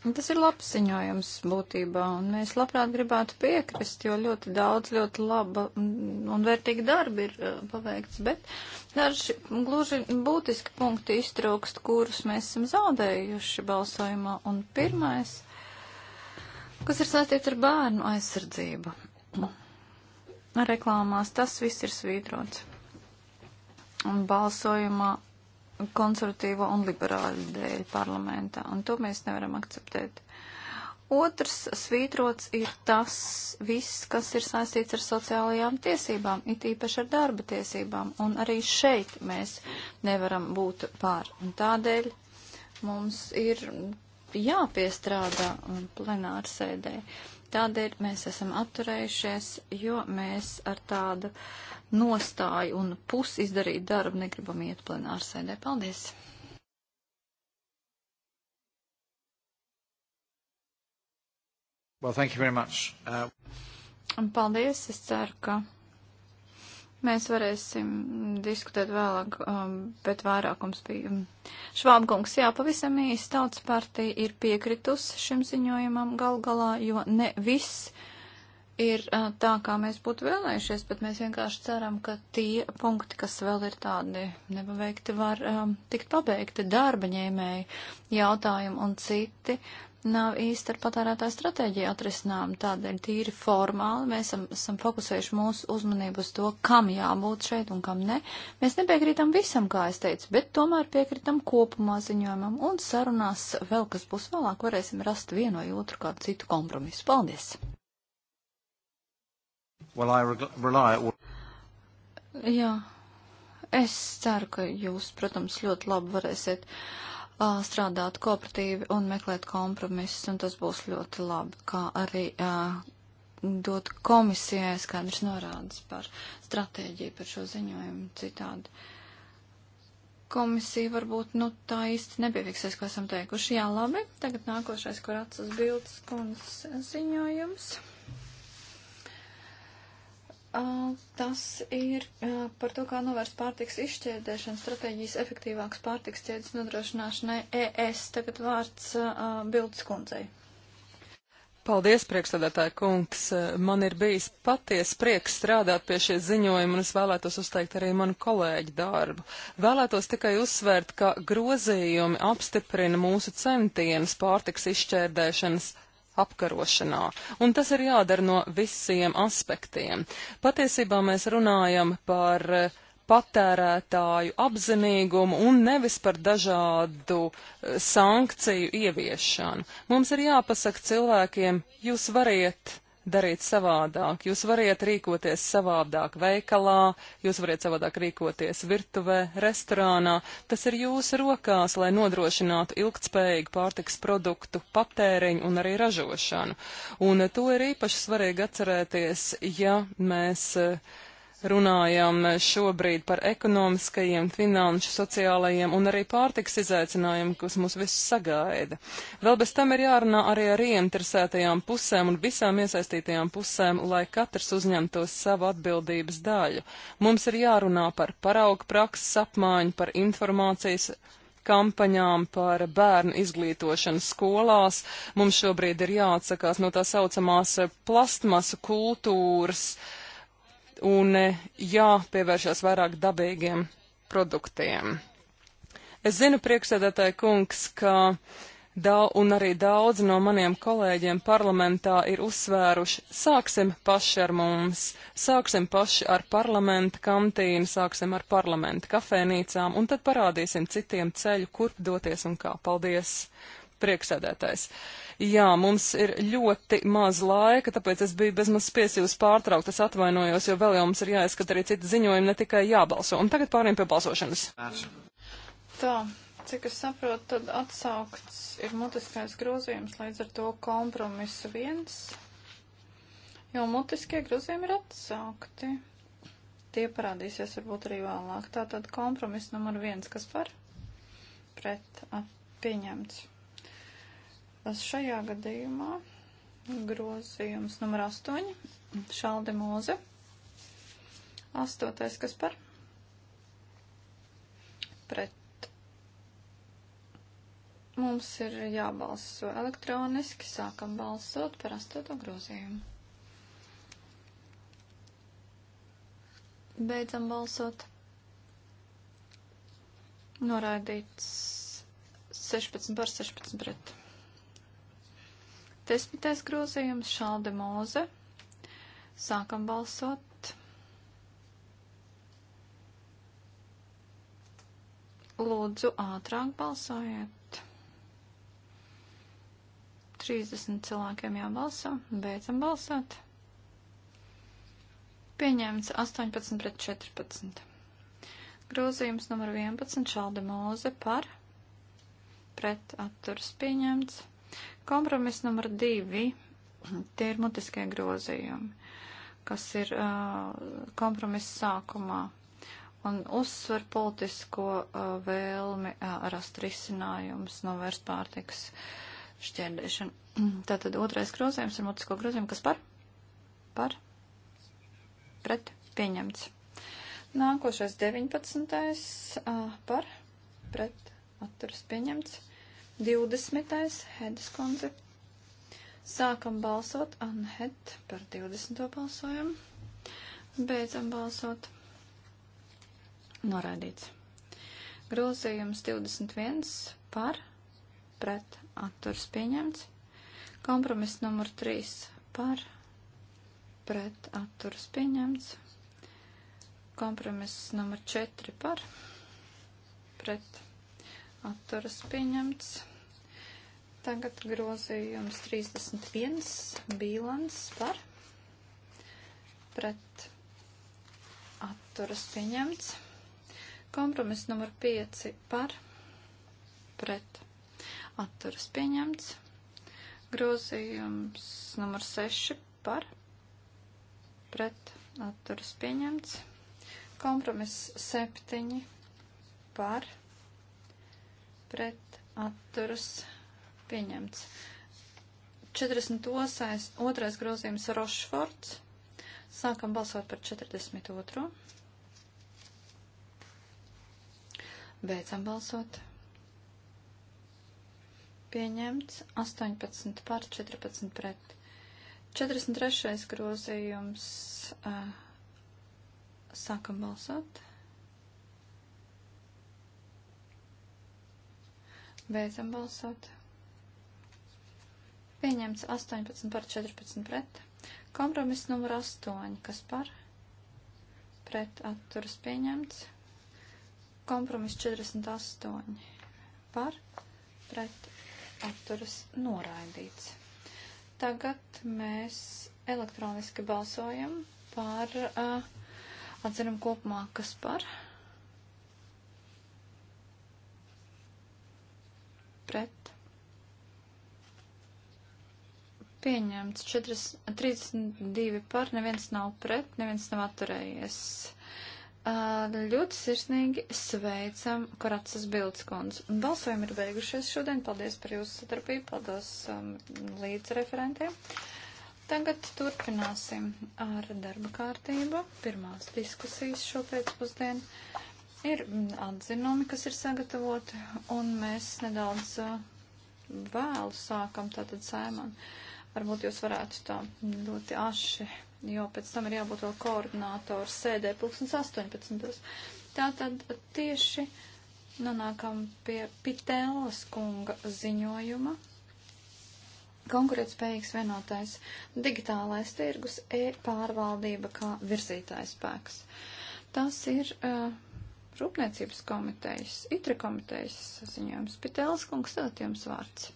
Un tas ir labs ziņojums būtībā, un mēs labprāt gribētu piekrist, jo ļoti daudz, ļoti laba un vērtīga darba ir uh, paveikts, bet daži gluži būtiski punkti iztrūkst, kurus mēs esam zaudējuši balsojumā, un pirmais, kas ir saistīts ar bērnu aizsardzību. Reklāmās tas viss ir svītrots. Un balsojumā konservatīvo un liberāļu dēļ parlamentā, un to mēs nevaram akceptēt. Otrs svītrots ir tas viss, kas ir saistīts ar sociālajām tiesībām, it īpaši ar darba tiesībām, un arī šeit mēs nevaram būt pār. Un tādēļ mums ir jāpiestrādā um, plenārsēdē. sēdē Tādēļ mēs esam atturējušies, jo mēs ar tādu nostāju un pus izdarīt darbu negribam iet plenāru sēdē. Paldies! Well, thank you very much. Uh... Paldies, es ceru, ka Mēs varēsim diskutēt vēlāk, um, bet vairākums bija. Um, Švābgungs, jā, pavisam īsti tautas partija ir piekritus šim ziņojumam gal galā, jo ne viss ir uh, tā, kā mēs būtu vēlējušies, bet mēs vienkārši ceram, ka tie punkti, kas vēl ir tādi nepaveikti, var um, tikt pabeigti darba ņēmēji jautājumi un citi nav īsti ar patērētāju stratēģiju atrisinām. Tādēļ tīri formāli mēs esam, esam fokusējuši mūsu uzmanību uz to, kam jābūt šeit un kam ne. Mēs nepiekrītam visam, kā es teicu, bet tomēr piekrītam kopumā ziņojumam un sarunās vēl, kas būs vēlāk, varēsim rast vienu vai otru kādu citu kompromisu. Paldies! Well, I rely on... Jā, es ceru, ka jūs, protams, ļoti labi varēsiet. Uh, uh, strādāt kooperatīvi un meklēt kompromisus, un tas būs ļoti labi, kā arī uh, dot komisijai skaidrs norādes par stratēģiju, par šo ziņojumu citādi. Komisija varbūt, nu, tā īsti nepievīksies, ko esam teikuši. Jā, labi, tagad nākošais, kur atsas bildes kundzes ziņojums tas ir par to, kā novērst pārtiks izšķērdēšanu stratēģijas efektīvāks pārtiks ķēdes nodrošināšanai ES. Tagad vārds Bildes kundzei. Paldies, priekšstādātāja kungs. Man ir bijis paties prieks strādāt pie šie ziņojumi, un es vēlētos uzteikt arī manu kolēģu darbu. Vēlētos tikai uzsvērt, ka grozījumi apstiprina mūsu centienus pārtiks izšķērdēšanas apkarošanā, un tas ir jādara no visiem aspektiem. Patiesībā mēs runājam par eh, patērētāju apzinīgumu un nevis par dažādu eh, sankciju ieviešanu. Mums ir jāpasaka cilvēkiem, jūs variet darīt savādāk. Jūs variet rīkoties savādāk veikalā, jūs variet savādāk rīkoties virtuvē, restorānā. Tas ir jūsu rokās, lai nodrošinātu ilgtspējīgu pārtiks produktu patēriņu un arī ražošanu. Un to ir īpaši svarīgi atcerēties, ja mēs uh, runājam šobrīd par ekonomiskajiem, finanšu, sociālajiem un arī pārtiks izaicinājumiem, kas mūs visus sagaida. Vēl bez tam ir jārunā arī ar ieinteresētajām pusēm un visām iesaistītajām pusēm, lai katrs uzņemtos savu atbildības daļu. Mums ir jārunā par paraugu prakses apmaiņu, par informācijas kampaņām par bērnu izglītošanu skolās. Mums šobrīd ir jāatsakās no tā saucamās plastmasu kultūras, uh, un eh, jāpievēršas vairāk dabīgiem produktiem. Es zinu, priekšsēdētāji kungs, ka daudz, un arī daudzi no maniem kolēģiem parlamentā ir uzsvēruši, sāksim paši ar mums, sāksim paši ar parlamenta kantīnu, sāksim ar parlamenta kafēnīcām, un tad parādīsim citiem ceļu, kurp doties un kā. Paldies! Prieksēdētājs. Jā, mums ir ļoti maz laika, tāpēc es biju bezmaz spiesi jūs pārtraukt, es atvainojos, jo vēl jau mums ir jāizskat arī citi ziņojumi, ne tikai jābalso. Un tagad pārējiem pie balsošanas. Tā, cik es saprotu, tad atsaukts ir mutiskais grozījums, līdz ar to kompromisu viens, jo mutiskie grozījumi ir atsaukti tie parādīsies varbūt arī vēlāk. Tātad kompromiss numur viens, kas par pret a, pieņemts. Šajā gadījumā grozījums numur 8, šalde mūze. Astotais, kas par? Pret. Mums ir jābalso elektroniski, sākam balsot par astoto grozījumu. Beidzam balsot. Noraidīts 16 par 16 pret. Desmitais grozījums Šalde Moze. Sākam balsot. Lūdzu, ātrāk balsojiet. 30 cilvēkiem jābalso. Beidzam balsot. Pieņemts 18 pret 14. Grozījums numur 11 Šalde Moze par pret atturs pieņemts. Kompromiss numur divi, tie ir mutiskie grozījumi, kas ir uh, kompromiss sākumā un uzsver politisko uh, vēlmi uh, rast risinājumus, novērst pārtiks šķērdēšanu. Tātad otrais grozījums ir mutisko grozījumu, kas par? Par? Pret? Pieņemts. Nākošais 19. Uh, par? Pret? Atturas pieņemts. 20. Hedas kundze. Sākam balsot, Anhet, par 20. balsojam. Beidzam balsot. Norādīts. Grozījums 21 par, pret, atturs pieņemts. Kompromiss numur 3 par, pret, atturs pieņemts. Kompromiss numur 4 par, pret, atturs pieņemts. Tagad grozījums 31. Bīlans par pret atturas pieņemts. Kompromiss numur 5 par pret atturas pieņemts. Grozījums numur 6 par pret atturas pieņemts. Kompromiss 7 par pret atturas pieņemts pieņemts. 42. grozījums Rošfords. Sākam balsot par 42. Beidzam balsot. Pieņemts 18 par 14 pret. 43. grozījums. Sākam balsot. Beidzam balsot. Pieņemts 18 par 14 pret. Kompromiss numur 8, kas par pret atturas pieņemts. Kompromiss 48 par pret atturas noraidīts. Tagad mēs elektroniski balsojam par uh, atzinam kopumā, kas par pret Pieņemts 4, 32 par, neviens nav pret, neviens nav atturējies. Ļoti sirsnīgi sveicam Koracas Bildskundz. Balsojumi ir beigušies šodien. Paldies par jūsu sadarbību. Paldies um, līdzreferentiem. Tagad turpināsim ar darba kārtību. Pirmās diskusijas šo pēcpusdienu ir mm, atzinumi, kas ir sagatavoti, un mēs nedaudz vēlu sākam tātad sēmanu. Varbūt jūs varētu tā ļoti aši, jo pēc tam ir jābūt vēl koordinātoru sēdē pulkstens 18. Tātad tieši nonākam pie Pitēlas kunga ziņojuma. Konkurētspējīgs vienotais digitālais tirgus e-pārvaldība kā virzītājs spēks. Tas ir uh, Rūpniecības komitejas, ITRE komitejas ziņojums. Pitēlas kungs, tad jums vārds.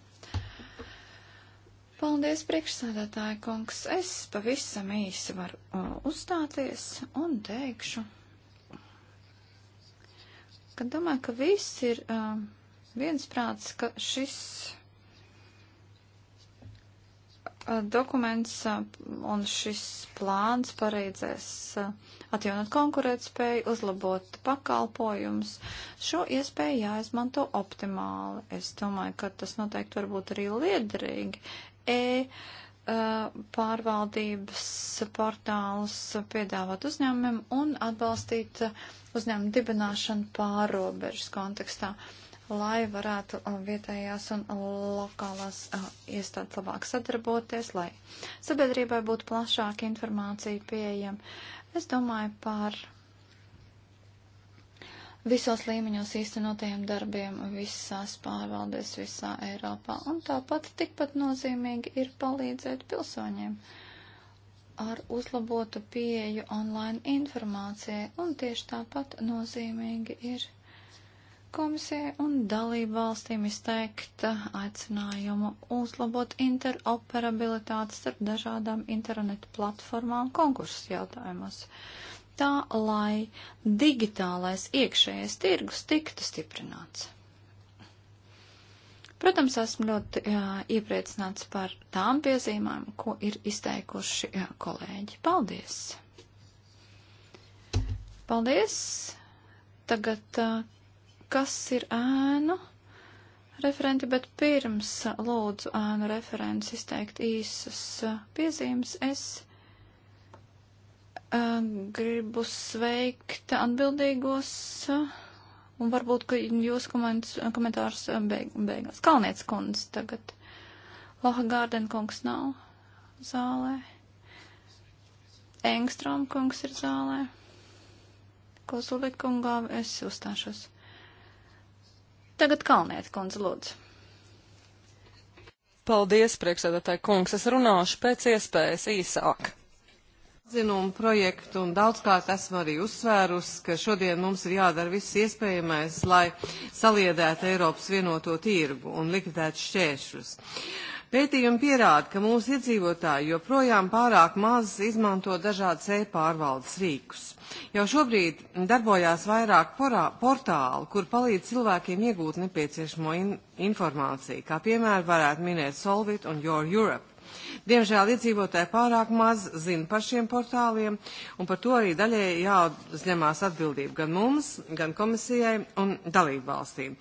Paldies, priekšsādātāja kungs. Es pavisam īsi varu uh, uzstāties un teikšu, ka domāju, ka viss ir uh, viensprāts, ka šis uh, dokuments uh, un šis plāns pareidzēs uh, atjaunot konkurētspēju, uzlabot pakalpojumus. Šo iespēju jāizmanto optimāli. Es domāju, ka tas noteikti var būt arī liederīgi e uh, pārvaldības portālus piedāvāt uzņēmumiem un atbalstīt uzņēmumu dibināšanu pārobežas kontekstā, lai varētu uh, vietējās un lokālās uh, iestādes labāk sadarboties, lai sabiedrībai būtu plašāka informācija pieejama. Es domāju par visos līmeņos īstenotajiem darbiem, visās pārvaldēs, visā Eiropā. Un tāpat tikpat nozīmīgi ir palīdzēt pilsoņiem ar uzlabotu pieeju online informācijai, un tieši tāpat nozīmīgi ir komisijai un dalību valstīm izteikt aicinājumu uzlabot interoperabilitāti starp dažādām internetu platformām konkursu jautājumos tā, lai digitālais iekšējais tirgus tiktu stiprināts. Protams, esmu ļoti jā, iepriecināts par tām piezīmēm, ko ir izteikuši jā, kolēģi. Paldies! Paldies! Tagad, kas ir ēnu referenti, bet pirms lūdzu ēnu referents izteikt īsas piezīmes, es Gribu sveikt atbildīgos un varbūt, ka jūs komentārs beig beigās. Kalniec kundze tagad. Laha Gārden kungs nav zālē. Engstrom kungs ir zālē. Kozulik kungā es uzstāšos. Tagad Kalniec kundze lūdzu. Paldies, priekšsēdētāji kungs. Es runāšu pēc iespējas īsāk. Zinumu projektu un daudzkārt esmu arī uzsvērusi, ka šodien mums ir jādara viss iespējamais, lai saliedētu Eiropas vienoto tirgu un likvidētu šķēršļus. Pētījumi pierāda, ka mūsu iedzīvotāji joprojām pārāk maz izmanto dažādas e-pārvaldes rīkus. Jau šobrīd darbojās vairāk porā, portālu, kur palīdz cilvēkiem iegūt nepieciešamo in informāciju, kā piemēram varētu minēt Solvit un Your Europe. Diemžēl iedzīvotāji pārāk maz zina par šiem portāliem, un par to arī daļēji jāuzņemās atbildība gan mums, gan komisijai un dalību valstīm.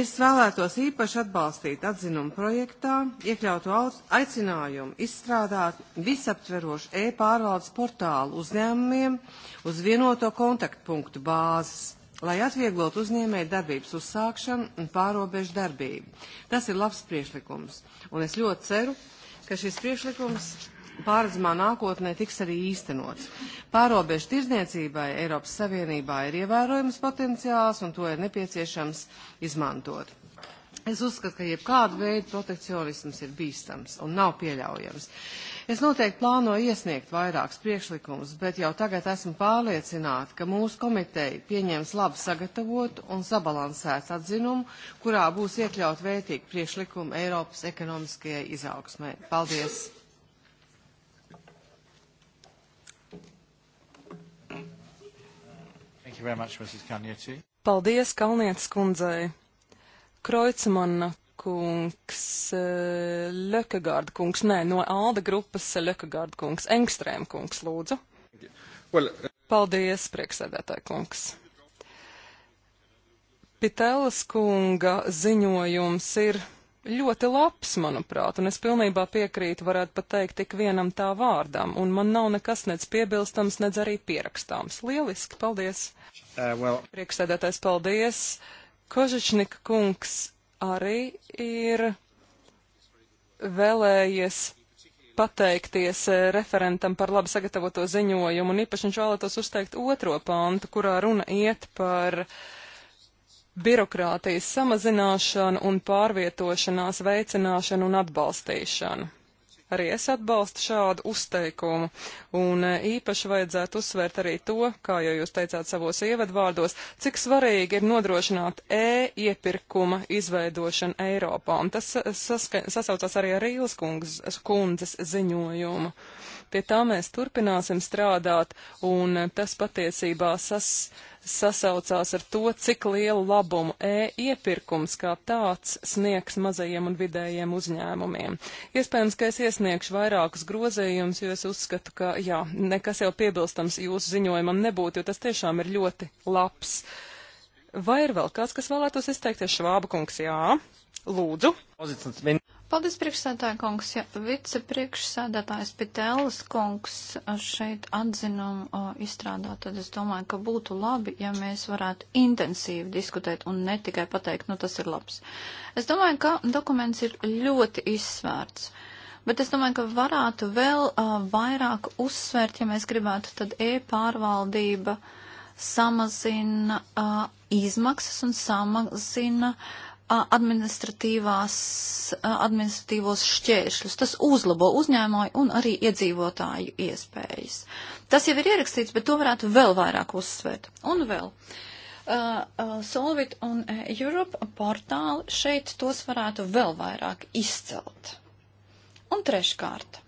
Es vēlētos īpaši atbalstīt atzinumu projektā iekļautu aicinājumu izstrādāt visaptverošu e-pārvaldes portālu uzņēmumiem uz vienoto kontaktpunktu bāzes lai atvieglotu uzņēmēju darbības uzsākšanu un pārobežu darbību. Tas ir labs priešlikums, un es ļoti ceru, ka šis priekšlikums pārredzamā nākotnē tiks arī īstenots. Pārobežu tirzniecībai Eiropas Savienībā ir ievērojams potenciāls un to ir nepieciešams izmantot. Es uzskatu, ka jebkāda veida protekcionisms ir bīstams un nav pieļaujams. Es noteikti plānoju iesniegt vairākus priekšlikumus, bet jau tagad esmu pārliecināta, ka mūsu komiteja pieņems labi sagatavotu un sabalansētu atzinumu, kurā būs iekļaut vērtīgi priekšlikumi Eiropas ekonomiskajai izaugsmai. Paldies! Thank you very much, Mrs. Kalnietis. Paldies Kalnietis kundzei. Kreutzmanna kungs, eh, Lekagārda kungs, nē, no Alda grupas eh, Lekagārda kungs, Engstrēm kungs, lūdzu. Well, uh... Paldies, prieksēdētāji kungs. Pitēlas kunga ziņojums ir ļoti labs, manuprāt, un es pilnībā piekrītu, varētu pat teikt, tik vienam tā vārdam, un man nav nekas nec piebilstams, nec arī pierakstāms. Lieliski, paldies! Uh, well. Prieksēdētājs, paldies! Kožičnika kungs arī ir vēlējies pateikties eh, referentam par labi sagatavoto ziņojumu, un īpaši viņš vēlētos uzteikt otro pantu, kurā runa iet par birokrātijas samazināšanu un pārvietošanās veicināšanu un atbalstīšanu. Arī es atbalstu šādu uzteikumu, un e, īpaši vajadzētu uzsvērt arī to, kā jau jūs teicāt savos ievadvārdos, cik svarīgi ir nodrošināt e-iepirkuma izveidošanu Eiropā, un tas e, sasaucās arī ar Rīles kundzes ziņojumu. Uh, Pie tā mēs turpināsim strādāt, un tas patiesībā sas, sasaucās ar to, cik lielu labumu e-iepirkums kā tāds sniegs mazajiem un vidējiem uzņēmumiem. Iespējams, ka es iesniegšu vairākus grozījumus, jo es uzskatu, ka jā, nekas jau piebilstams jūsu ziņojumam nebūtu, jo tas tiešām ir ļoti labs. Vai ir vēl kāds, kas vēlētos izteikties? Švāba kungs, jā. Lūdzu. Paldies, priekšsēdētāja kungs. Ja vicepriekšsēdētājs Pitēlis kungs šeit atzinumu izstrādā, tad es domāju, ka būtu labi, ja mēs varētu intensīvi diskutēt un ne tikai pateikt, nu tas ir labs. Es domāju, ka dokuments ir ļoti izsvērts. Bet es domāju, ka varētu vēl uh, vairāk uzsvērt, ja mēs gribētu, tad e-pārvaldība samazina uh, izmaksas un samazina uh, administratīvās, administratīvos šķēršļus. Tas uzlabo uzņēmēju un arī iedzīvotāju iespējas. Tas jau ir ierakstīts, bet to varētu vēl vairāk uzsvērt. Un vēl. Uh, uh, Solvit un e, Europe portāli šeit tos varētu vēl vairāk izcelt. Un treškārt.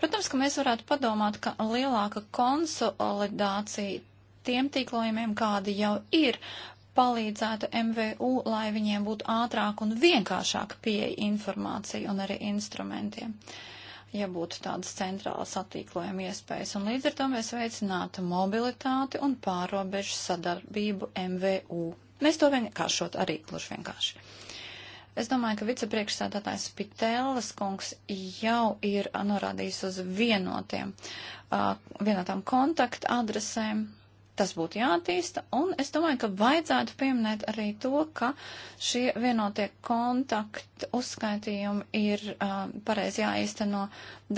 Protams, ka mēs varētu padomāt, ka lielāka konsolidācija tiem tīklojumiem, kādi jau ir, palīdzētu MVU, lai viņiem būtu ātrāk un vienkāršāk pieeja informācija un arī instrumentiem, ja būtu tādas centrālas attīklojuma iespējas. Un līdz ar to mēs veicinātu mobilitāti un pārobežu sadarbību MVU. Mēs to vienkāršot arī gluži vienkārši. Es domāju, ka vicepriekšsēdētājs Pitēlas kungs jau ir norādījis uz vienotiem, uh, vienotām kontaktu adresēm, tas būtu jātīsta, un es domāju, ka vajadzētu pieminēt arī to, ka šie vienotie kontaktu uzskaitījumi ir uh, pareizi jāīsteno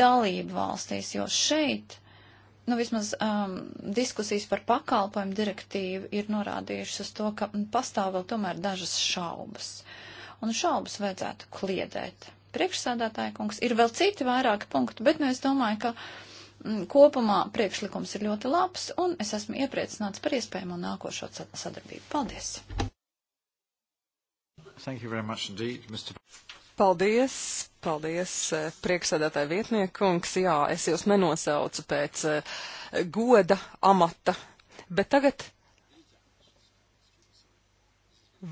dalību valstīs, jo šeit, nu vismaz um, diskusijas par pakalpojumu direktīvu ir norādījušas uz to, ka pastāv vēl tomēr dažas šaubas, un šaubas vajadzētu kliedēt. Priekšsādātāja kungs ir vēl citi vairāki punkti, bet nu es domāju, ka Mm, kopumā priekšlikums ir ļoti labs, un es esmu iepriecināts par iespējamo nākošo sadarbību. Paldies! Indeed, Mr... Paldies! Paldies, eh, prieksēdētāji vietniekungs. Jā, es jūs nenosaucu pēc eh, goda amata, bet tagad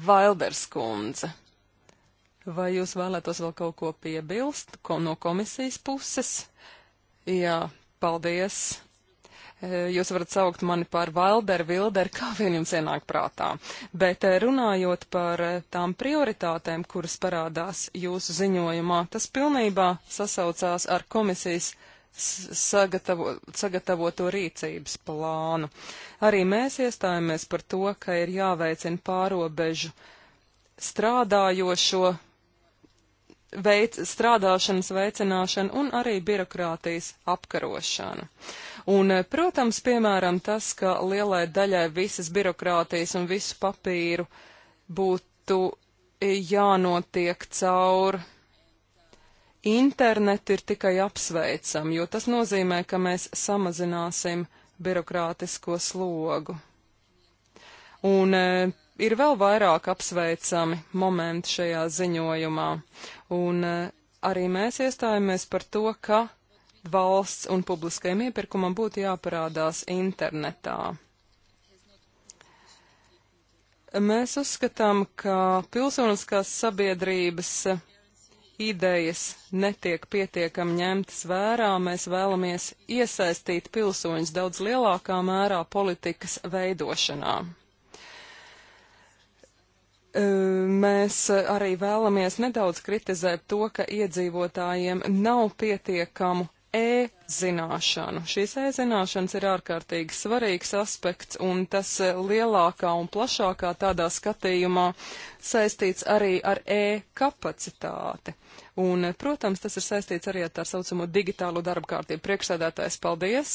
Vailders kundze. Vai jūs vēlētos vēl kaut ko piebilst ko no komisijas puses? Jā, Paldies! E, jūs varat saukt mani par Valderu, Vilderu, kā vien jums ienāk prātā. Bet e, runājot par e, tām prioritātēm, kuras parādās jūsu ziņojumā, tas pilnībā sasaucās ar komisijas sagatavo, sagatavoto rīcības plānu. Arī mēs iestājāmies par to, ka ir jāveicina pārobežu strādājošo veic, strādāšanas veicināšanu un arī birokrātijas apkarošanu. Un, eh, protams, piemēram, tas, ka lielai daļai visas birokrātijas un visu papīru būtu jānotiek caur internetu ir tikai apsveicam, jo tas nozīmē, ka mēs samazināsim birokrātisko slogu. Un eh, ir vēl vairāk apsveicami momenti šajā ziņojumā. Un eh, arī mēs iestājāmies par to, ka valsts un publiskajam iepirkumam būtu jāparādās internetā. Mēs uzskatām, ka pilsoniskās sabiedrības idejas netiek pietiekami ņemtas vērā, mēs vēlamies iesaistīt pilsoņus daudz lielākā mērā politikas veidošanā. Mēs arī vēlamies nedaudz kritizēt to, ka iedzīvotājiem nav pietiekamu e-zināšanu. Šīs e-zināšanas ir ārkārtīgi svarīgs aspekts, un tas lielākā un plašākā tādā skatījumā saistīts arī ar e-kapacitāti. Un, protams, tas ir saistīts arī ar tā saucamo digitālo darba kārtību. Priekšsēdētājs, paldies!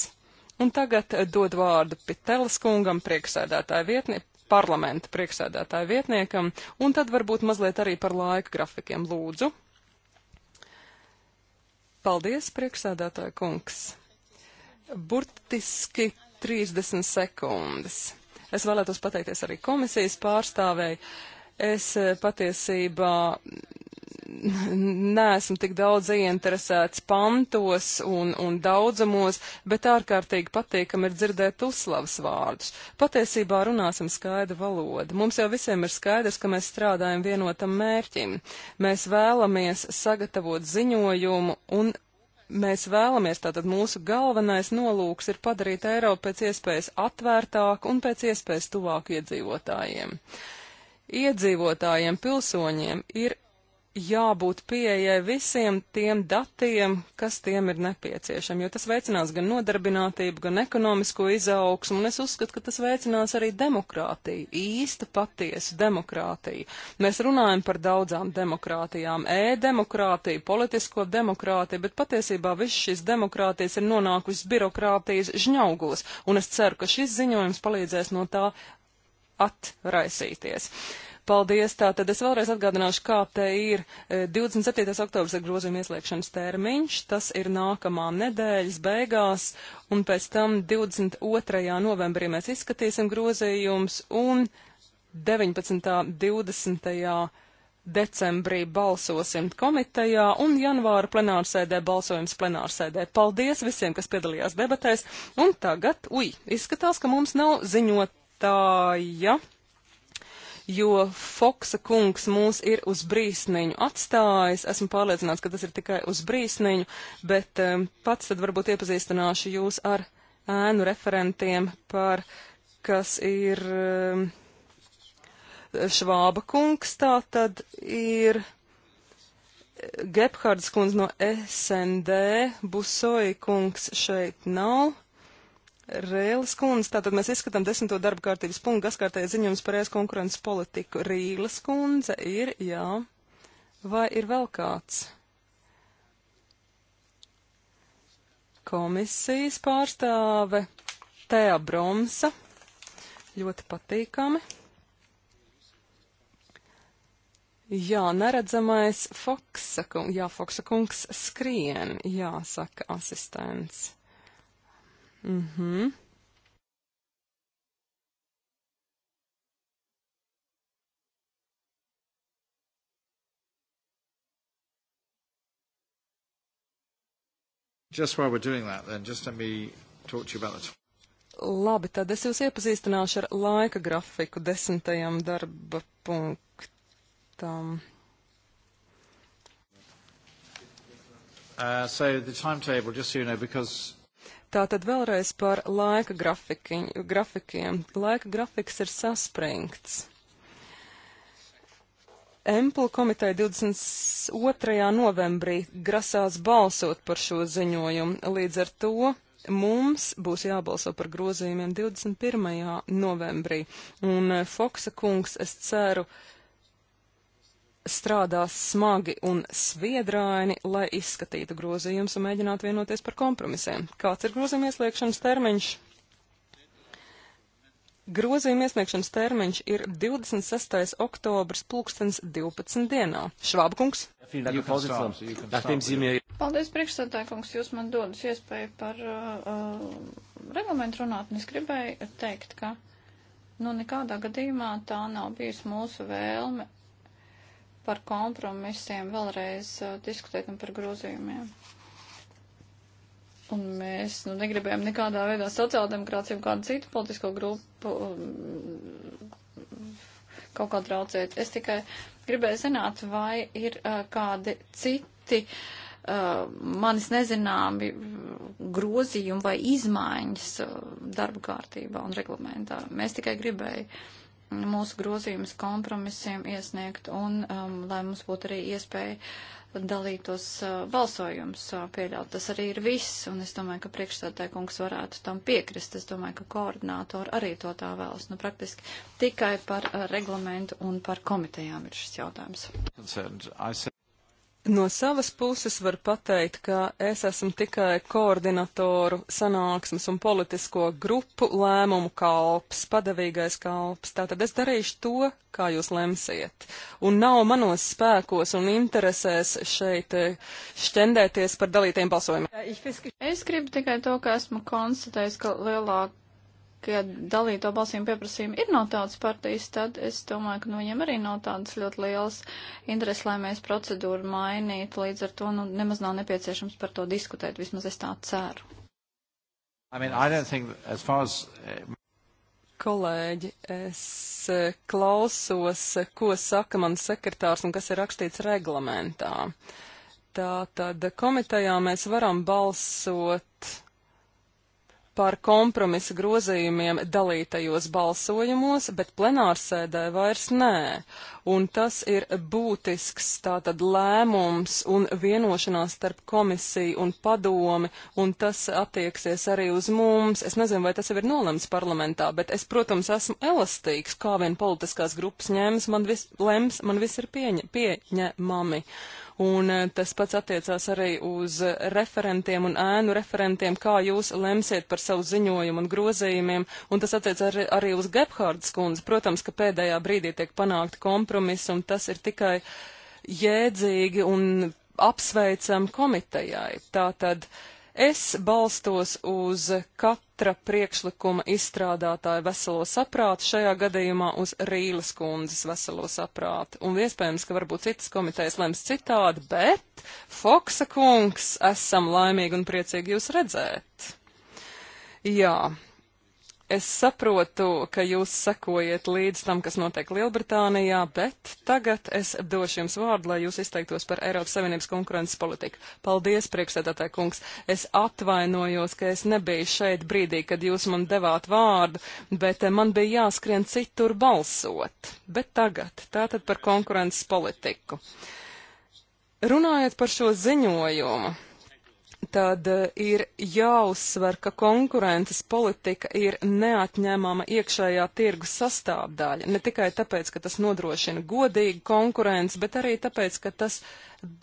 Un tagad dod vārdu Pitelas kungam, priekšsēdētāja vietni, parlamenta priekšsēdētāja vietniekam, un tad varbūt mazliet arī par laika grafikiem lūdzu. Paldies, priekšsēdētāja kungs. Burtiski 30 sekundes. Es vēlētos pateikties arī komisijas pārstāvēji. Es patiesībā neesmu tik daudz ieinteresēts pantos un, un daudzumos, bet ārkārtīgi patīkam ir dzirdēt uzslavas vārdus. Patiesībā runāsim skaidru valodu. Mums jau visiem ir skaidrs, ka mēs strādājam vienotam mērķim. Mēs vēlamies sagatavot ziņojumu un mēs vēlamies, tātad mūsu galvenais nolūks ir padarīt Eiropu pēc iespējas atvērtāku un pēc iespējas tuvāku iedzīvotājiem. Iedzīvotājiem, pilsoņiem ir jābūt pieejai visiem tiem datiem, kas tiem ir nepieciešami, jo tas veicinās gan nodarbinātību, gan ekonomisko izaugsmu, un es uzskatu, ka tas veicinās arī demokrātiju, īsta patiesu demokrātiju. Mēs runājam par daudzām demokrātijām e - e-demokrātiju, politisko demokrātiju, bet patiesībā viss šis demokrātijas ir nonākusi birokrātijas žņaugos, un es ceru, ka šis ziņojums palīdzēs no tā atraisīties. Uh, Paldies! Tātad es vēlreiz atgādināšu, kā te ir 27. Eh, oktobrs ir grozījuma ieslēgšanas termiņš. Tas ir nākamā nedēļas beigās, un pēc tam 22. novembrī mēs izskatīsim grozījums, un 19. 20 decembrī balsosim komitejā un janvāra plenārsēdē balsojums plenārsēdē. Paldies visiem, kas piedalījās debatēs. Un tagad, ui, izskatās, ka mums nav ziņotāja jo Foksa kungs mūs ir uz brīsniņu atstājis. Esmu pārliecināts, ka tas ir tikai uz brīsniņu, bet um, pats tad varbūt iepazīstināšu jūs ar ēnu referentiem par, kas ir um, Švāba kungs, tā tad ir. Gebhards kundze no SND, Busoja kungs šeit nav, Rēlis kundze, tātad mēs izskatām desmito darba kārtības punktu, gaskārtēja ziņojums par ēs konkurences politiku. Rīles kundze ir, jā. Vai ir vēl kāds? Komisijas pārstāve Tēja Bromsa. Ļoti patīkami. Jā, neredzamais Foksa kungs, jā, Foksa kungs skrien, jāsaka asistents. Mhm. Just while we're doing that, then, just let me talk to you about the. Labi, tad es jūs iepazīstināšu ar laika grafiku desmitajam darba punktam. Uh, so the timetable, just so you know, because Tātad vēlreiz par laika grafiki, grafikiem. Laika grafiks ir saspringts. Empla komiteja 22. novembrī grasās balsot par šo ziņojumu. Līdz ar to mums būs jābalso par grozījumiem 21. novembrī. Un eh, Foksa kungs, es ceru, uh, strādās smagi un sviedraini, lai izskatītu grozījumus un mēģinātu vienoties par kompromisiem. Kāds ir grozījuma ieslēgšanas termiņš? Grozījuma iesniegšanas termiņš ir 26. oktobrs, pulkstens 12. dienā. Švābkungs. Paldies, priekšsēdētājkungs, jūs man dodas iespēju par uh, uh, reglamentu runāt, un es gribēju teikt, ka nu, nekādā gadījumā tā nav bijusi mūsu vēlme par kompromisiem vēlreiz uh, diskutēt un par grozījumiem. Un mēs nu, negribējām nekādā veidā sociāldemokrātiem kādu citu politisko grupu um, kaut kā traucēt. Es tikai gribēju zināt, vai ir uh, kādi citi uh, manis nezināmi grozījumi vai izmaiņas uh, darba kārtībā un reglamentā. Mēs tikai gribēju mūsu grozījumus kompromisiem iesniegt un um, lai mums būtu arī iespēja dalītos uh, balsojums uh, pieļaut. Tas arī ir viss, un es domāju, ka priekšstādāja kungs varētu tam piekrist. Es domāju, ka koordinātori arī to tā vēlas. Nu, praktiski tikai par uh, reglamentu un par komitejām ir šis jautājums. No savas puses var pateikt, ka es esmu tikai koordinatoru sanāksmes un politisko grupu lēmumu kalps, padavīgais kalps. Tātad es darīšu to, kā jūs lemsiet. Un nav manos spēkos un interesēs šeit eh, šķendēties par dalītiem balsojumiem. Es gribu tikai to, ka esmu konstatējis, ka lielāk ka dalīto balsīm pieprasījumi ir no tādas partijas, tad es domāju, ka no nu, viņiem arī nav tādas ļoti lielas intereses, lai mēs procedūru mainītu. Līdz ar to nu, nemaz nav nepieciešams par to diskutēt, vismaz es tā ceru. I mean, I as as... Uh, Kolēģi, es uh, klausos, uh, ko saka man sekretārs un kas ir rakstīts reglamentā. Tā tad komitejā mēs varam balsot par kompromisa grozījumiem dalītajos balsojumos, bet plenārsēdē vairs nē un tas ir būtisks tātad lēmums un vienošanās starp komisiju un padomi, un tas attieksies arī uz mums. Es nezinu, vai tas jau ir nolemts parlamentā, bet es, protams, esmu elastīgs, kā vien politiskās grupas ņēmas, man viss lems, man viss ir pieņemami. Pieņa un eh, tas pats attiecās arī uz referentiem un ēnu referentiem, kā jūs lemsiet par savu ziņojumu un grozījumiem, un tas attiecās arī, arī uz Gebhārdas kundzi. Protams, ka pēdējā brīdī tiek panākti kompromisi kompromiss, un tas ir tikai jēdzīgi un apsveicam komitejai. Tātad es balstos uz katra priekšlikuma izstrādātāja veselo saprātu, šajā gadījumā uz Rīles kundzes veselo saprātu. Un iespējams, ka varbūt citas komitejas lems citādi, bet Foksa kungs, esam laimīgi un priecīgi jūs redzēt. Jā, Es saprotu, ka jūs sekojiet līdz tam, kas notiek Lielbritānijā, bet tagad es došu jums vārdu, lai jūs izteiktos par Eiropas Savienības konkurences politiku. Paldies, priekšsēdētāji kungs. Es atvainojos, ka es nebiju šeit brīdī, kad jūs man devāt vārdu, bet eh, man bija jāskrien citur balsot. Bet tagad, tātad par konkurences politiku. Runājot par šo ziņojumu, tad eh, ir jāuzsver, ka konkurences politika ir neatņēmama iekšējā tirgus sastāvdaļa. Ne tikai tāpēc, ka tas nodrošina godīgu konkurenci, bet arī tāpēc, ka tas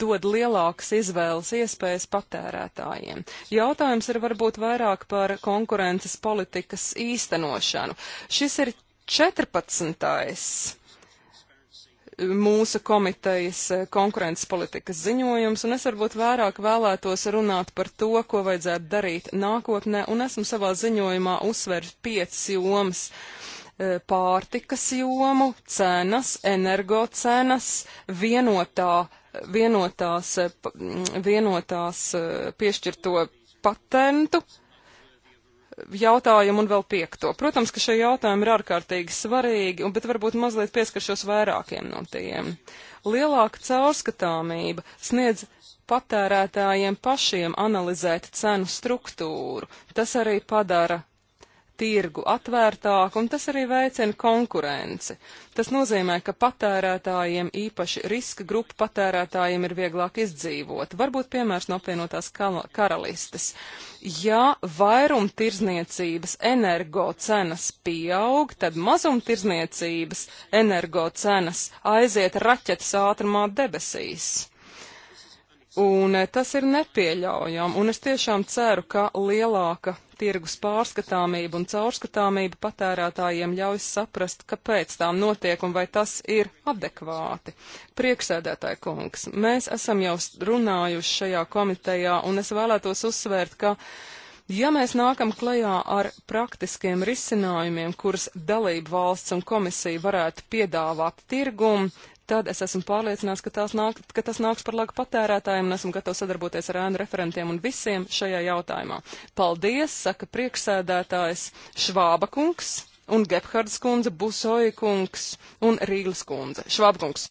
dod lielākas izvēles iespējas patērētājiem. Jautājums ir varbūt vairāk par konkurences politikas īstenošanu. Šis ir 14 mūsu komitejas eh, konkurences politikas ziņojums, un es varbūt vairāk vēlētos runāt par to, ko vajadzētu darīt nākotnē, un esmu savā ziņojumā uzsvērs piecas jomas eh, - pārtikas jomu, cenas, energocenas, vienotā, vienotās, eh, vienotās piešķirto patentu jautājumu un vēl piekto. Protams, ka šie jautājumi ir ārkārtīgi svarīgi, un, bet varbūt mazliet pieskaršos vairākiem no tiem. Lielāka caurskatāmība sniedz patērētājiem pašiem analizēt cenu struktūru. Tas arī padara tirgu atvērtāku, un tas arī veicina konkurenci. Tas nozīmē, ka patērētājiem, īpaši riska grupu patērētājiem, ir vieglāk izdzīvot. Varbūt piemērs no apvienotās karalistes. Ja vairumtirzniecības energo cenas pieaug, tad mazumtirzniecības energo cenas aiziet raķetes ātrumā debesīs. Un eh, tas ir nepieļaujami, un es tiešām ceru, ka lielāka tirgus pārskatāmība un caurskatāmība patērētājiem ļauj saprast, kāpēc tām notiek un vai tas ir adekvāti. Prieksēdētāji kungs, mēs esam jau runājuši šajā komitejā un es vēlētos uzsvērt, ka Ja mēs nākam klajā ar praktiskiem risinājumiem, kurus dalību valsts un komisija varētu piedāvāt tirgumu, tad es esmu pārliecināts, ka, nāk, ka tas nāks par labu patērētājiem un esmu gatavs sadarboties ar ēnu referentiem un visiem šajā jautājumā. Paldies, saka priekšsēdētājs Švāba kungs un Gebhards kundze, Busoja kungs un Rīglas kundze. Švāba kungs.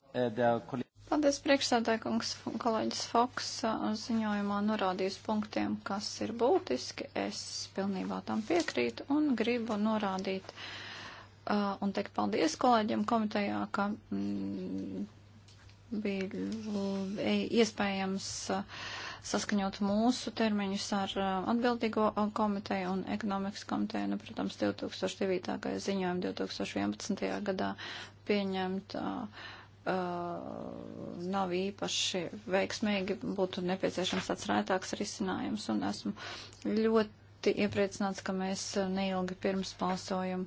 Paldies, priekšsēdētāj kungs un kolēģis Foks ziņojumā norādījis punktiem, kas ir būtiski. Es pilnībā tam piekrītu un gribu norādīt uh, un teikt paldies kolēģiem komitejā, ka mm, bija uh, iespējams uh, saskaņot mūsu termiņus ar uh, atbildīgo uh, komiteju un ekonomikas komiteju. Nu, protams, 2009. ziņojumu 2011. gadā pieņemt. Uh, Uh, nav īpaši veiksmīgi, būtu nepieciešams tāds rētāks risinājums, un esmu ļoti ļoti iepriecināts, ka mēs neilgi pirms balsojuma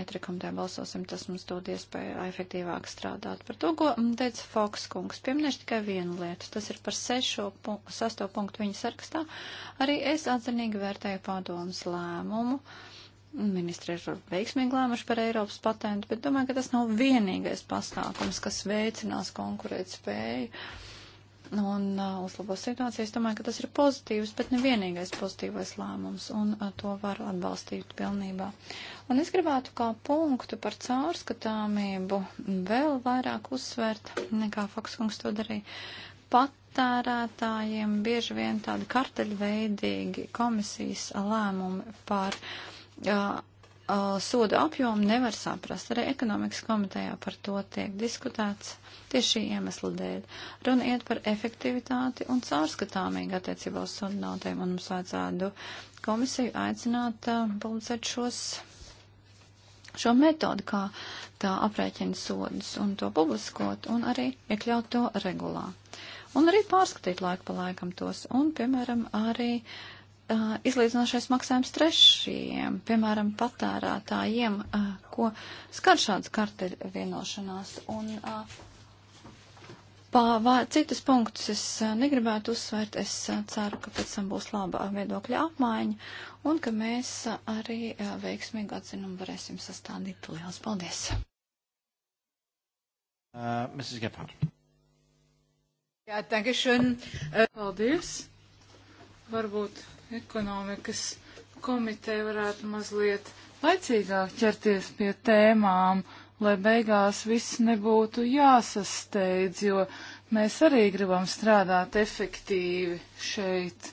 etrekomitē balsosim. Tas mums dod iespēju efektīvāk strādāt. Par to, ko teica Foks kungs, pieminēšu tikai vienu lietu. Tas ir par sešo, punktu, sasto punktu viņa sarakstā. Arī es atzinīgi vērtēju padomas lēmumu. Ministri ir veiksmīgi lēmuši par Eiropas patentu, bet domāju, ka tas nav vienīgais pasākums, kas veicinās konkurētspēju. spēju un uh, uzlabos situāciju. Es domāju, ka tas ir pozitīvs, bet ne vienīgais pozitīvais lēmums, un uh, to varu atbalstīt pilnībā. Un es gribētu kā punktu par caurskatāmību vēl vairāk uzsvērt, nekā Fakskungs to darīja. Patērētājiem bieži vien tādi karteļveidīgi komisijas lēmumi par. Uh, uh, sodu apjomu nevar saprast. Arī ekonomikas komitejā par to tiek diskutēts tieši šī iemesla dēļ. Runa iet par efektivitāti un caurskatāmīgu attiecībā uz sodu naudēm, un mums vajadzētu komisiju aicināt uh, publicēt šos šo metodu, kā tā aprēķina sodus un to publiskot un arī iekļaut to regulā. Un arī pārskatīt laiku pa laikam tos un, piemēram, arī uh, izlīdzinošais maksājums trešajiem, piemēram, patērētājiem, uh, ko skar šāds karteļu vienošanās. Un uh, pā citus punktus es uh, negribētu uzsvērt. Es uh, ceru, ka pēc tam būs laba viedokļa apmaiņa un ka mēs uh, arī uh, veiksmīgi atzinumu varēsim sastādīt. Lielas paldies! Uh, Mrs. Gephardt. Jā, tagad šodien. Uh, paldies. Varbūt ekonomikas komiteja varētu mazliet laicīgāk ķerties pie tēmām, lai beigās viss nebūtu jāsasteidz, jo mēs arī gribam strādāt efektīvi šeit.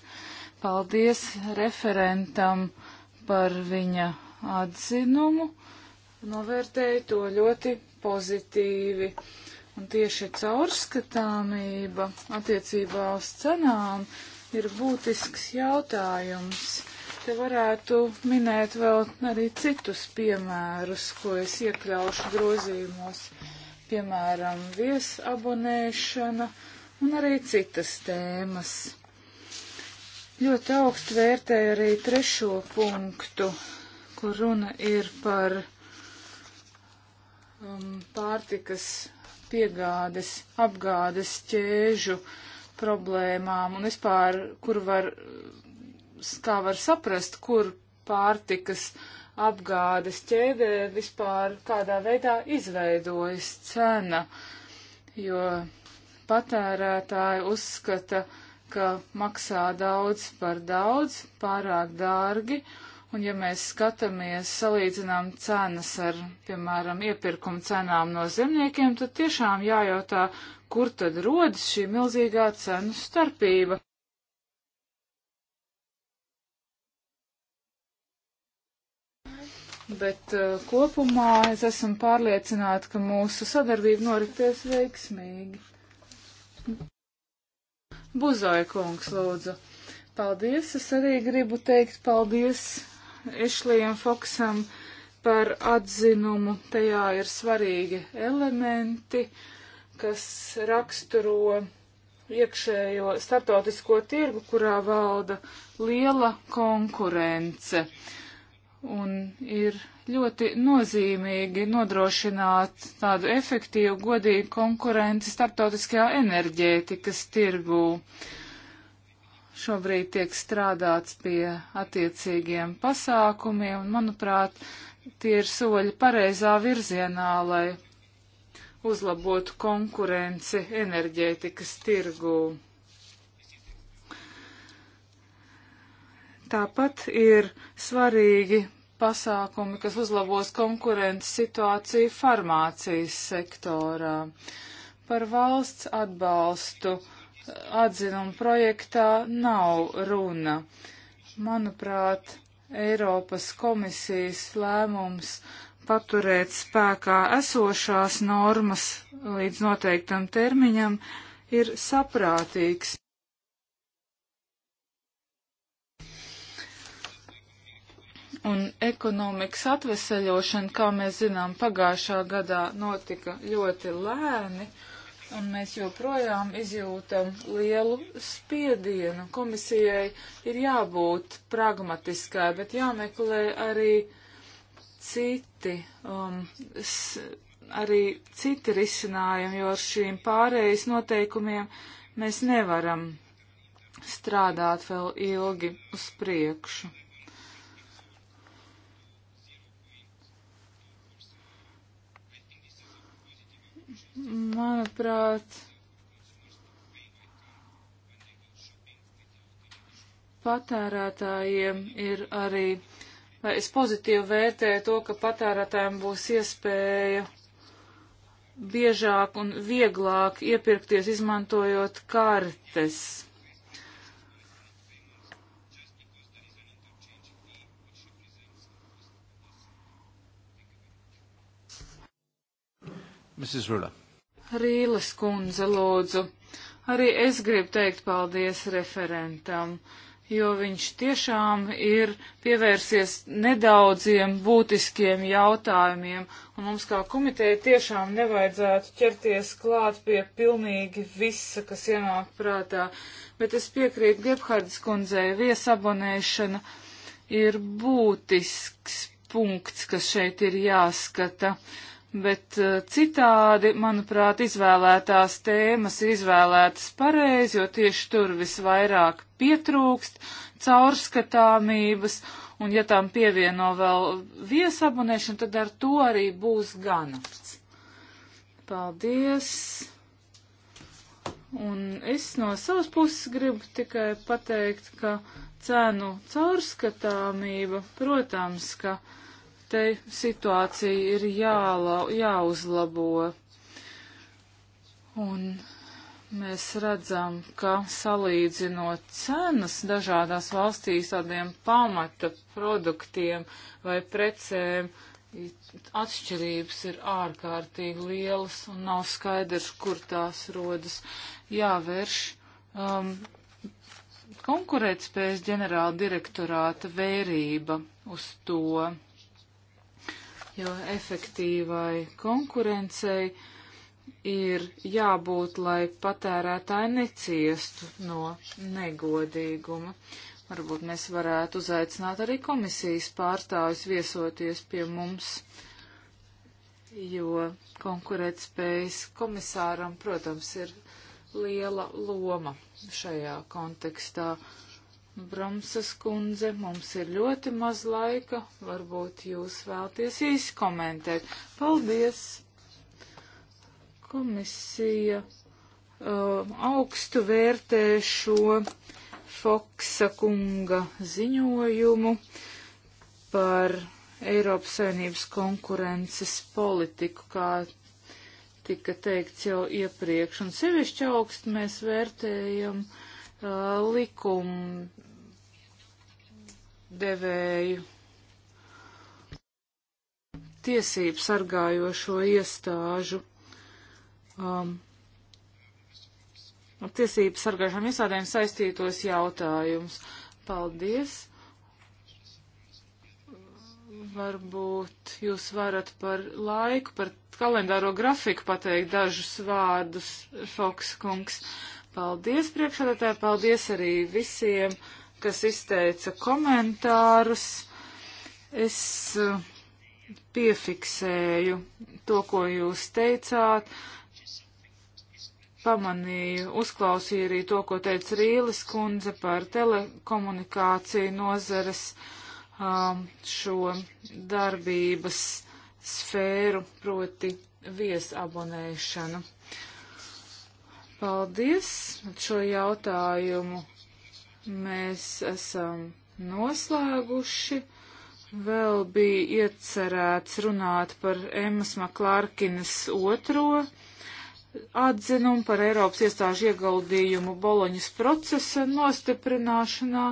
Paldies referentam par viņa atzinumu. Novērtēju to ļoti pozitīvi. Un tieši caurskatāmība attiecībā uz cenām ir būtisks jautājums. Te varētu minēt vēl arī citus piemērus, ko es iekļaušu grozīmos, piemēram, viesabonēšana un arī citas tēmas. Ļoti augstu vērtēju arī trešo punktu, kur runa ir par um, pārtikas piegādes, apgādes ķēžu uh, problēmām un vispār, kur var, kā var saprast, kur pārtikas apgādes ķēdē vispār kādā veidā izveidojas cena, jo patērētāji uzskata, ka maksā daudz par daudz, pārāk dārgi, un ja mēs skatāmies, salīdzinām cenas ar, piemēram, iepirkuma cenām no zemniekiem, tad tiešām jājautā, kur tad rodas šī milzīgā cenu starpība. Bet uh, kopumā es esmu pārliecināta, ka mūsu sadarbība norities veiksmīgi. Buzoja kungs, lūdzu. Paldies, es arī gribu teikt paldies Ešlijam Foksam par atzinumu. Tajā ir svarīgi elementi. Uh, kas raksturo iekšējo startautisko tirgu, kurā valda liela konkurence. Un ir ļoti nozīmīgi nodrošināt tādu efektīvu, godīgu konkurenci startautiskajā enerģētikas tirgū. Šobrīd tiek strādāts pie attiecīgiem pasākumiem, un, manuprāt, tie ir soļi pareizā virzienā, lai uzlabot konkurenci enerģētikas tirgū. Tāpat ir svarīgi pasākumi, kas uzlabos konkurences situāciju farmācijas sektorā. Par valsts atbalstu atzinumu projektā nav runa. Manuprāt, Eiropas komisijas lēmums paturēt spēkā esošās normas līdz noteiktam termiņam ir saprātīgs. Un ekonomikas atveseļošana, kā mēs zinām, pagājušā gadā notika ļoti lēni, un mēs joprojām izjūtam lielu spiedienu. Komisijai ir jābūt pragmatiskai, bet jāmeklē arī uh, citi, um, s, arī citi risinājumi, jo ar šīm pārējais noteikumiem mēs nevaram strādāt vēl ilgi uz priekšu. Manuprāt, patērētājiem ir arī vai es pozitīvi vērtēju to, ka patērētājiem būs iespēja biežāk un vieglāk iepirkties izmantojot kartes. Mrs. Rula. Rīles kundze, lūdzu. Arī es gribu teikt paldies referentam. Uh, jo viņš tiešām ir pievērsies nedaudziem būtiskiem jautājumiem, un mums kā komiteja tiešām nevajadzētu ķerties klāt pie pilnīgi visa, kas ienāk prātā. Bet es piekrītu Gebhardas kundzei, viesabonēšana ir būtisks punkts, kas šeit ir jāskata. Uh, bet eh, citādi, manuprāt, izvēlētās tēmas ir izvēlētas pareizi, jo tieši tur visvairāk pietrūkst caurskatāmības, un ja tam pievieno vēl viesabunēšanu, tad ar to arī būs ganats. Paldies! Un es no savas puses gribu tikai pateikt, ka cenu caurskatāmība, protams, ka Te situācija ir jāla, jāuzlabo. Un mēs redzam, ka salīdzinot cenas dažādās valstīs tādiem pamata produktiem vai precēm, atšķirības ir ārkārtīgi lielas un nav skaidrs, kur tās rodas. Jāvērš um, konkurētspējas ģenerāla direktorāta vērība uz to jo efektīvai konkurencei ir jābūt, lai patērētāji neciestu no negodīguma. Varbūt mēs varētu uzaicināt arī komisijas pārstāvis viesoties pie mums, jo konkurētspējas komisāram, protams, ir liela loma šajā kontekstā. Uh, Bromsas kundze, mums ir ļoti maz laika, varbūt jūs vēlties īsi komentēt. Paldies! Komisija uh, augstu vērtē šo Foksa kunga ziņojumu par Eiropas Savienības konkurences politiku, kā tika teikts jau iepriekš. Un sevišķi augstu mēs vērtējam uh, likumu devēju tiesību sargājošo iestāžu. Um, tiesību sargājušām iestādēm saistītos jautājumus. Paldies! Varbūt jūs varat par laiku, par kalendāro grafiku pateikt dažus vārdus, Foks kungs. Paldies priekšādātāji, paldies arī visiem! kas izteica komentārus. Es eh, piefiksēju to, ko jūs teicāt, pamanīju, uzklausīju arī to, ko teica Rīles kundze par telekomunikāciju nozares um, šo darbības sfēru, proti viesabonēšanu. Paldies! Šo jautājumu Mēs esam noslēguši. Vēl bija iecerēts runāt par Emmas Maklārkinas otro atzinumu par Eiropas iestāžu ieguldījumu Boloņas procesa nostiprināšanā,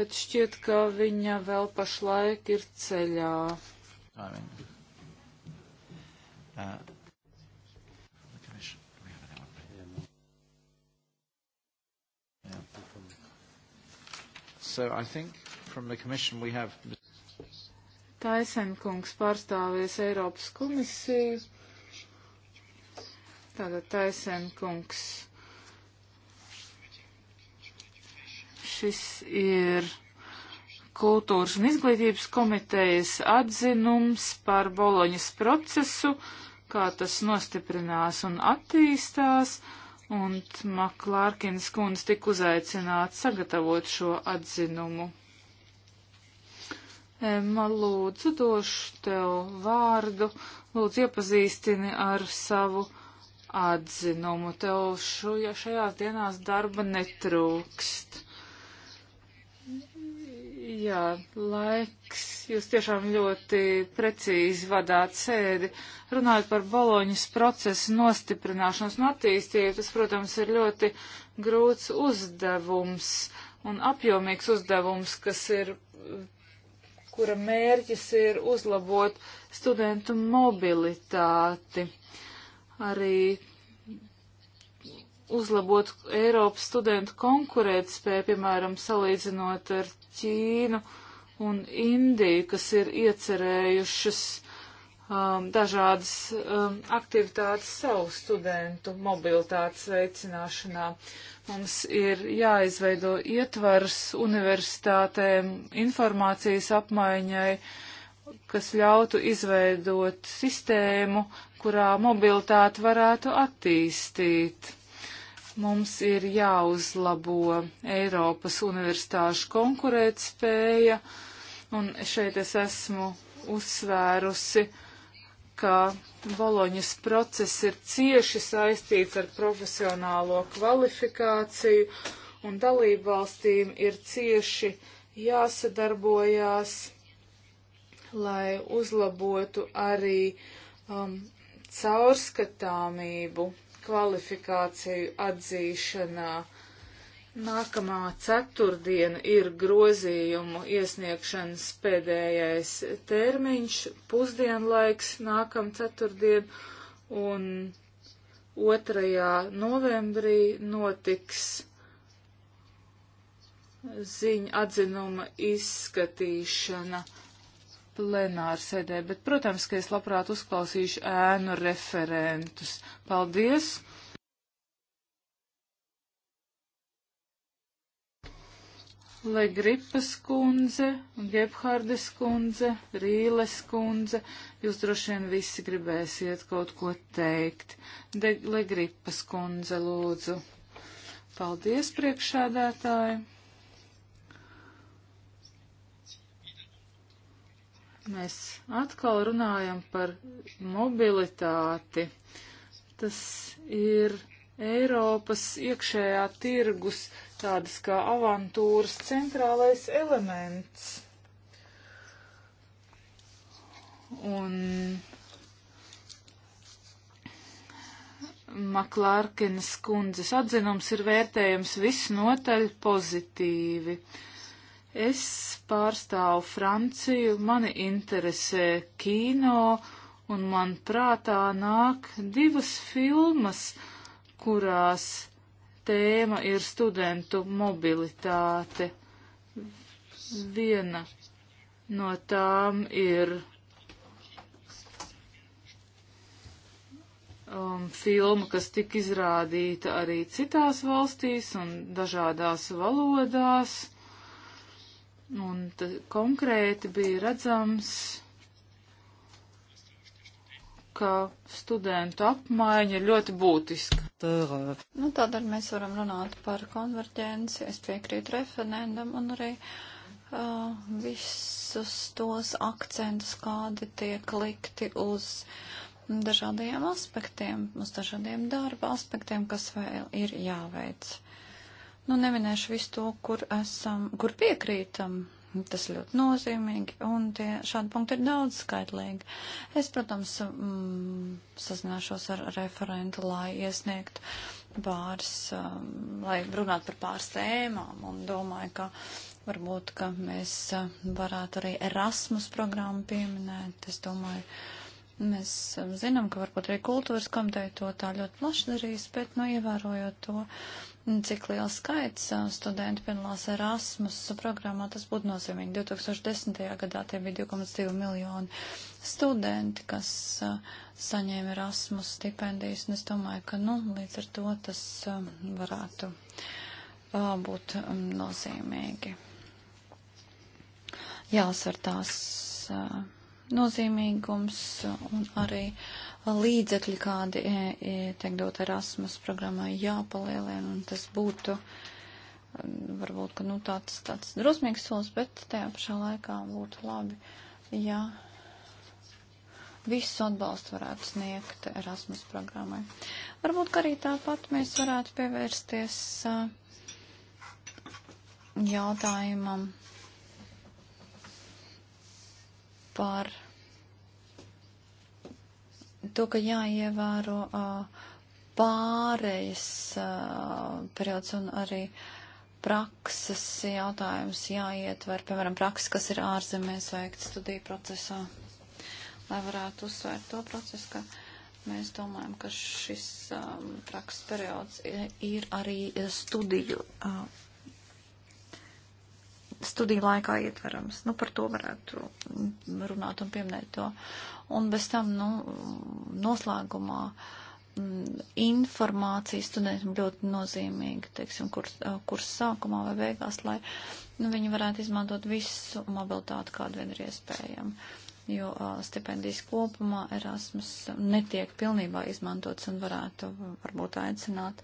bet šķiet, ka viņa vēl pašlaik ir ceļā. Uh, So I think from the Commission we have. Taisenkungs pārstāvies Eiropas komisiju. Tātad Taisenkungs. Šis ir kultūras un izglītības komitejas atzinums par Boloņas procesu, kā tas nostiprinās un attīstās. Uh, un Maklārkins kundze tika uzaicināta sagatavot šo atzinumu. Emma, lūdzu, došu tev vārdu, lūdzu iepazīstini ar savu atzinumu. Tev šo, ja šajās dienās darba netrūkst. Jā, laiks. Jūs tiešām ļoti precīzi vadāt sēdi. Runājot par Boloņas procesu nostiprināšanas un attīstību, tas, protams, ir ļoti grūts uzdevums un apjomīgs uzdevums, kas ir, kura mērķis ir uzlabot studentu mobilitāti. Arī uzlabot Eiropas studentu konkurētspēju, piemēram, salīdzinot ar Ķīnu un Indiju, kas ir iecerējušas um, dažādas um, aktivitātes savu studentu mobilitātes veicināšanā. Mums ir jāizveido ietvars universitātēm informācijas apmaiņai, kas ļautu izveidot sistēmu, kurā mobilitāti varētu attīstīt. Mums ir jāuzlabo Eiropas universitāšu konkurētspēja, un šeit es esmu uzsvērusi, ka Boloņas process ir cieši saistīts ar profesionālo kvalifikāciju, un dalībvalstīm ir cieši jāsadarbojās, lai uzlabotu arī um, caurskatāmību kvalifikāciju atzīšanā. Nākamā ceturtdiena ir grozījumu iesniegšanas pēdējais termiņš, pusdienlaiks nākam ceturtdien, un 2. novembrī notiks ziņa atzinuma izskatīšana plenāru sēdē, bet, protams, ka es labprāt uzklausīšu ēnu referentus. Paldies! Legripas kundze, Gebhardes kundze, Rīles kundze, jūs droši vien visi gribēsiet kaut ko teikt. De Legripas kundze, lūdzu. Paldies, priekšādētāji! mēs atkal runājam par mobilitāti. Tas ir Eiropas iekšējā tirgus tādas kā avantūras centrālais elements. Un Maklārkenes kundzes atzinums ir vērtējums visnotaļ pozitīvi. Uh, Es pārstāvu Franciju, mani interesē kino, un man prātā nāk divas filmas, kurās tēma ir studentu mobilitāte. Viena no tām ir um, filma, kas tika izrādīta arī citās valstīs un dažādās valodās. Un konkrēti bija redzams, ka studentu apmaiņa ir ļoti būtiska. Uh, nu, tādēļ mēs varam runāt par konverģenci, es piekrītu referendam un arī uh, visus tos akcentus, kādi tiek likti uz dažādiem aspektiem, uz dažādiem darba aspektiem, kas vēl ir jāveic. Nu, neminēšu visu to, kur esam, kur piekrītam. Tas ļoti nozīmīgi, un tie, šādi punkti ir daudz skaitlīgi. Es, protams, mm, sazināšos ar referentu, lai iesniegtu pāris, um, lai runātu par pāris tēmām, un domāju, ka varbūt, ka mēs uh, varētu arī Erasmus programmu pieminēt. Es domāju, mēs um, zinām, ka varbūt arī kultūras komiteja to tā ļoti plaši darīs, bet, nu, ievērojot to, cik liels skaits studenti piedalās Erasmus programmā, tas būtu nozīmīgi. 2010. gadā tie bija 2,2 miljoni studenti, kas saņēma Erasmus stipendijas, un es domāju, ka, nu, līdz ar to tas varētu būt nozīmīgi. Jāsver tās nozīmīgums un arī. Uh, līdzekļi, kādi e, e, tiek dot Erasmus programmai, jāpalielina, un tas būtu varbūt, ka, nu, tāds, tāds drusmīgs solis, bet tajā pašā laikā būtu labi, ja visu atbalstu varētu sniegt Erasmus programmai. Varbūt, ka arī tāpat mēs varētu pievērsties jautājumam par to, ka jāievēro uh, pārējas uh, periods un arī prakses jautājums jāietver, piemēram, prakses, kas ir ārzemēs veikt studiju procesā, lai varētu uzsvērt to procesu, ka mēs domājam, ka šis um, prakses periods ir arī studiju uh, studiju laikā ietverams. Nu, par to varētu runāt un pieminēt to. Un bez tam, nu, noslēgumā mm, informācija studentiem ļoti nozīmīga, teiksim, kurs, kurs sākumā vai beigās, lai nu, viņi varētu izmantot visu mobilitāti, kādu vien ir iespējama. Jo stipendijas kopumā Erasmus netiek pilnībā izmantots un varētu varbūt aicināt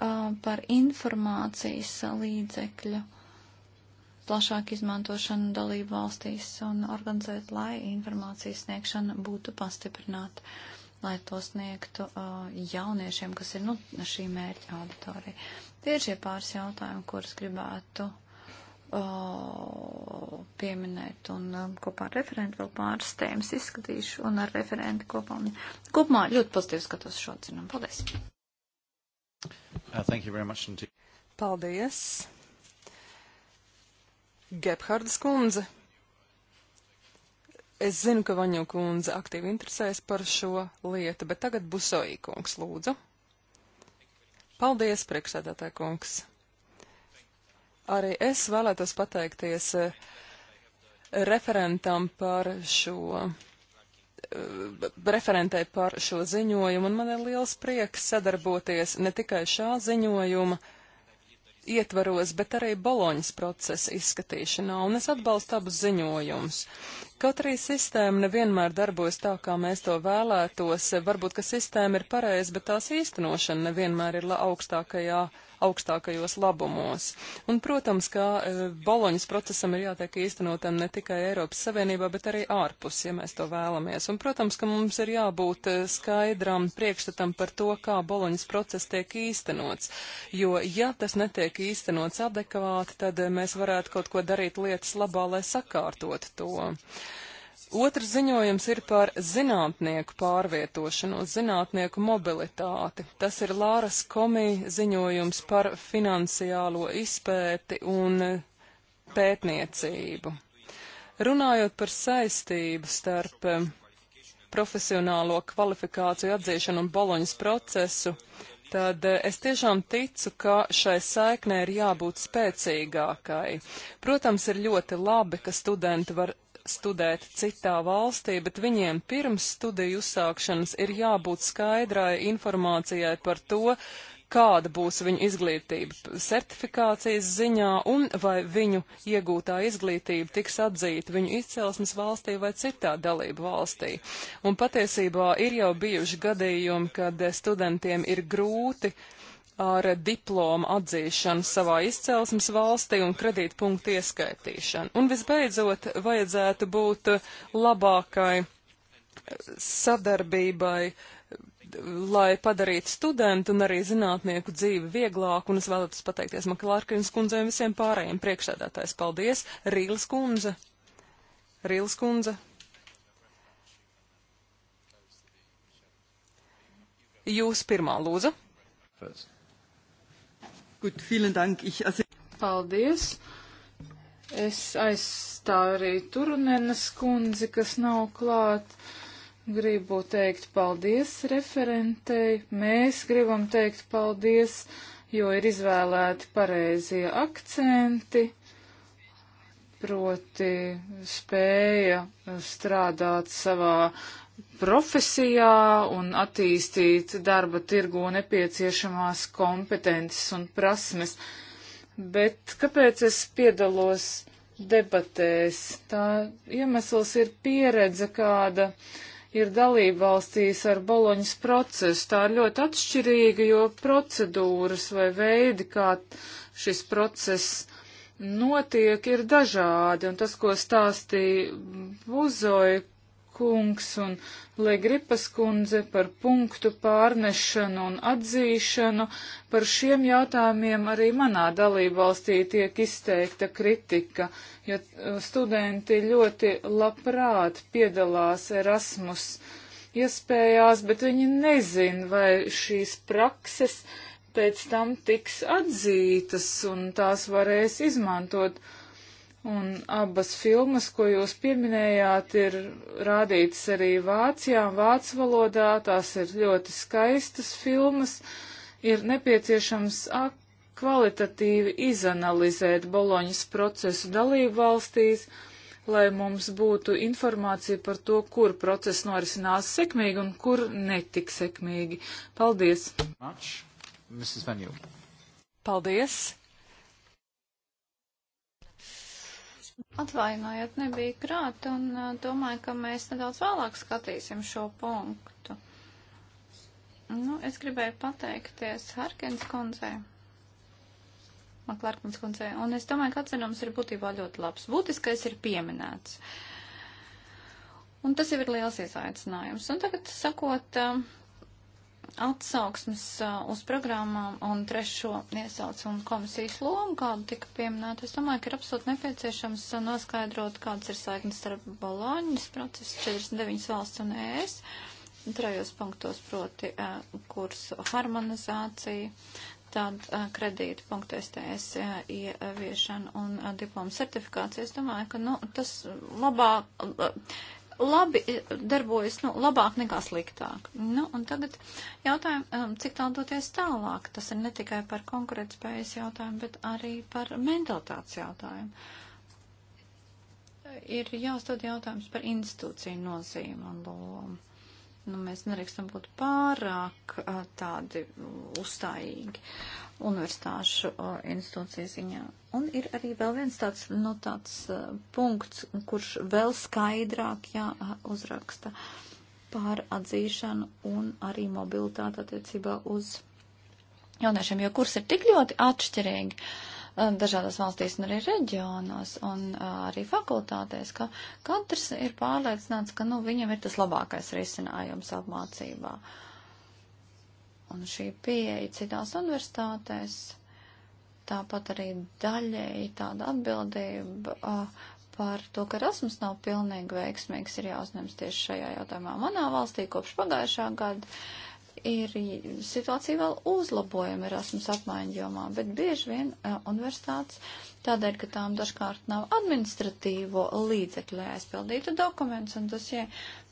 par informācijas līdzekļu plašāku izmantošanu dalību valstīs un organizēt, lai informācijas sniegšana būtu pastiprināta, lai to sniegtu uh, jauniešiem, kas ir nu, šī mērķa auditorija. Tie ir šie pāris jautājumi, kurus gribētu uh, pieminēt un um, kopā ar referentu vēl pāris tēmas izskatīšu un ar referentu kopā. Un kopumā ļoti pozitīvi skatos šo dzinumu. Paldies! Uh, thank you very much indeed. Paldies! Gebhardas kundze. Es zinu, ka Vaņo kundze aktīvi interesēs par šo lietu, bet tagad Busoī kungs lūdzu. Paldies, priekšsēdētāj kungs. Arī es vēlētos pateikties eh, referentam par šo eh, referentē par šo ziņojumu, un man ir liels prieks sadarboties ne tikai šā ziņojuma, uh, ietvaros, bet arī Boloņas procesa izskatīšanā, un es atbalstu abus ziņojumus. Kaut arī sistēma nevienmēr darbojas tā, kā mēs to vēlētos, varbūt, ka sistēma ir pareiza, bet tās īstenošana nevienmēr ir augstākajā augstākajos labumos. Un, protams, ka e, Boloņas procesam ir jātiek īstenotam ne tikai Eiropas Savienībā, bet arī ārpus, ja mēs to vēlamies. Un, protams, ka mums ir jābūt e, skaidram priekšstatam par to, kā Boloņas process tiek īstenots. Jo, ja tas netiek īstenots adekvāti, tad e, mēs varētu kaut ko darīt lietas labā, lai sakārtotu to. Otrs ziņojums ir par zinātnieku pārvietošanos, zinātnieku mobilitāti. Tas ir Lāras Komī ziņojums par finansiālo izpēti un pētniecību. Runājot par saistību starp eh, profesionālo kvalifikāciju atzīšanu un boloņas procesu, tad eh, es tiešām ticu, ka šai saiknē ir jābūt spēcīgākai. Protams, ir ļoti labi, ka studenti var studēt citā valstī, bet viņiem pirms studiju uzsākšanas ir jābūt skaidrai informācijai par to, kāda būs viņu izglītība certifikācijas ziņā un vai viņu iegūtā izglītība tiks atzīta viņu izcelsmes valstī vai citā dalību valstī. Un patiesībā ir jau bijuši gadījumi, kad studentiem ir grūti uh, ar diplomu atzīšanu savā izcelsmes valstī un kredītpunktu ieskaitīšanu. Un visbeidzot, vajadzētu būt labākai sadarbībai, lai padarītu studentu un arī zinātnieku dzīvi vieglāku, un es vēlētos pateikties Maklārkins kundzei un visiem pārējiem priekšsēdētājs. Paldies, Rīles kundze! Rīles kundze! Jūs pirmā lūdzu. First. Gut, vielen Dank. Ich also... Paldies. Es aizstāju arī Turunenes kundzi, kas nav klāt. Gribu teikt paldies referentei. Mēs gribam teikt paldies, jo ir izvēlēti pareizie akcenti, proti spēja strādāt savā profesijā un attīstīt darba tirgu nepieciešamās kompetences un prasmes. Bet kāpēc es piedalos debatēs? Tā iemesls ir pieredze, kāda ir dalība valstīs ar boloņas procesu. Tā ir ļoti atšķirīga, jo procedūras vai veidi, kā šis process notiek, ir dažādi. Un tas, ko stāstīja Buzoja kungs un Legripas kundze par punktu pārnešanu un atzīšanu. Par šiem jautājumiem arī manā dalībvalstī tiek izteikta kritika, jo uh, studenti ļoti labprāt piedalās Erasmus iespējās, bet viņi nezin, vai šīs prakses pēc tam tiks atzītas un tās varēs izmantot. Un abas filmas, ko jūs pieminējāt, ir rādītas arī Vācijā, vācu valodā. Tās ir ļoti skaistas filmas. Ir nepieciešams kvalitatīvi izanalizēt Boloņas procesu dalību valstīs, lai mums būtu informācija par to, kur process norisinās sekmīgi un kur netik sekmīgi. Paldies! Much, Paldies! Atvainojiet, nebija krāta un uh, domāju, ka mēs nedaudz vēlāk skatīsim šo punktu. Nu, es gribēju pateikties Harkins kundzei, Maklārkins kundzei, un es domāju, ka atzinums ir būtībā ļoti labs. Būtiskais ir pieminēts. Un tas jau ir liels izaicinājums. Un tagad sakot, uh, atsauksmes uz programmām un trešo iesaucu un komisijas lomu, kādu tika pieminēta. Es domāju, ka ir absolūti nepieciešams noskaidrot, kādas ir saiknes starp Boloņas procesu 49 valsts un ES. Trajos punktos proti kursu harmonizācija, tad kredīta punktu STS ieviešana un diplomu certifikācija. Es domāju, ka nu, tas labāk, labi eh, darbojas, nu, labāk nekā sliktāk. Nu, un tagad jautājumu, cik tālu doties tālāk. Tas ir ne tikai par konkurētspējas jautājumu, bet arī par mentalitātes jautājumu. Ir jāuzdod jautājums par institūciju nozīmi un lomu. Nu, mēs nerekstam būt pārāk eh, tādi uzstājīgi universitāšu institūciju ziņā. Un ir arī vēl viens tāds, nu, tāds e, punkts, kurš vēl skaidrāk jāuzraksta e, pār atzīšanu un arī mobilitāti attiecībā uz jauniešiem, jo kurs ir tik ļoti atšķirīgi e, dažādās valstīs un arī reģionos un arī fakultātēs, ka katrs ir pārliecināts, ka, nu, viņam ir tas labākais risinājums apmācībā. Uh, Un šī pieeja citās universitātēs, tāpat arī daļēji tāda atbildība uh, par to, ka Erasmus nav pilnīgi veiksmīgs, ir jāuzņems tieši šajā jautājumā. Manā valstī kopš pagājušā gada ir situācija vēl uzlabojama Erasmus apmaiņu jomā, bet bieži vien uh, universitātes tādēļ, ka tām dažkārt nav administratīvo līdzekļu, lai aizpildītu dokumentus un dosie. Ja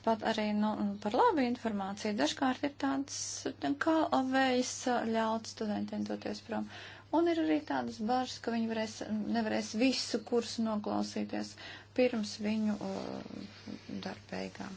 pat arī nu, par labu informāciju. Dažkārt ir tāds nu, kā avējs ļaut studentiem doties prom. Un ir arī tādas bažas, ka viņi varēs, nevarēs visu kursu noklausīties pirms viņu uh, darba beigām.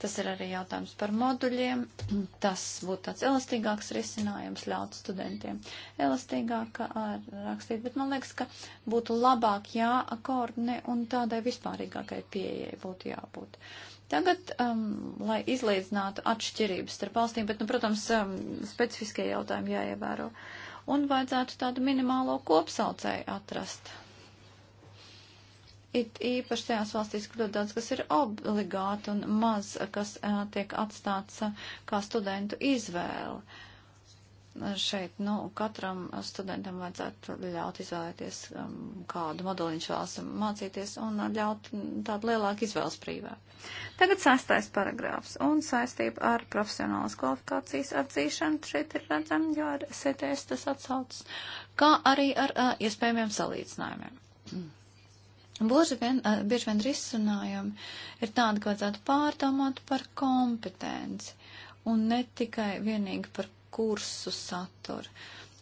Tas ir arī jautājums par moduļiem. Tas būtu tāds elastīgāks risinājums ļaut studentiem. Elastīgāk uh, rakstīt, bet man liekas, ka būtu labāk jākoordinē un tādai vispārīgākai pieejai būtu jābūt. Uh, Tagad, um, lai izlīdzinātu atšķirības starp valstīm, bet, nu, protams, um, specifiskie jautājumi jāievēro. Un vajadzētu tādu minimālo kopsaucēju atrast. It īpaši tajās valstīs, kur ļoti daudz kas ir obligāti un maz, kas uh, tiek atstāts uh, kā studentu izvēle. Uh, šeit nu, katram studentam vajadzētu ļaut izvēlēties, um, kādu modeli viņš vēlas mācīties un ļaut tādu lielāku izvēles brīvē. Tagad sastais paragrāfs un saistība ar profesionālas kvalifikācijas atzīšanu šeit ir redzama, jo ar CTS tas atsaucas, kā arī ar uh, iespējamiem salīdzinājumiem. Mm. Bieži vien, uh, bieži vien risinājumi ir tādi, ka vajadzētu pārdomāt par kompetenci un ne tikai vienīgi par kursu saturu.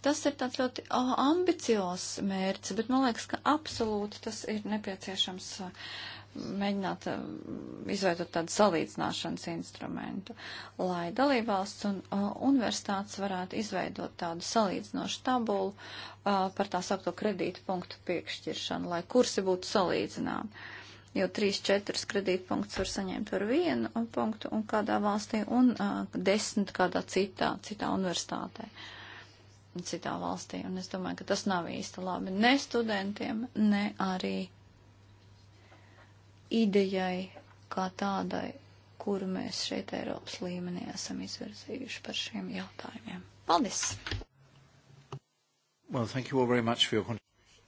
Tas ir tāds ļoti ambiciozs mērķis, bet man liekas, ka absolūti tas ir nepieciešams mēģināt izveidot tādu salīdzināšanas instrumentu, lai dalībvalsts un universitātes varētu izveidot tādu salīdzinošu tabulu par tā saukto kredītu punktu piekšķiršanu, lai kursi būtu salīdzināmi jo 3-4 kredītpunkts var saņemt par vienu punktu un kādā valstī un uh, 10 kādā citā, citā universitātē, citā valstī. Un es domāju, ka tas nav īsti labi ne studentiem, ne arī idejai kā tādai, kuru mēs šeit Eiropas līmenī esam izvirzījuši par šiem jautājumiem. Paldies! Well, thank you all very much for your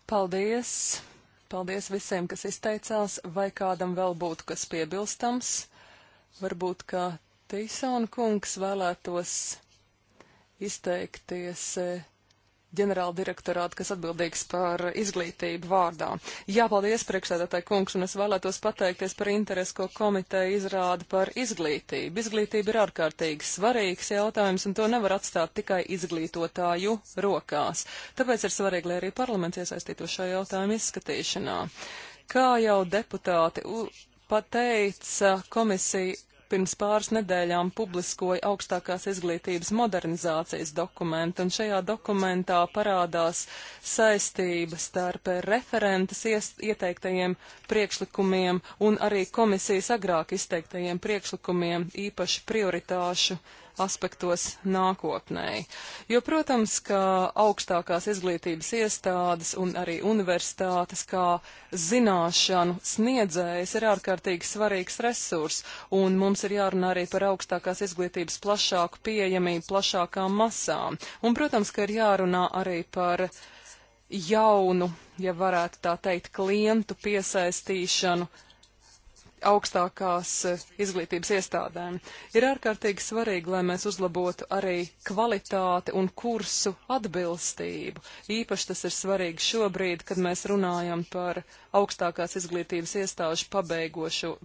Paldies! Paldies visiem, kas izteicās, vai kādam vēl būtu kas piebilstams. Varbūt, ka Tīsona kungs vēlētos izteikties eh, ģenerāla direktorāta, kas atbildīgs par izglītību vārdā. Jāpaldies priekšsēdētāji kungs, un es vēlētos pateikties par interesi, ko komiteja izrāda par izglītību. Izglītība ir ārkārtīgi svarīgs jautājums, un to nevar atstāt tikai izglītotāju rokās. Tāpēc ir svarīgi, lai arī parlaments iesaistītu šajā jautājuma izskatīšanā. Kā jau deputāti pateica, komisija pirms pāris nedēļām publiskoja augstākās izglītības modernizācijas dokumentu, un šajā dokumentā parādās saistības starp referentes ieteiktajiem priekšlikumiem un arī komisijas agrāk izteiktajiem priekšlikumiem īpaši prioritāšu aspektos nākotnē. Jo, protams, ka augstākās izglītības iestādes un arī universitātes kā zināšanu sniedzējas ir ārkārtīgi svarīgs resurs, un mums ir jārunā arī par augstākās izglītības plašāku pieejamību plašākām masām. Un, protams, ka ir jārunā arī par jaunu, ja varētu tā teikt, klientu piesaistīšanu augstākās eh, izglītības iestādēm. Ir ārkārtīgi svarīgi, lai mēs uzlabotu arī kvalitāti un kursu atbilstību. Īpaši tas ir svarīgi šobrīd, kad mēs runājam par augstākās izglītības iestāžu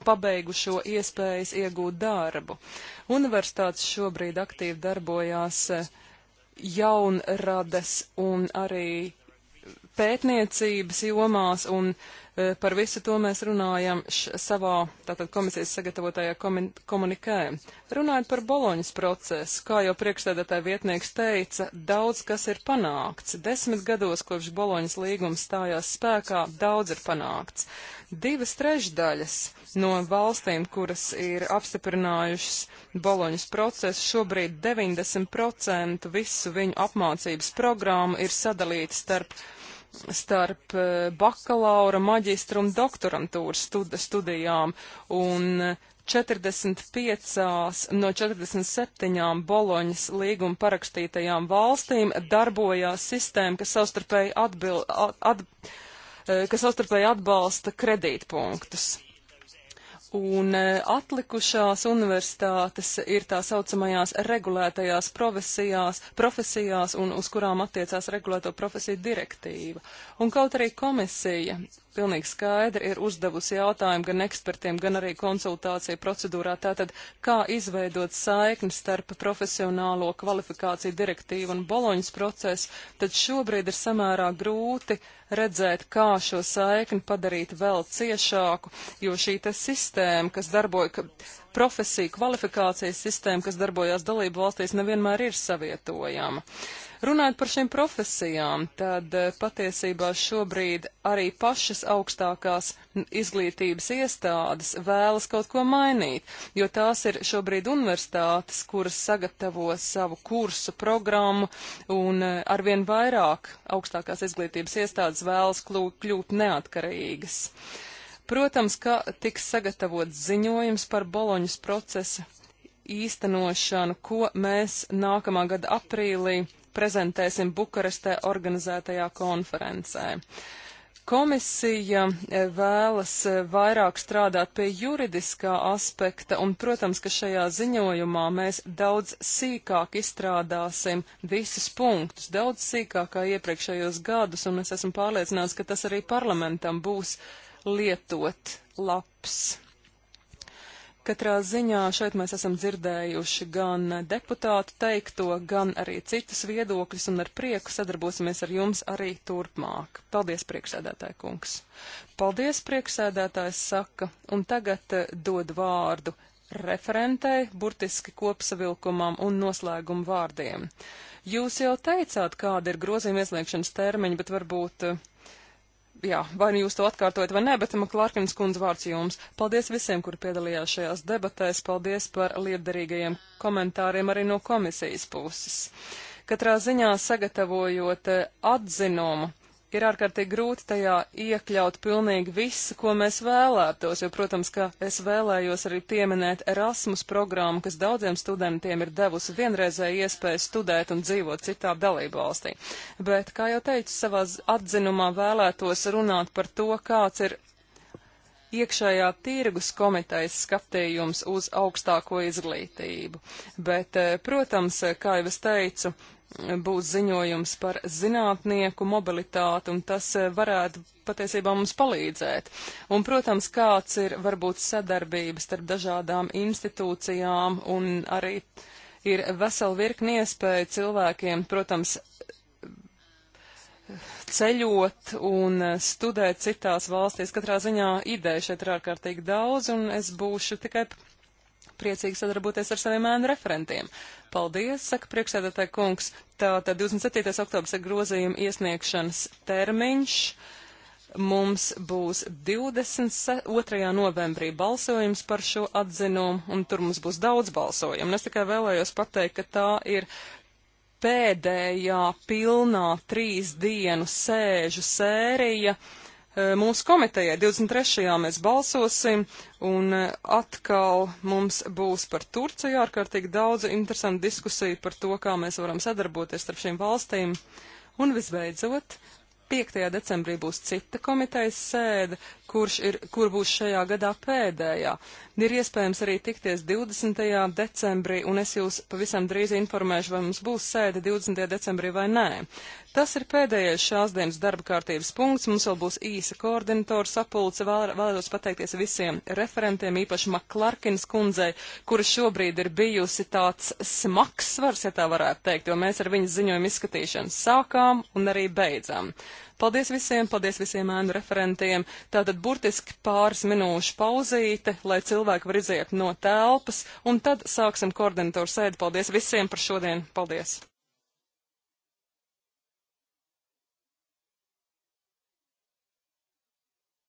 pabeigušo iespējas iegūt darbu. Universitātes šobrīd aktīvi darbojās eh, jaunrades un arī pētniecības jomās, un e, par visu to mēs runājam š, savā tātad komisijas sagatavotajā komunikē. Runājot par Boloņas procesu, kā jau priekšstādātāja vietnieks teica, daudz kas ir panākts. Desmit gados kopš Boloņas līgums stājās spēkā, daudz ir panākts. Divas trešdaļas no valstīm, kuras ir apstiprinājušas Boloņas procesu, šobrīd 90% visu viņu apmācības programmu ir sadalīta starp starp eh, bakalaura, maģistra un doktorantūras studi studijām, un 45 no 47 Boloņas līguma parakstītajām valstīm darbojās sistēma, kas savstarpēji, atbil, at, at, eh, kas savstarpēji atbalsta kredītpunktus un e, atlikušās universitātes ir tā saucamajās regulētajās profesijās, profesijās un uz kurām attiecās regulēto profesiju direktīva. Un kaut arī komisija pilnīgi skaidri ir uzdevusi jautājumu gan ekspertiem, gan arī konsultāciju procedūrā. Tātad, kā izveidot saikni starp profesionālo kvalifikāciju direktīvu un boloņas procesu, tad šobrīd ir samērā grūti redzēt, kā šo saikni padarīt vēl ciešāku, jo šī te sistēma, kas darboja, profesija kvalifikācijas sistēma, kas darbojās dalību valstīs, nevienmēr ir savietojama. Uh, Runājot par šīm profesijām, tad eh, patiesībā šobrīd arī pašas augstākās izglītības iestādes vēlas kaut ko mainīt, jo tās ir šobrīd universitātes, kuras sagatavo savu kursu programmu un eh, arvien vairāk augstākās izglītības iestādes vēlas kļūt neatkarīgas. Protams, ka tiks sagatavots ziņojums par Boloņas procesa īstenošanu, ko mēs nākamā gada aprīlī prezentēsim Bukarestē organizētajā konferencē. Komisija eh, vēlas eh, vairāk strādāt pie juridiskā aspekta, un, protams, ka šajā ziņojumā mēs daudz sīkāk izstrādāsim visus punktus, daudz sīkākā iepriekšējos gadus, un es esmu pārliecināts, ka tas arī parlamentam būs lietot labs. Katrā ziņā šeit mēs esam dzirdējuši gan deputātu teikto, gan arī citus viedokļus, un ar prieku sadarbosimies ar jums arī turpmāk. Paldies, priekšsēdētāji kungs! Paldies, priekšsēdētājs saka, un tagad eh, dod vārdu referentei, burtiski kopsavilkumam un noslēgumu vārdiem. Jūs jau teicāt, kāda ir grozījuma ieslēgšanas termiņa, bet varbūt uh, jā, vai nu jūs to atkārtojat vai nē, bet man Klārkins kundze vārds jums. Paldies visiem, kuri piedalījās šajās debatēs, paldies par liederīgajiem komentāriem arī no komisijas puses. Katrā ziņā sagatavojot eh, atzinumu, ir ārkārtīgi grūti tajā iekļaut pilnīgi visu, ko mēs vēlētos, jo, protams, ka es vēlējos arī pieminēt Erasmus programmu, kas daudziem studentiem ir devusi vienreizēju iespēju studēt un dzīvot citā dalībvalstī. Bet, kā jau teicu, savā atzinumā vēlētos runāt par to, kāds ir iekšējā tirgus komitejas skatījums uz augstāko izglītību. Bet, eh, protams, eh, kā jau es teicu, būs ziņojums par zinātnieku mobilitāti, un tas eh, varētu patiesībā mums palīdzēt. Un, protams, kāds ir varbūt sadarbības starp dažādām institūcijām un arī ir vesela virkni iespēja cilvēkiem, protams, ceļot un eh, studēt citās valstīs. Katrā ziņā ideja šeit ir ārkārtīgi daudz, un es būšu tikai priecīgi sadarboties ar saviem ēnu referentiem. Paldies, saka priekšsēdētāja kungs. Tātad 27. oktobrs ir grozījuma iesniegšanas termiņš. Mums būs 22. novembrī balsojums par šo atzinumu, un tur mums būs daudz balsojumu. Es tikai vēlējos pateikt, ka tā ir pēdējā pilnā trīs dienu sēžu sērija. E, mūsu komitejai 23. mēs balsosim, un e, atkal mums būs par Turciju ārkārtīgi daudz interesantu diskusiju par to, kā mēs varam sadarboties starp šīm valstīm. Un visbeidzot, 5. decembrī būs cita komitejas sēde, kurš ir, kur būs šajā gadā pēdējā. Ir iespējams arī tikties 20. decembrī, un es jūs pavisam drīz informēšu, vai mums būs sēde 20. decembrī vai nē. Tas ir pēdējais šās dienas darba kārtības punkts. Mums vēl būs īsa koordinatora sapulce. Vēl, vēlētos pateikties visiem referentiem, īpaši Maklārkins kundzei, kura šobrīd ir bijusi tāds smags svars, ja tā varētu teikt, jo mēs ar viņas ziņojumu izskatīšanu sākām un arī beidzām. Paldies visiem, paldies visiem ēnu referentiem. Tātad burtiski pāris minūšu pauzīte, lai cilvēki var iziet no telpas, un tad sāksim koordinatoru sēdi. Paldies visiem par šodien. Paldies!